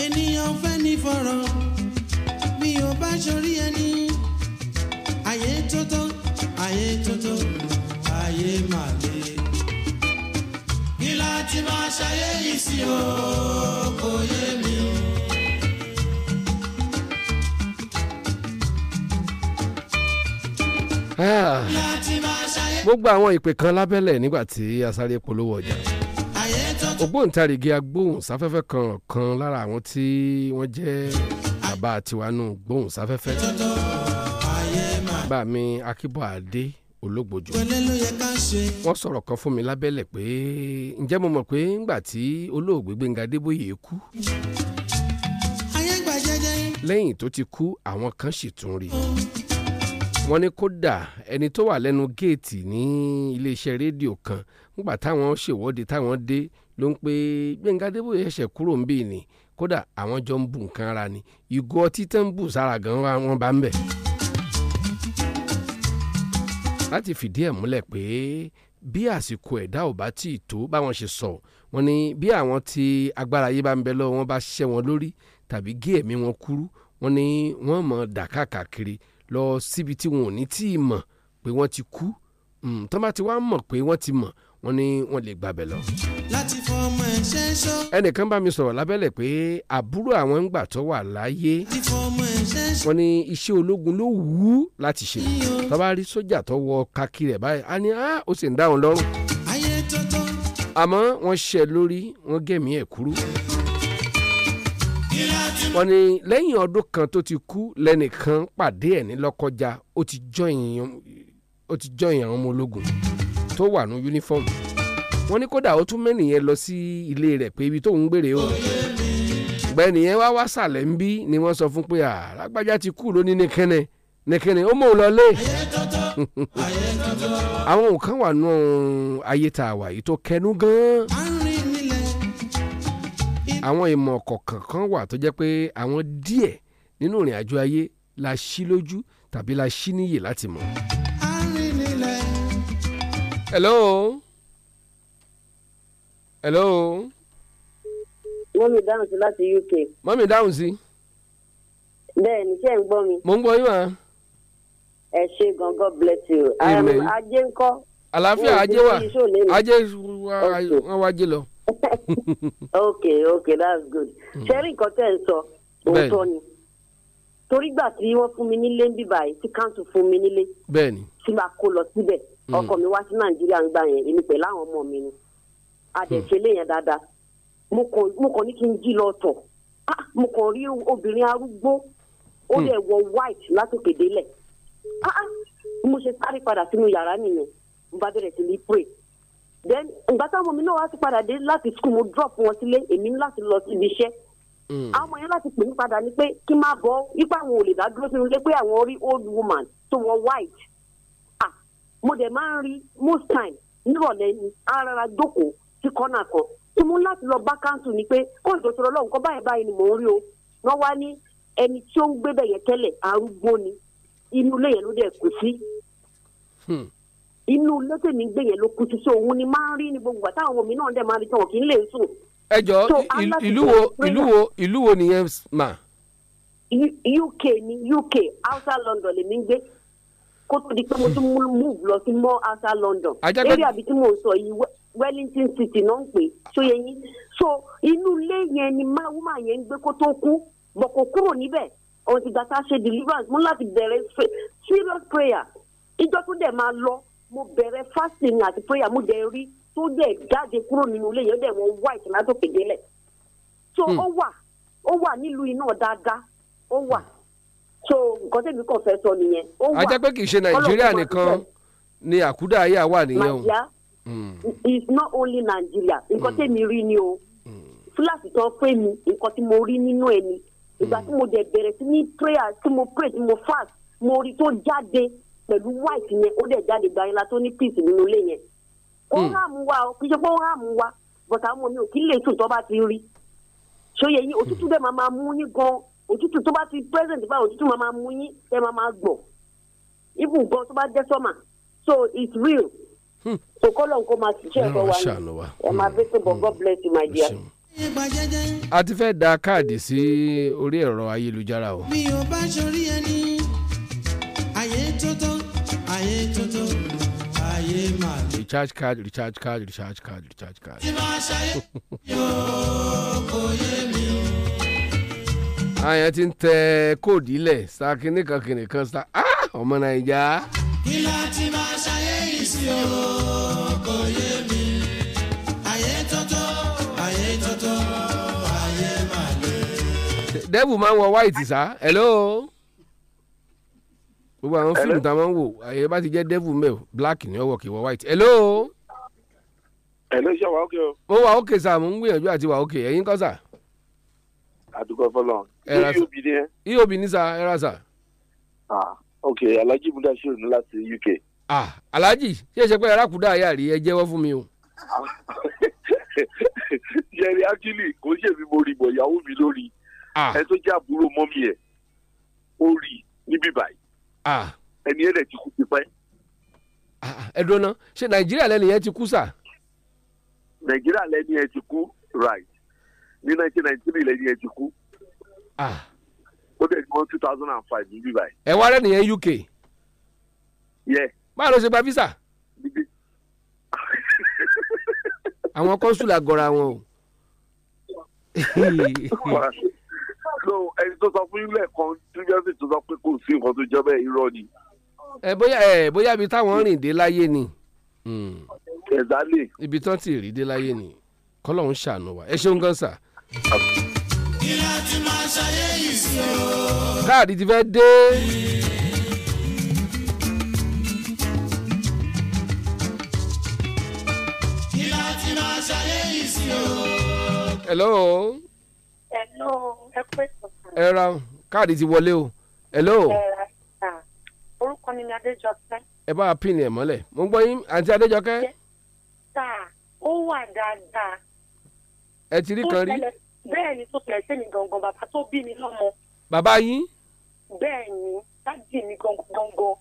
S18: ènìyàn fẹ́ ní fọ̀rọ̀ bí o bá ṣorí ẹni ayé tótó ayé tótó ayé mà le. kí láti máa ṣayé yìí sí o kò yé mi.
S3: Ah. gbogbo àwọn ìpè kan lábẹ́lẹ̀ nígbà tí a polówó ọjà ògbóǹtarìgì agbóhùnsáfẹ́fẹ́ kan kan lára àwọn tí wọ́n jẹ́ bàbá tiwanú gbóhùnsáfẹ́fẹ́ bá mi akíbọ̀ adé ológbòjò wọ́n sọ̀rọ̀ kan fún mi lábẹ́lẹ̀ pé ǹjẹ́ mo mọ̀ pé ńgbà tí olóògbé Gbẹ́ngà Adébóyè kú lẹ́yìn tó ti kú àwọn kan sì tún rí wọ́n ní kódà ẹni tó wà lẹ́nu géètì ní iléeṣẹ́ rédíò kan nígbà táwọn ṣèwọ́de táwọn dé ló ń pe Gbẹ̀ngà Adébóyè ṣẹ̀ṣẹ̀ kúrò ń bì ní kódà àwọn jọ ń bu nǹkan ara ni ìgò ọtí tẹ́ ń bù sára gan wọn bá ń bẹ̀. láti fìdí ẹ̀ múlẹ̀ pé bí àsìkò ẹ̀dá ò bá tí ì tó báwọn ṣe sọ wọn ni bí àwọn tí agbára yìí bá ń bẹ lọ́wọ́ wọn bá ṣẹ́ wọn lórí tàbí gé ẹ̀mí wọn kúrú wọn ni wọ́n mọ̀ dàkàkàkiri lọ síbi tí wọn ò ní tí ì mọ̀ pé wọ́n ti kú hmm, tọ́ba ti wá mọ̀ pé wọ́n ti mọ̀ wọn ni wọ́n lè gbàbẹ̀ lọ
S18: láti fọmọ ẹ̀ṣẹ́ ṣọ́.
S3: ẹnìkan bá mi sọ̀rọ̀ lábẹ́lẹ̀ pé àbúrò àwọn ń gbà tó wà láyé wọ́n ní iṣẹ́ ológun ló wù láti ṣe tó rí sójà tó wọ kakí rẹ̀ báyìí a ní ó sì ń dáhùn lọ́rùn àmọ́ wọ́n ṣẹ́ lórí wọ́n gẹ̀mí ẹ̀ kúrú wọ́n ní lẹ́yìn ọdún kan tó ti kú lẹ́nìkan pàdé ẹ̀ ní Lọ́kọ́jà ó ti jọ́ ọmọ ológun tó wà ní yúnífọ́ọ̀mù wọ́n ní kódà ó tún mẹ́nìyẹn lọ sí ilé rẹ̀ pé ibi tóun gbére o gbẹ̀nì yẹn wá wá sàlẹ̀ ń bí ni wọ́n sọ fún pé àlágbájá ti kú lóní nìkẹ́nẹ nìkẹ́nẹ ó mọ̀ ọ́ lọlé àwọn nǹkan wà nù ayé tá a wà yìí tó kẹnu gan-an àwọn ìmọ̀ kọ̀ọ̀kan kan wà tó jẹ́ pé àwọn díẹ̀ nínú ìrìn àjò ayé la ṣí lójú tàbí la ṣí níyè láti mọ̀. hello hello. mọ́mí dáhùn sí láti UK. mọ́mí dáhùn sí.
S6: bẹ́ẹ̀ ni ṣé ń gbọ́ mi. mo ń gbọ́ yín mà. ẹ ṣe gan God bless you. amen ajé ń kọ́. àlàáfíà ajé wà ajé wà wájú lọ. ok ok that's good. Hmm. ṣẹ́rí nǹkan tẹ́ ń sọ òótọ́ ni torí gbà tí wọ́n fún mi nílé ń bíbá yìí tí káńtù fún mi nílé. bẹ́ẹ̀ni. tí máa kó lọ síbẹ̀ hmm. ọkọ mi wá sí nàìjíríà ń gbà yẹn èmi pẹ̀lú àwọn ọmọ mi ni àdẹ̀ṣe léyìn dáadáa mo kàn ní kí n jí lọ tọ̀ ah, mo kàn rí obìnrin arúgbó ó lè hmm. wọ white látòkè délẹ̀ ah, ah, mo ṣe sáré padà sínú yàrá nìyẹn mo bá bẹ̀rẹ̀ sí ní pray then ìgbà táwọn ọmọ náà wá sí padà dé láti school mo drop wọn sílé èmi ní láti lọ síbi iṣẹ́ hmm. àwọn yẹn láti pè mí padà ni pé kí n má bọ́ ipa àwọn ò dúró sínú ilé pé àwọn rí old woman tó wọ white ah mo dẹ̀ máa ń rí most time nírọ̀lẹ́ ni a rárá jókòó sí kọ́nà kan tí mo láti lọ bá káńtù ni pé kóòtù tó lọ́wọ́ nǹkan báyìí báyìí ni mò ń rí o wọ́n wá ní ẹni tí ó ń gbé bẹ̀yẹ tẹ́lẹ̀ arúgbó ni inú ilé yẹn ló dẹ̀ kú sí hmm. inú ilé tèmi gbé yẹn ló kú sí so òun ni máa ń rí ní gbogbo àtàwọn ọmọ mi náà dẹ̀ máa rí tí wọn kì í lè sùn. ẹ jọ ìlú wo
S3: ìlú wo mà.
S6: UK ni UK outside London lèmi ń gbé kó tó di pé mo tún move lọ sí mọ́ outside London. ajá pé area àbí tí mo sọ yìí Wellington City náà ń pè sóye so inú ilé yẹn ni máwùmá yẹn ń gbé kó tó kú bọ̀ kò kúrò níbẹ̀ ọ̀hún ti gbà tá ṣe deliverance mú láti bẹ̀rẹ̀ serious prayer ìjọ tó dẹ̀ máa lọ mo bẹ̀rẹ̀ fasting àti prayer mo dẹ̀ rí tó dẹ̀ jáde kúrò nínú ilé yẹn ó dẹ̀ wọ́n white látòkè délẹ̀ so ó hmm. wà ó wà nílùú iná dáadáa ó wà so nǹkan tẹ̀mí kan fẹ́ sọ nìyẹn ó wà. a jẹ́ pé kì í ṣe nàìjíríà nìkan
S3: ni àkúdàáyà wà nìyẹn o
S6: it's not only Nigeria nǹkan tẹ̀mí rí ni o fúláàsì tán fún mi nǹkan tí mo rí nínú ẹ̀ ni ìgbà tí mo dẹ̀ bẹ̀rẹ̀ sí ní prayer tí mo pray tí mo fast mo rí tó jáde pẹ̀lú white yẹn ó dẹ̀ jáde gbayinla tó ní peace nínú ilé yẹn ó hàmù hmm. wa o kì í ṣe pé ó hàmù wa bọ̀tà àwọn ọmọ mi ò kí lè sùn tó bá ti rí ṣòye yín hmm. òtútù dẹ̀ máa máa mú yín gan òtútù tó bá ti present báyìí òtútù máa máa mú yín ẹ máa máa gbọ̀ ibù tó bá jẹ́ sọ́mà so it's real so kọ́lọ́n kó máa ṣiṣẹ́ ẹ̀kọ́ wa ni ẹ̀ máa bẹ́ sìn God mm. bless you my dear.
S3: a ti fẹ́ da káàdì sí orí ẹ̀rọ ayélujára o.
S18: mi ò bá sórí ẹni àyè tuntun àyè tuntun
S3: àyè máa lè. recharge card recharge card recharge card recharge card.
S7: tí máa ṣayé yóò kò
S3: àyàn ti ń tẹ kóòdì lẹ̀ sa kìnnìkan kìnnìkan sa ah, ọmọ nàìjà.
S7: kí la máa ṣayé sí o kò yé mi
S18: ayé tọ́tọ́ ayé tọ́tọ́ ayé dẹ́bù
S3: máa ń wọ white sá hello gbogbo àwọn fíìmù tá a máa ń wò àyè bá ti jẹ́ dẹ́bù mẹ́ black ni ó wọ̀ kì í wọ white hello.
S8: hello ṣé wàá òkè o.
S3: mo wà òkè sá mo ń gbìyànjú àti wà òkè ẹ̀yin kọ́ sá.
S8: àdúgbò fọlọ eob ni ẹ. eob sá ẹ ra sá. ah ok alhaji mudashiru ni láti uk
S3: aláàjì ṣé ṣe pé arákùdá àyà rí ẹ jẹ́wọ́ fún mi o.
S8: jerry akili kò ṣe mi mo rìbọ̀ ìyàwó mi lórí ẹ tó jẹ́ àbúrò mọ́mí ẹ̀ ó rí níbí báyìí ẹni ẹ̀rẹ̀ ti kú ti pẹ́.
S3: ẹ̀dọ́nà ṣe nàìjíríà lẹ́nu yẹn ti kú sà.
S8: nàìjíríà lẹ́nu yẹn ti kú right ní nineteen ninety three lẹ́nu yẹn ti kú ó dẹ̀ ní one two thousand and five níbí báyìí.
S3: ẹ wá rẹ̀ nìyẹn UK. yẹ.
S8: Yeah báwo ló ṣe gba visa
S3: àwọn kọ́ńsùlà gọra wọn o.
S8: so ẹni tó sọ fún yín lẹ́ẹ̀kan previously tó sọ pé kò sí nǹkan tó jọ bẹ́ẹ̀ irọ́ ni. ẹ bóyá
S3: ẹ bóyá ibi táwọn rìn dé láyé ni. ẹ̀dálẹ̀. Hmm. ibi tán ti rí dé láyé ni kọ́lọ́hún ṣàánú wa ẹ ṣeun gan sà.
S7: kí láti máa ṣayé
S18: yìí sí o.
S3: káàdì ti fẹ́ dé. hello.
S9: hello ẹ kú ètò
S18: kan.
S3: ẹ ra káàdì ti wọlé o hello. ẹ
S9: ra ta orúkọ mi ni adéjọkẹ́.
S3: ẹ bá a pin ẹ mọ́lẹ̀ mo ń gbọ́ yín àǹtí adéjọkẹ́.
S9: ta ó wà dáadáa. ẹ ti rí kan rí. bẹ́ẹ̀ ni tó tẹ̀lé sẹ́mi gangan bàbá tó bí mi lọ́mọ. bàbá yín. bẹ́ẹ̀ ni dájú mi gangan gangan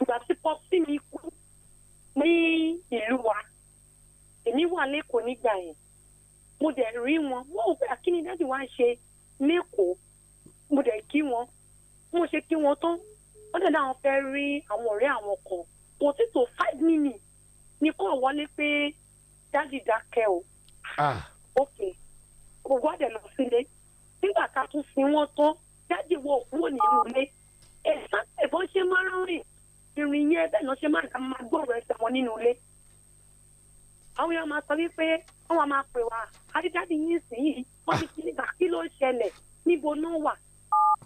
S9: ìgbà tí pọ́ mi kú ní ìlú wa èmi wà lẹ́kọ̀ọ́ nígbà yẹn mo dẹ̀ rí wọn mo ò pé akínidádì ah, wá ń ṣe lẹ́kọ̀ọ́ mo dẹ̀ kí wọn mo ṣe kí wọn tán wọ́n dẹ̀ dáhùn fẹ́ rí àwọn ọ̀rẹ́ àwọn kan kò tí tó five minutes ni kò wọlé pé dádì dákẹ́ o ah. ok gbogbo àdẹ̀ lọ sílé nígbà si a tún sin wọn tán dádì wọ kúrò nínú ilé ẹ̀sán ẹ̀bọ́n ṣe máa ń rìn ìrìn yẹn bẹ́ẹ̀ náà ṣe máa ń gbọ́ wọ́n wá máa pè wá àdídáàdì yín sí yìí wọ́n ti kí nígbà kí ló ṣẹlẹ̀ níbo náà wà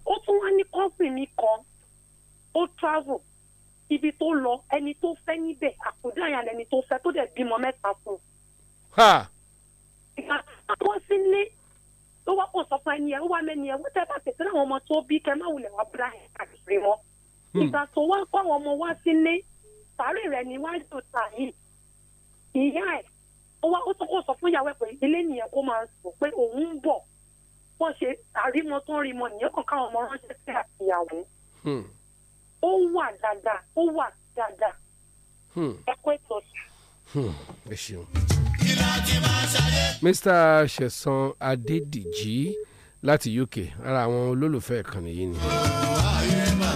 S9: ó tún wá ní kọ́sìn mi kan ó travel ibi tó lọ ẹni tó fẹ́ níbẹ̀ àkùdá yàn lẹni tó fẹ́ tó dẹ̀ bímọ mẹ́ta fún ìgbà tó wọ́n sí ilé ló wá kó sọ fún ẹni ẹ ó wá mẹ́ni ẹ wọ́n tẹ́ bá tètè láwọn ọmọ tó bí kẹ́ máa wulẹ̀ wá búra ẹ̀ káàkiri wọn. Hmm. ìgbà tó wá kó àwọn ọmọ wá sí ilé sàárè rẹ̀ níwájú tà yìí ìyá ẹ̀ ó wá ó tọkọ sọ fún ìyàwó ẹ pé ilé nìyẹn kó máa sọ pé òun ń bọ̀ wọ́n ṣe àrímọ tó ń rímọ nìyẹn kàn káwọn ọmọ ránṣẹ́ sí àtìyàwó hmm. ó wà dáadáa ó wà dáadáa hmm. ẹ kó ètò
S3: hmm, ẹ Mr. Sesan Adediji láti UK ara àwọn olólùfẹ́ ìkànnì yìí ni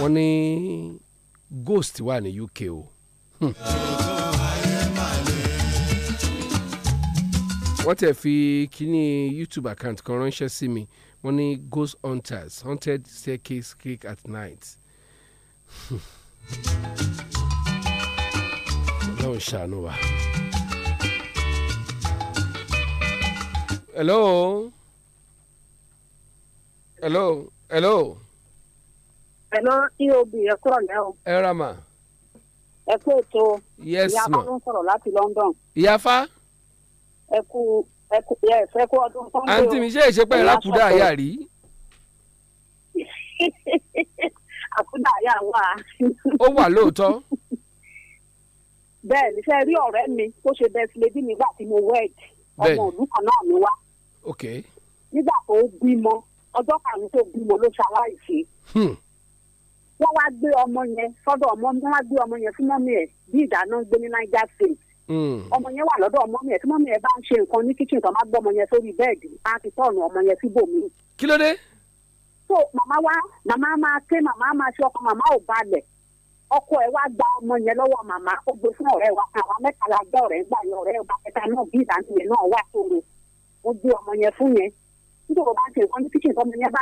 S3: wọ́n ní Ghost wà ní UK o.
S7: Hmm.
S3: wọ́n tẹ̀ fi kíní youtube account kan ránṣẹ́ sí mi wọ́n ní ghost hunters haunted staircase creek at night. ọlọ́run ṣàánú wa. hello hello
S6: hello. hello eob ẹ kúrọ̀ lẹ́ o. ẹ ra ma. ẹ pé ètò. yes ma ìyá fa ló ń sọ̀rọ̀ láti london. ìyá fa ẹ kú ẹ kú ẹ kú ọdún tó ń bọ̀. àǹtí mi ṣe é ṣe pé ìlàkúdà àyà rí. àkúdà àyà wà.
S3: ó wà lóòótọ́.
S6: bẹ́ẹ̀ ni fẹ́ rí ọ̀rẹ́ mi tó ṣe bẹ́ẹ̀ fi nígbà tí mo wed ọmọ ìlú kan náà mi wá. nígbà tó bímọ ọjọ́ karùn tó bímọ ló ṣaláìsí hmm. wọ́n wá gbé ọmọ yẹn sọ́dọ̀ ọmọ wọ́n wá gbé ọmọ yẹn fún mọ́mí ẹ̀ bí ìdáná gbé ní Niger State Mm. ọmọ yẹn wà lọdọ ọmọ mi ẹ̀ tí mọ́mí ẹ̀ bá ń ṣe nǹkan ní kíchìn tó máa gbọ́ ọmọ yẹn sórí bẹ́ẹ̀dì á ti ọmọ yẹn wa màmá máa ké màmá ọkọ màmá ò balẹ̀ ọkọ ẹ wá gba ọmọ yẹn màmá ó gbé wa mẹ́ta la gbà yẹn ọba kẹta náà bí ìdáná yẹn náà wà ó gbé ọmọ yẹn fún yẹn nítorí bá ń ṣe ọmọ yẹn ọmọ yẹn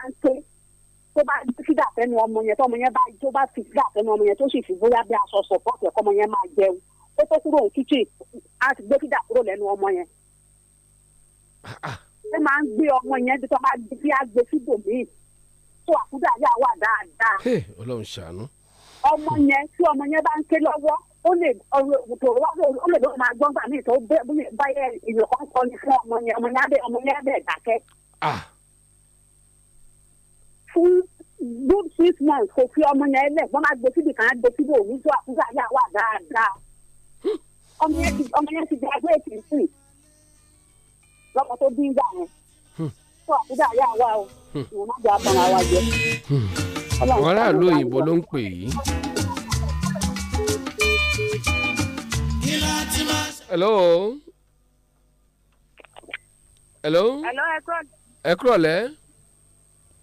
S6: ọmọ yẹn ọmọ yẹn ọmọ ó tó kúrò ní kitchen á ti gbé fídà kúrò lẹ́nu ọmọ yẹn ṣé ah, ah. máa ń gbé ọmọ yẹn bí tó bá di bí àgbé fídò míì tó àkúdà yà wà dáadáa.
S3: ọlọ́run ṣàánú.
S6: ọmọ yẹn tí ọmọ yẹn bá ń ké lọ́wọ́ ó lè ó lè lọ́ọ́ máa gbọ́n gbà mí tó báyẹ̀ èèyàn kan kọ́ ni fún ọmọ yẹn ọmọ yẹn abẹ́ ọmọ yẹn abẹ́ dákẹ́. Ah. fún good six months kò fi ọmọ yẹn lẹ̀ wọ́n máa gbé síbi kan á gbé síbi òní tó àkúdà yà wà dáadáa ọmọ yẹn ti ọmọ yẹn ti graduate in three lọ́kọ̀ tó bí ìgbà yẹn tó hmm. àbúdá yà wá o hmm. ìwọ̀n má jẹ́ àtàrà wa jẹ. Hmm.
S3: àwọn aráàlú òyìnbó ló ń pè yìí. hello. hello. hello ẹ kúrọ̀lẹ́.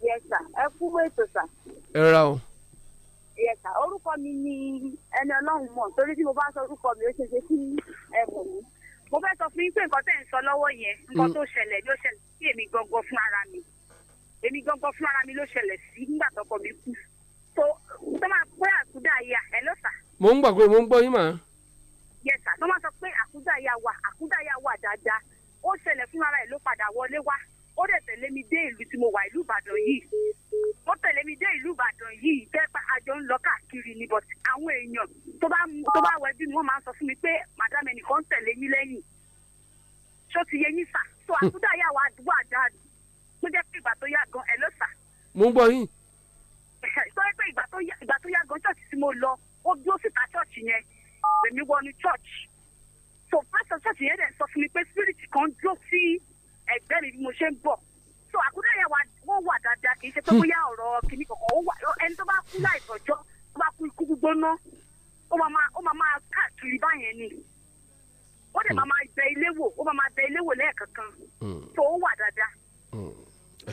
S6: yes sir ẹ kú mọ́ ètò sir. ẹ rà o àbí ẹ̀ka orúkọ mi ni ẹni ọlọ́run mọ̀ torí tí mo bá sọ orúkọ mi ó ṣe ṣe kí ẹ mọ̀ mí mo fẹ́ sọ fún yín pé nǹkan tẹ́ ń sọ lọ́wọ́ yẹn nǹkan mm. tó ṣẹlẹ̀ ló ṣẹlẹ̀ sí èmi gangan fún ara mi èmi gangan fún ara mi ló ṣẹlẹ̀ sí nígbà tọkọ mi kú tó tó máa pé àkúdà ya ẹ ló sà.
S3: mo ń gbàgbé mo ń gbọ́ yín mà.
S6: yẹsà tó máa sọ pé àkúdà ya wà àkúdà ya wà dáadáa ó ṣẹlẹ̀ fún ara ó dẹ̀ tẹ̀lé mi dé ìlú tí mo wà ìlú ìbàdàn yìí ó tẹ̀lé mi dé ìlú ìbàdàn yìí tẹ́pà àjọ ń lọ káàkiri ni but àwọn èèyàn tó bá tó bá wọ ẹbí mi wọ́n máa ń sọ fún mi pé madam ẹnìkan ń tẹ̀lé yín lẹ́yìn ṣó ti yé yín sà tó àtúndà yà wá àdúgbò àdá tó jẹ́ pé ìgbà tó yá gan ẹ̀ ló sà. mo ń gbọ́ yín. tó yẹ pé ìgbà tó yá ìgbà tó yá gan ṣọ́ọ̀ṣì tí mo lọ ó dúró síta ṣọ́ọ̀ṣì yẹn lèmi wọnú ṣọ́ọ̀ṣì so pásítọ̀ ṣọ́ọ̀ṣì yẹn dẹ̀ sọ fún mi pé spirit kan dúró sí ẹgbẹ́ mi mo ṣe ń bọ̀ so àkúrẹ́ yẹn wọ́n wà dáadáa kì í ṣe pé hmm. bóyá ọ̀rọ̀ kìíní kankan ó wà ẹni tó bá kú láìtọ́jọ́ tó bá kú ikú gbígbóná ó máa máa káàkiri báyẹn ni wọ́n dẹ̀ máa hmm. máa bẹ ilé wò ó máa máa bẹ ilé wò lẹ́ẹ̀kankan hmm. ó wà dáadáa.
S3: ẹ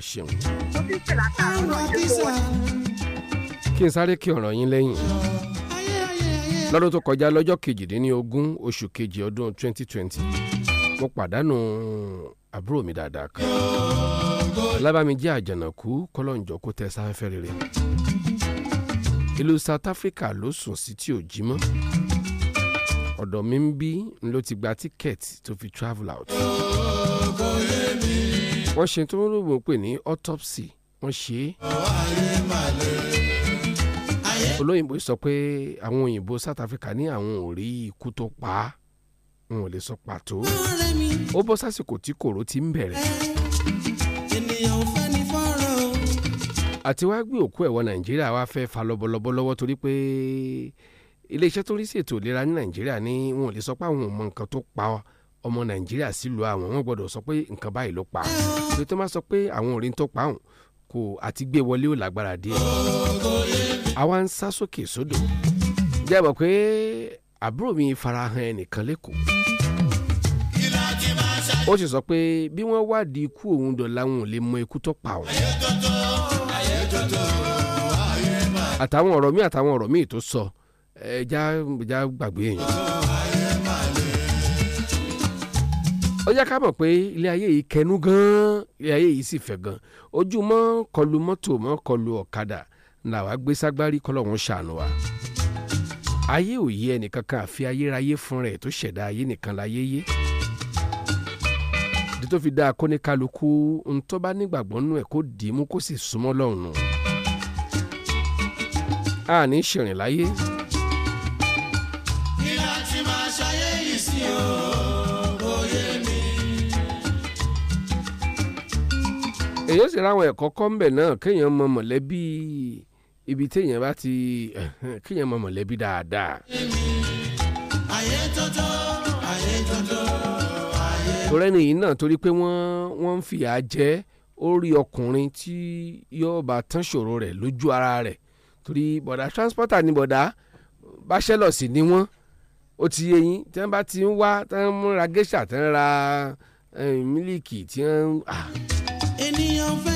S3: kí n sáré kí ọ̀ràn yín lẹ́yìn lọ́dún tó kọjá lọ́jọ́ ogún oṣù kejì ọdún 2020 àbúrò mi dáadáa kan alábàámi jẹ́ àjànàkú kọ́lọ́njọ́ kó tẹ sáfẹ́fẹ́ rere ìlú South Africa ló sùn sí tí ò jí mọ́ ọ̀dọ̀ mi ń bí ló ti gba tíkẹ́ẹ̀tì tó fi travel out wọ́n ṣe tó ń rògbò pé ní autopsy wọ́n ṣe é olóyìnbó sọ pé àwọn òyìnbó South Africa ní àwọn ò rí ikú tó pa á n ò lè sọ pàtó ó bọ́ sásìkò tí kòró ti ń bẹ̀rẹ̀ àti wá gbé òkú ẹ̀wọ̀ nàìjíríà wá fẹ́ fa lọ́bọ̀lọ́bọ̀ lọ́wọ́ torí pé iléeṣẹ́ tó rí sí ìlera ní nàìjíríà ní wọn ò lè sọ pé àwọn ò nǹkan tó pa ọmọ nàìjíríà sílùú àwọn wọn gbọ́dọ̀ sọ pé nǹkan báyìí ló pa tó tó máa sọ pé àwọn ò tó pa àwọn kò àti gbé wọlé ò lágbára díẹ̀ àwa ń sá sókè sódò jẹ́ àbọ̀ pé àbúrò mi farahàn ẹnìkan lẹ́kọ̀ọ́ ó sì sọ pé bí wọ́n wádìí ikú òun dọ̀la wọn ò lè mọ ikú tó pa òun. àtàwọn ọ̀rọ̀ míì àtàwọn ọ̀rọ̀ míì tó sọ ẹja ẹja gbàgbé èèyàn. ó yá ká mọ̀ pé ilé ayé yìí kẹnu gan-an ilé ayé yìí sì fẹ̀ gan-an ojú mọ́ kọlu mọ́tò mọ́ kọlu ọ̀kadà làwa gbé ságbárí kọlọ́run ṣàánú wa ayé ò yé ẹnìkankan àfi ayérayé fúnra ẹ̀ tó ṣẹ̀dá ayé nìkan láyé yé. Ye ìdí tó fi dáa kó ní kálukú ohun tó bá nígbàgbọ́ nú ẹ̀ kó dì í mú kó sì súnmọ́ lọ́rùn. a ní ṣèrìn láyé. èyí ó sì ráwọn ẹ̀kọ́ kọ́ńbẹ̀ náà kéèyàn mọ mọ̀lẹ́bí ibi téèyàn bá ti kéèyàn mọ mọ̀lẹ́bí dáadáa. torẹ́ni yìí náà torí pé wọ́n wọ́n ń fìyà jẹ ó rí ọkùnrin tí yóò bá tán ṣòro rẹ̀ lójú ara rẹ̀ torí bọ̀dà transporter ni bọ̀dà bachelor sì ni wọ́n ó ti yé yín tí wọ́n bá ti ń wá tí wọ́n ń ra geisha tí wọ́n ń ra eh, mílíkì tí wọ́n ń. ènìyàn f